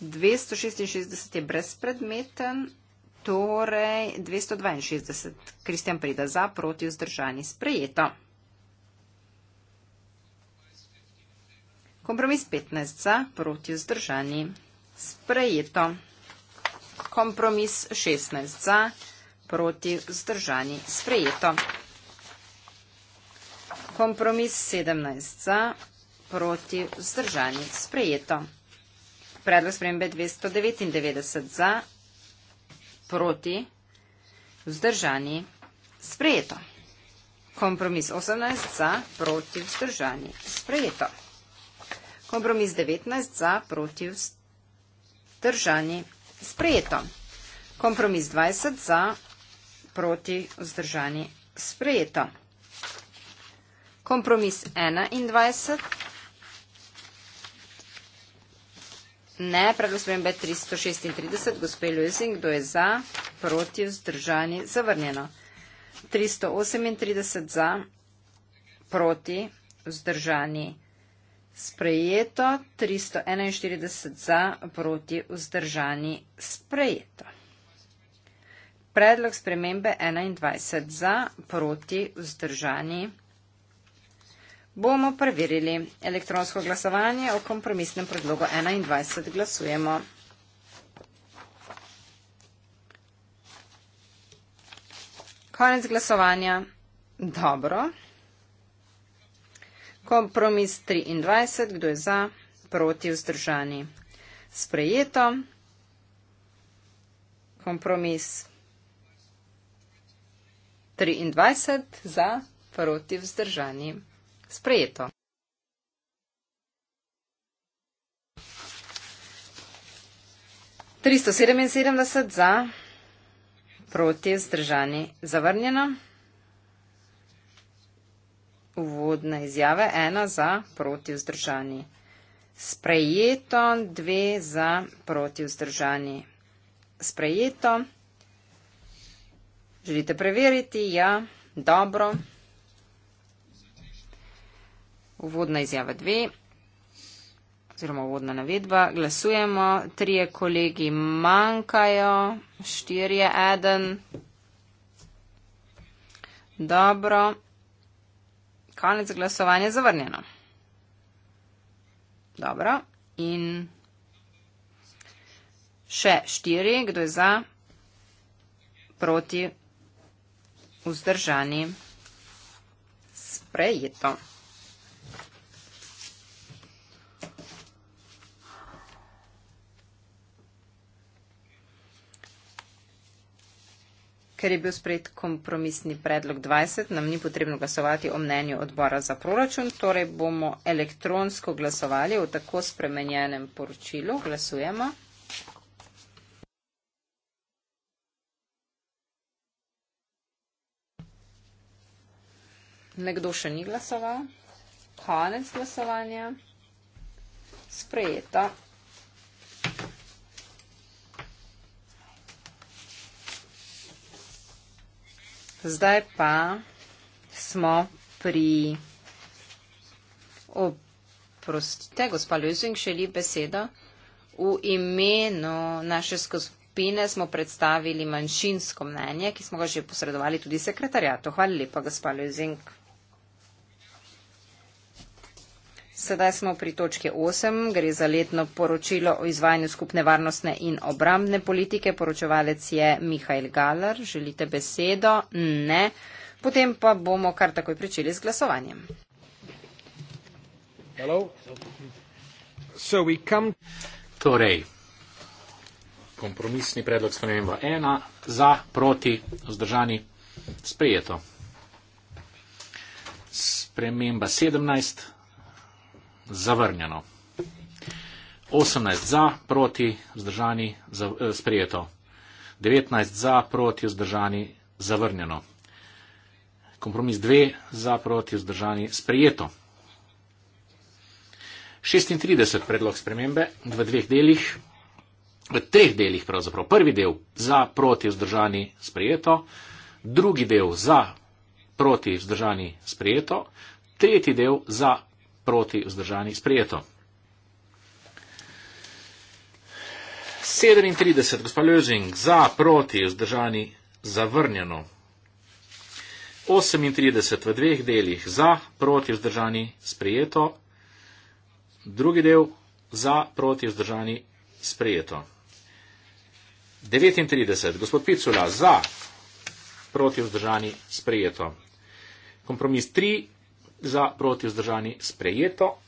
Speaker 2: 266 je brezpredmeten, torej 262. Kristjan pride za, proti vzdržani sprejeto. Kompromis 15 za, proti vzdržani sprejeto. Kompromis 16 za, proti vzdržani sprejeto. Kompromis 17 za, proti vzdržani sprejeto predlog spremembe 299 za, proti, vzdržani, sprejeto. Kompromis 18 za, proti, vzdržani, sprejeto. Kompromis 19 za, proti, vzdržani, sprejeto. Kompromis 20 za, proti, vzdržani, sprejeto. Kompromis 21 za, proti, vzdržani, sprejeto. Kompromis 21 za, proti, vzdržani, sprejeto. Ne, predlog sprejem B336. Gospod Ljuzing, kdo je za, proti, vzdržani, zavrnjeno. 338 za, proti, vzdržani, sprejeto. 341 za, proti, vzdržani, sprejeto. Predlog spremembe 21 za, proti, vzdržani, sprejeto. Bomo preverili elektronsko glasovanje o kompromisnem predlogu 21. Glasujemo. Konec glasovanja. Dobro. Kompromis 23. Kdo je za? Proti vzdržani. Sprejeto. Kompromis 23. Za? Proti vzdržani. Sprejeto. Tristo sedeminsedemdeset za, proti, zdržani, zavrnjeno. Uvodne izjave, ena za, proti, zdržani. Sprejeto, dve za, proti, zdržani. Sprejeto. Želite preveriti? Ja, dobro. Uvodna izjava dve, oziroma uvodna navedba, glasujemo, trije kolegi manjkajo, štirje eden. Dobro, konec glasovanja zavrnjeno. Dobro, in še štiri, kdo je za, proti, vzdržani, sprejeto. Ker je bil sprejet kompromisni predlog 20, nam ni potrebno glasovati o mnenju odbora za proračun, torej bomo elektronsko glasovali o tako spremenjenem poročilu. Glasujemo. Nekdo še ni glasoval. Konec glasovanja. Sprejeta. Zdaj pa smo pri. Oprostite, gospa Ljuzing, želi besedo. V imenu naše skupine smo predstavili manjšinsko mnenje, ki smo ga že posredovali tudi sekretarjatu. Hvala lepa, gospa Ljuzing. Sedaj smo pri točki 8. Gre za letno poročilo o izvajanju skupne varnostne in obrambne politike. Poročevalec je Mihajl Galar. Želite besedo? Ne. Potem pa bomo kar takoj pričeli z glasovanjem.
Speaker 1: Come... Torej, kompromisni predlog sprememba ena, za, proti, vzdržani, sprejeto. Sprememba sedemnajst. 17 zavrnjeno. 18 za, proti, zdržani, zav, eh, sprejeto. 19 za, proti, vzdržani, zavrnjeno. Kompromis 2 za, proti, vzdržani, sprejeto. 36 predlog spremembe v dveh delih, v treh delih pravzaprav. Prvi del za, proti, vzdržani, sprejeto. Drugi del za, proti, vzdržani, sprejeto. Tretji del za, proti vzdržani sprijeto. 37, gospod Ljužing, za, proti, vzdržani, zavrnjeno. 38 v dveh delih, za, proti, vzdržani, sprijeto. Drugi del, za, proti, vzdržani, sprijeto. 39, gospod Picula, za, proti, vzdržani, sprijeto. Kompromis 3, za proti vzdržani sprejeto.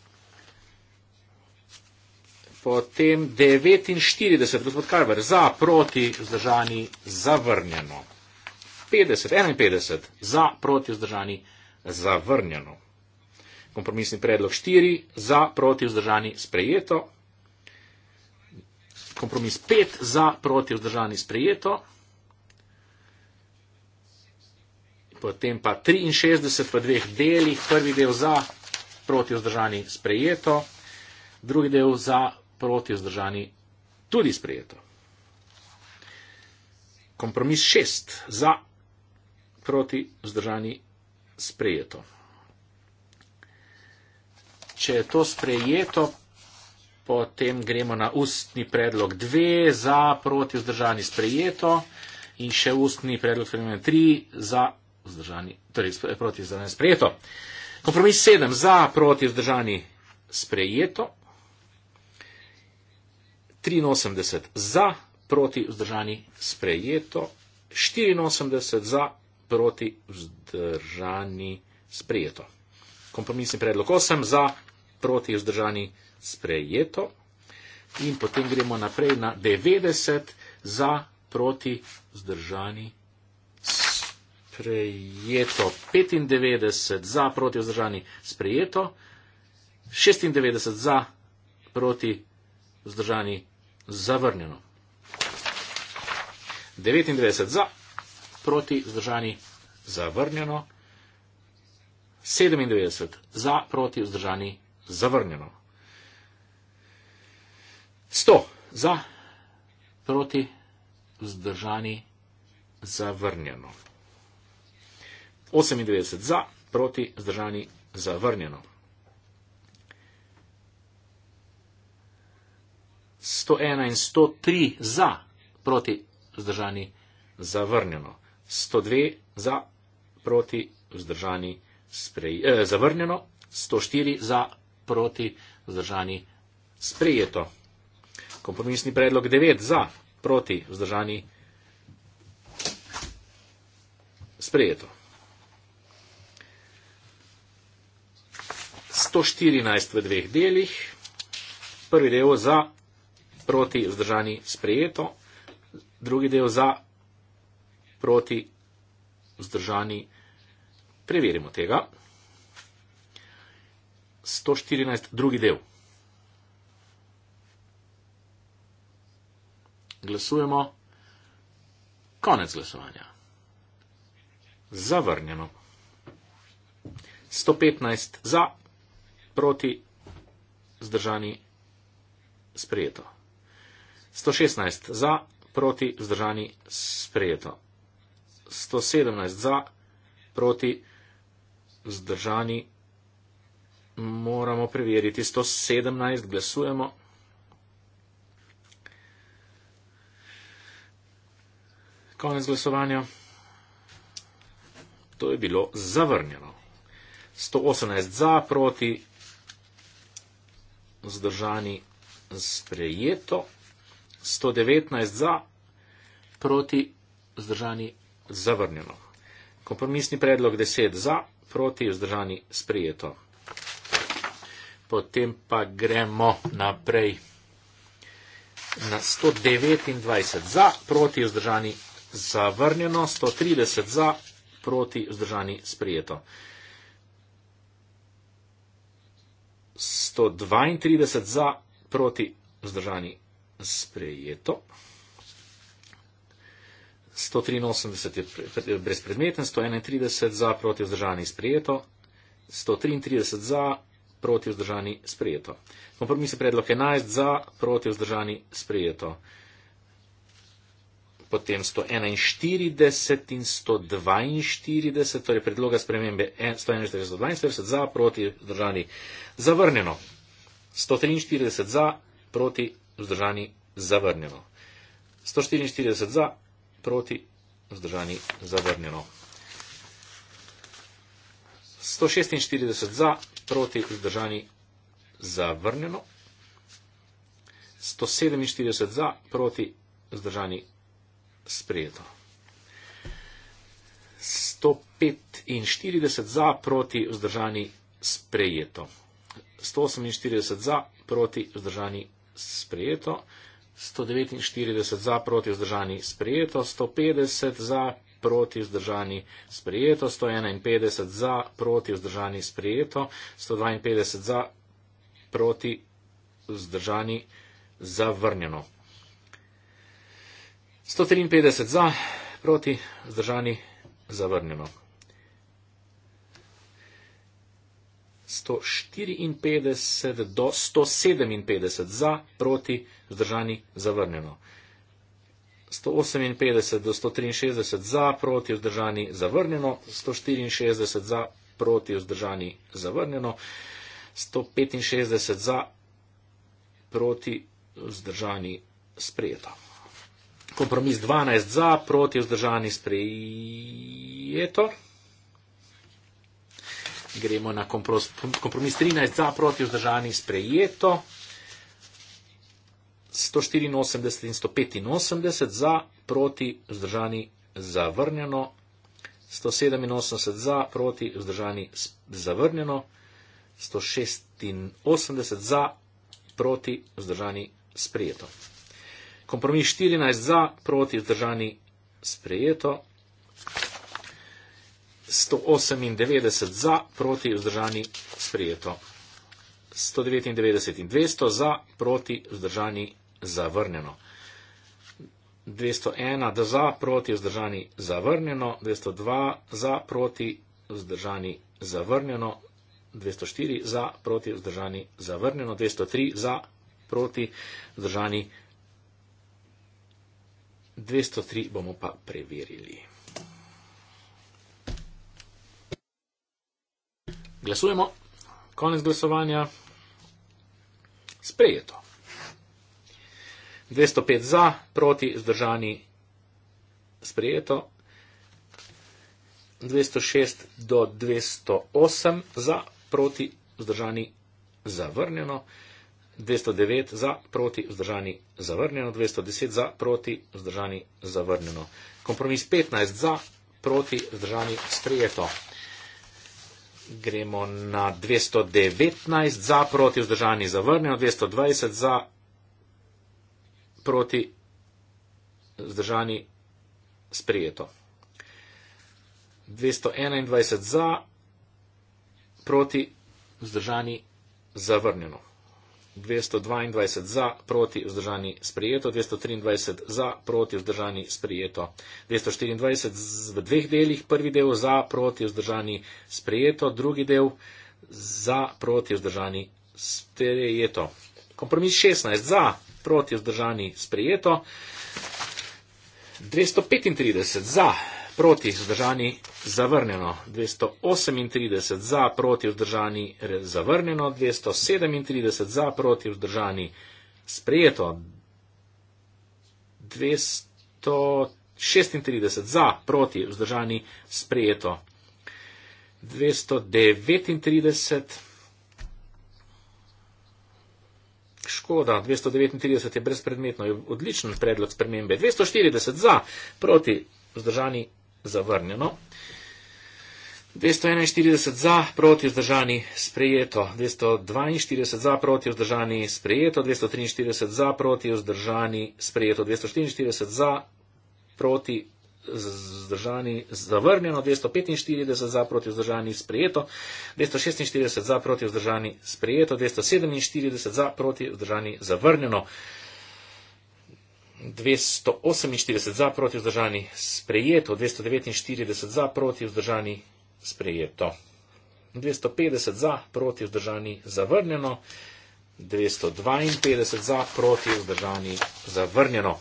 Speaker 1: Potem 49, gospod Karver, za proti vzdržani zavrnjeno. 50, 51, za proti vzdržani zavrnjeno. Kompromisni predlog 4, za proti vzdržani sprejeto. Kompromis 5, za proti vzdržani sprejeto. potem pa 63 v dveh delih, prvi del za, proti vzdržani sprejeto, drugi del za, proti vzdržani tudi sprejeto. Kompromis 6 za, proti vzdržani sprejeto. Če je to sprejeto, potem gremo na ustni predlog 2 za, proti vzdržani sprejeto. In še ustni predlog, ki je 3 za vzdržani, torej proti vzdržani sprejeto. Kompromis sedem za proti vzdržani sprejeto. 83 za proti vzdržani sprejeto. 84 za proti vzdržani sprejeto. Kompromisni predlog 8 za proti vzdržani sprejeto. In potem gremo naprej na 90 za proti vzdržani sprejeto sprejeto 95 za, proti vzdržani sprejeto, 96 za, proti vzdržani zavrnjeno. 99 za, proti vzdržani zavrnjeno, 97 za, proti vzdržani zavrnjeno. 100 za, proti vzdržani zavrnjeno. 98 za, proti, zdržani, zavrnjeno. 101 in 103 za, proti, zdržani, zavrnjeno. 102 za, proti, zdržani, sprej, eh, zavrnjeno. 104 za, proti, zdržani, sprejeto. Kompromisni predlog 9 za, proti, zdržani, sprejeto. 114 v dveh delih. Prvi del za proti vzdržani sprejeto, drugi del za proti vzdržani preverimo tega. 114 drugi del. Glasujemo. Konec glasovanja. Zavrnjeno. 115 za proti zdržani sprejeto. 116 za, proti zdržani sprejeto. 117 za, proti zdržani moramo preveriti. 117 glasujemo. 118 za, proti zdržani sprejeto zdržani sprejeto, 119 za, proti zdržani zavrnjeno. Kompromisni predlog 10 za, proti zdržani sprejeto. Potem pa gremo naprej na 129 za, proti vzdržani zavrnjeno, 130 za, proti vzdržani sprejeto. 132 za, proti vzdržani sprejeto. 183 je brezpredmeten, 131 za, proti vzdržani sprejeto. 133 za, proti vzdržani sprejeto. Kompromis je predlog 11 za, proti vzdržani sprejeto potem 141 in 142, torej predloga spremembe 142 za, proti, vzdržani, zavrnjeno. 143 za, proti, vzdržani, zavrnjeno. 144 za, proti, vzdržani, zavrnjeno. 146 za, proti, vzdržani, zavrnjeno. 147 za, proti, vzdržani, zavrnjeno sprejeto. 145 za, proti vzdržani sprejeto. 148 za, proti vzdržani sprejeto. 149 za, proti vzdržani sprejeto. 150 za, proti vzdržani sprejeto. 151 za, proti vzdržani sprejeto. 152 za, proti vzdržani zavrnjeno. 153 za, proti, zdržani, zavrnjeno. 154 do 157 za, proti, zdržani, zavrnjeno. 158 do 163 za, proti, zdržani, zavrnjeno. 164 za, proti, zdržani, zavrnjeno. 165 za, proti, zdržani, sprejeto kompromis 12 za, proti vzdržani sprejeto. Gremo na kompromis 13 za, proti vzdržani sprejeto. 184 in 185 za, proti vzdržani zavrnjeno. 187 za, proti vzdržani zavrnjeno. 186 za, proti vzdržani sprejeto. Kompromis 14 za, proti vzdržani sprejeto. 198 za, proti vzdržani sprejeto. 199 in 200 za, proti vzdržani zavrnjeno. 201 da za, proti vzdržani zavrnjeno. 202 za, proti vzdržani zavrnjeno. 204 za, proti vzdržani zavrnjeno. 203 za, proti vzdržani zavrnjeno. 203 bomo pa preverili. Glasujemo, konec glasovanja, sprejeto. 205 za, proti, zdržani, sprejeto. 206 do 208 za, proti, zdržani, zavrnjeno. 209 za, proti, vzdržani, zavrnjeno, 210 za, proti, vzdržani, zavrnjeno. Kompromis 15 za, proti, vzdržani, sprejeto. Gremo na 219 za, proti, vzdržani, zavrnjeno, 220 za, proti, vzdržani, sprejeto. 221 za, proti, vzdržani, zavrnjeno. 222 za, proti vzdržani sprejeto, 223 za, proti vzdržani sprejeto, 224 z, v dveh delih, prvi del za, proti vzdržani sprejeto, drugi del za, proti vzdržani sprejeto. Kompromis 16 za, proti vzdržani sprejeto, 235 za, proti vzdržani zavrnjeno, 238 za proti vzdržani zavrnjeno, 237 za proti vzdržani sprejeto, 236 za proti vzdržani sprejeto, 239. Škoda, 239 je brezpredmetno, je odličen predlog spremembe. 240 za, proti, vzdržani zavrnjeno. 241 za, proti vzdržani, sprejeto. 242 za, proti vzdržani, sprejeto. 243 za, proti vzdržani, sprejeto. 244 za, proti vzdržani, zavrnjeno. 245 za, proti vzdržani, sprejeto. 246 za, proti vzdržani, sprejeto. 247 za, proti vzdržani, zavrnjeno. 248 za proti vzdržani sprejeto, 249 za proti vzdržani sprejeto, 250 za proti vzdržani zavrnjeno, 252 za proti vzdržani zavrnjeno,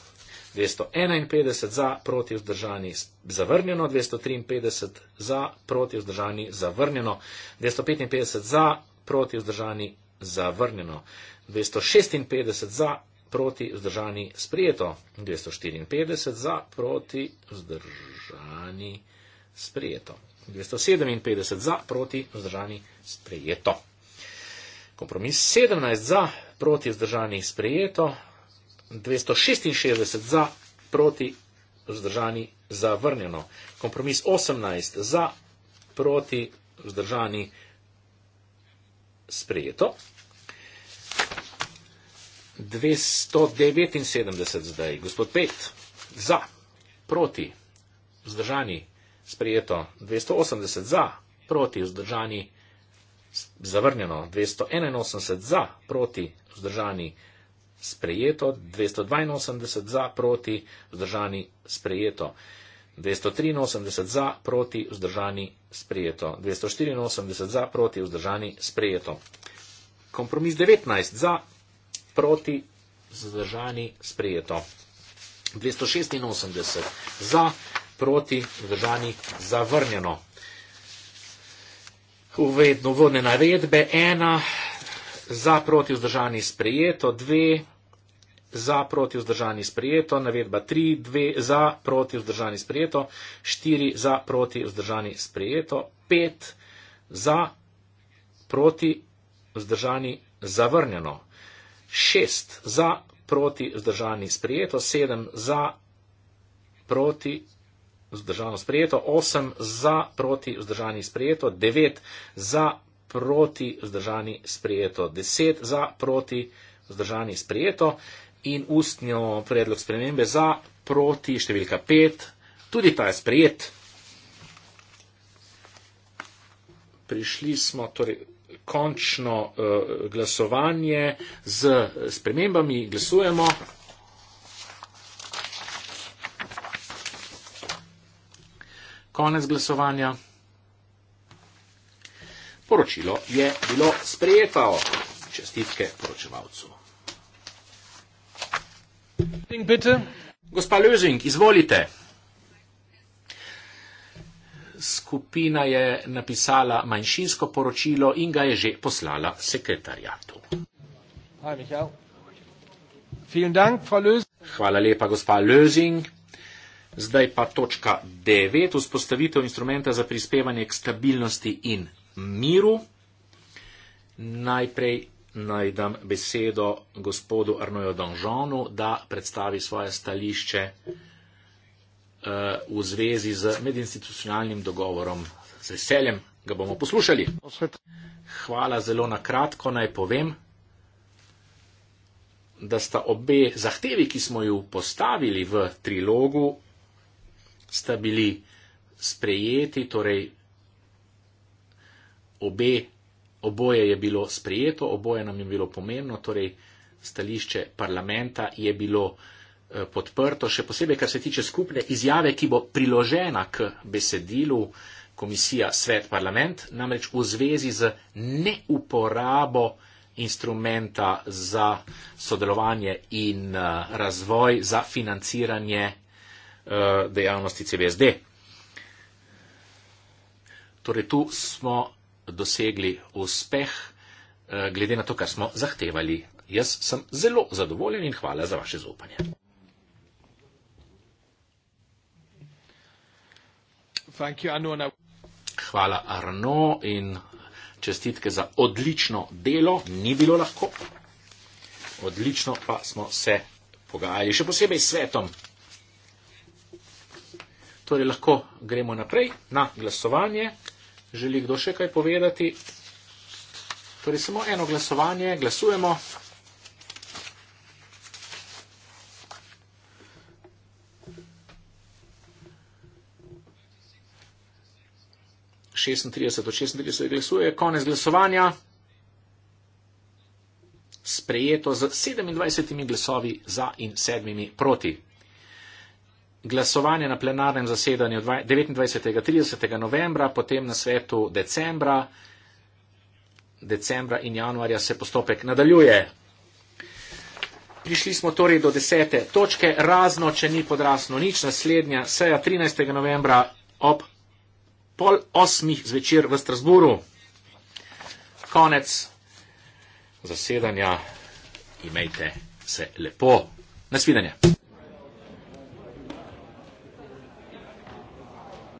Speaker 1: 251 za proti vzdržani zavrnjeno, 253 za proti vzdržani zavrnjeno, 255 za proti vzdržani zavrnjeno, 256 za proti vzdržani sprijeto, 254 za proti vzdržani sprijeto, 257 za proti vzdržani sprijeto. Kompromis 17 za proti vzdržani sprijeto, 266 za proti vzdržani zavrnjeno. Kompromis 18 za proti vzdržani sprijeto, 279 zdaj. Gospod Pet, za, proti, vzdržani, sprijeto 280 za, proti, vzdržani, zavrnjeno 281 za, proti, vzdržani, sprijeto 282 za, proti, vzdržani, sprijeto. 283 za, proti, vzdržani, sprijeto. 284 za, proti, vzdržani, sprijeto. Kompromis 19 za, proti zadržani sprejeto. 286 za, proti zadržani zavrnjeno. Uvedno vodne naredbe, ena za, proti vzdržani sprejeto, dve za, proti vzdržani sprejeto, navedba tri, dve za, proti vzdržani sprejeto, štiri za, proti vzdržani sprejeto, pet za, proti vzdržani zavrnjeno, šest za proti vzdržani sprijeto, sedem za proti vzdržano sprijeto, osem za proti vzdržani sprijeto, devet za proti vzdržani sprijeto, deset za proti vzdržani sprijeto in ustnjo predlog spremembe za proti številka pet, tudi ta je sprijet. Prišli smo torej končno uh, glasovanje z spremembami. Glasujemo. Konec glasovanja. Poročilo je bilo sprejeto. Čestitke poročevalcu. Gospa Lözing, izvolite skupina je napisala manjšinsko poročilo in ga je že poslala sekretarjatu. Hvala lepa, gospa Lözing. Zdaj pa točka 9, vzpostavitev instrumenta za prispevanje k stabilnosti in miru. Najprej najdem besedo gospodu Arnojo Donžonu, da predstavi svoje stališče. Eh, v zvezi z medinstitucionalnim dogovorom. Z veseljem ga bomo poslušali. Hvala zelo na kratko naj povem, da sta obe zahtevi, ki smo ju postavili v trilogu, sta bili sprejeti, torej obe, oboje je bilo sprejeto, oboje nam je bilo pomembno, torej stališče parlamenta je bilo sprejeto. Eh, podprto, še posebej, kar se tiče skupne izjave, ki bo priložena k besedilu Komisija Svet Parlament, namreč v zvezi z neuporabo instrumenta za sodelovanje in eh, razvoj za financiranje eh, dejavnosti CBSD. Torej, tu smo dosegli uspeh, glede na to, kar smo zahtevali. Jaz sem zelo zadovoljen in hvala za vaše zaupanje.
Speaker 3: Thank you, Arno, I...
Speaker 1: Hvala, Arno, in čestitke za odlično delo. Ni bilo lahko. Odlično pa smo se pogajali, še posebej s svetom. Torej, lahko gremo naprej na glasovanje. Želi kdo še kaj povedati? Torej, samo eno glasovanje, glasujemo. 36 od 36 glasuje, konec glasovanja sprejeto z 27 glasovi za in 7 proti. Glasovanje na plenarnem zasedanju 29. in 30. novembra, potem na svetu decembra, decembra in januarja se postopek nadaljuje. Prišli smo torej do desete točke, razno, če ni podrasno nič, naslednja seja 13. novembra ob pol osmih zvečer v Strasburu. Konec zasedanja. Imejte se lepo. Nasvidenje.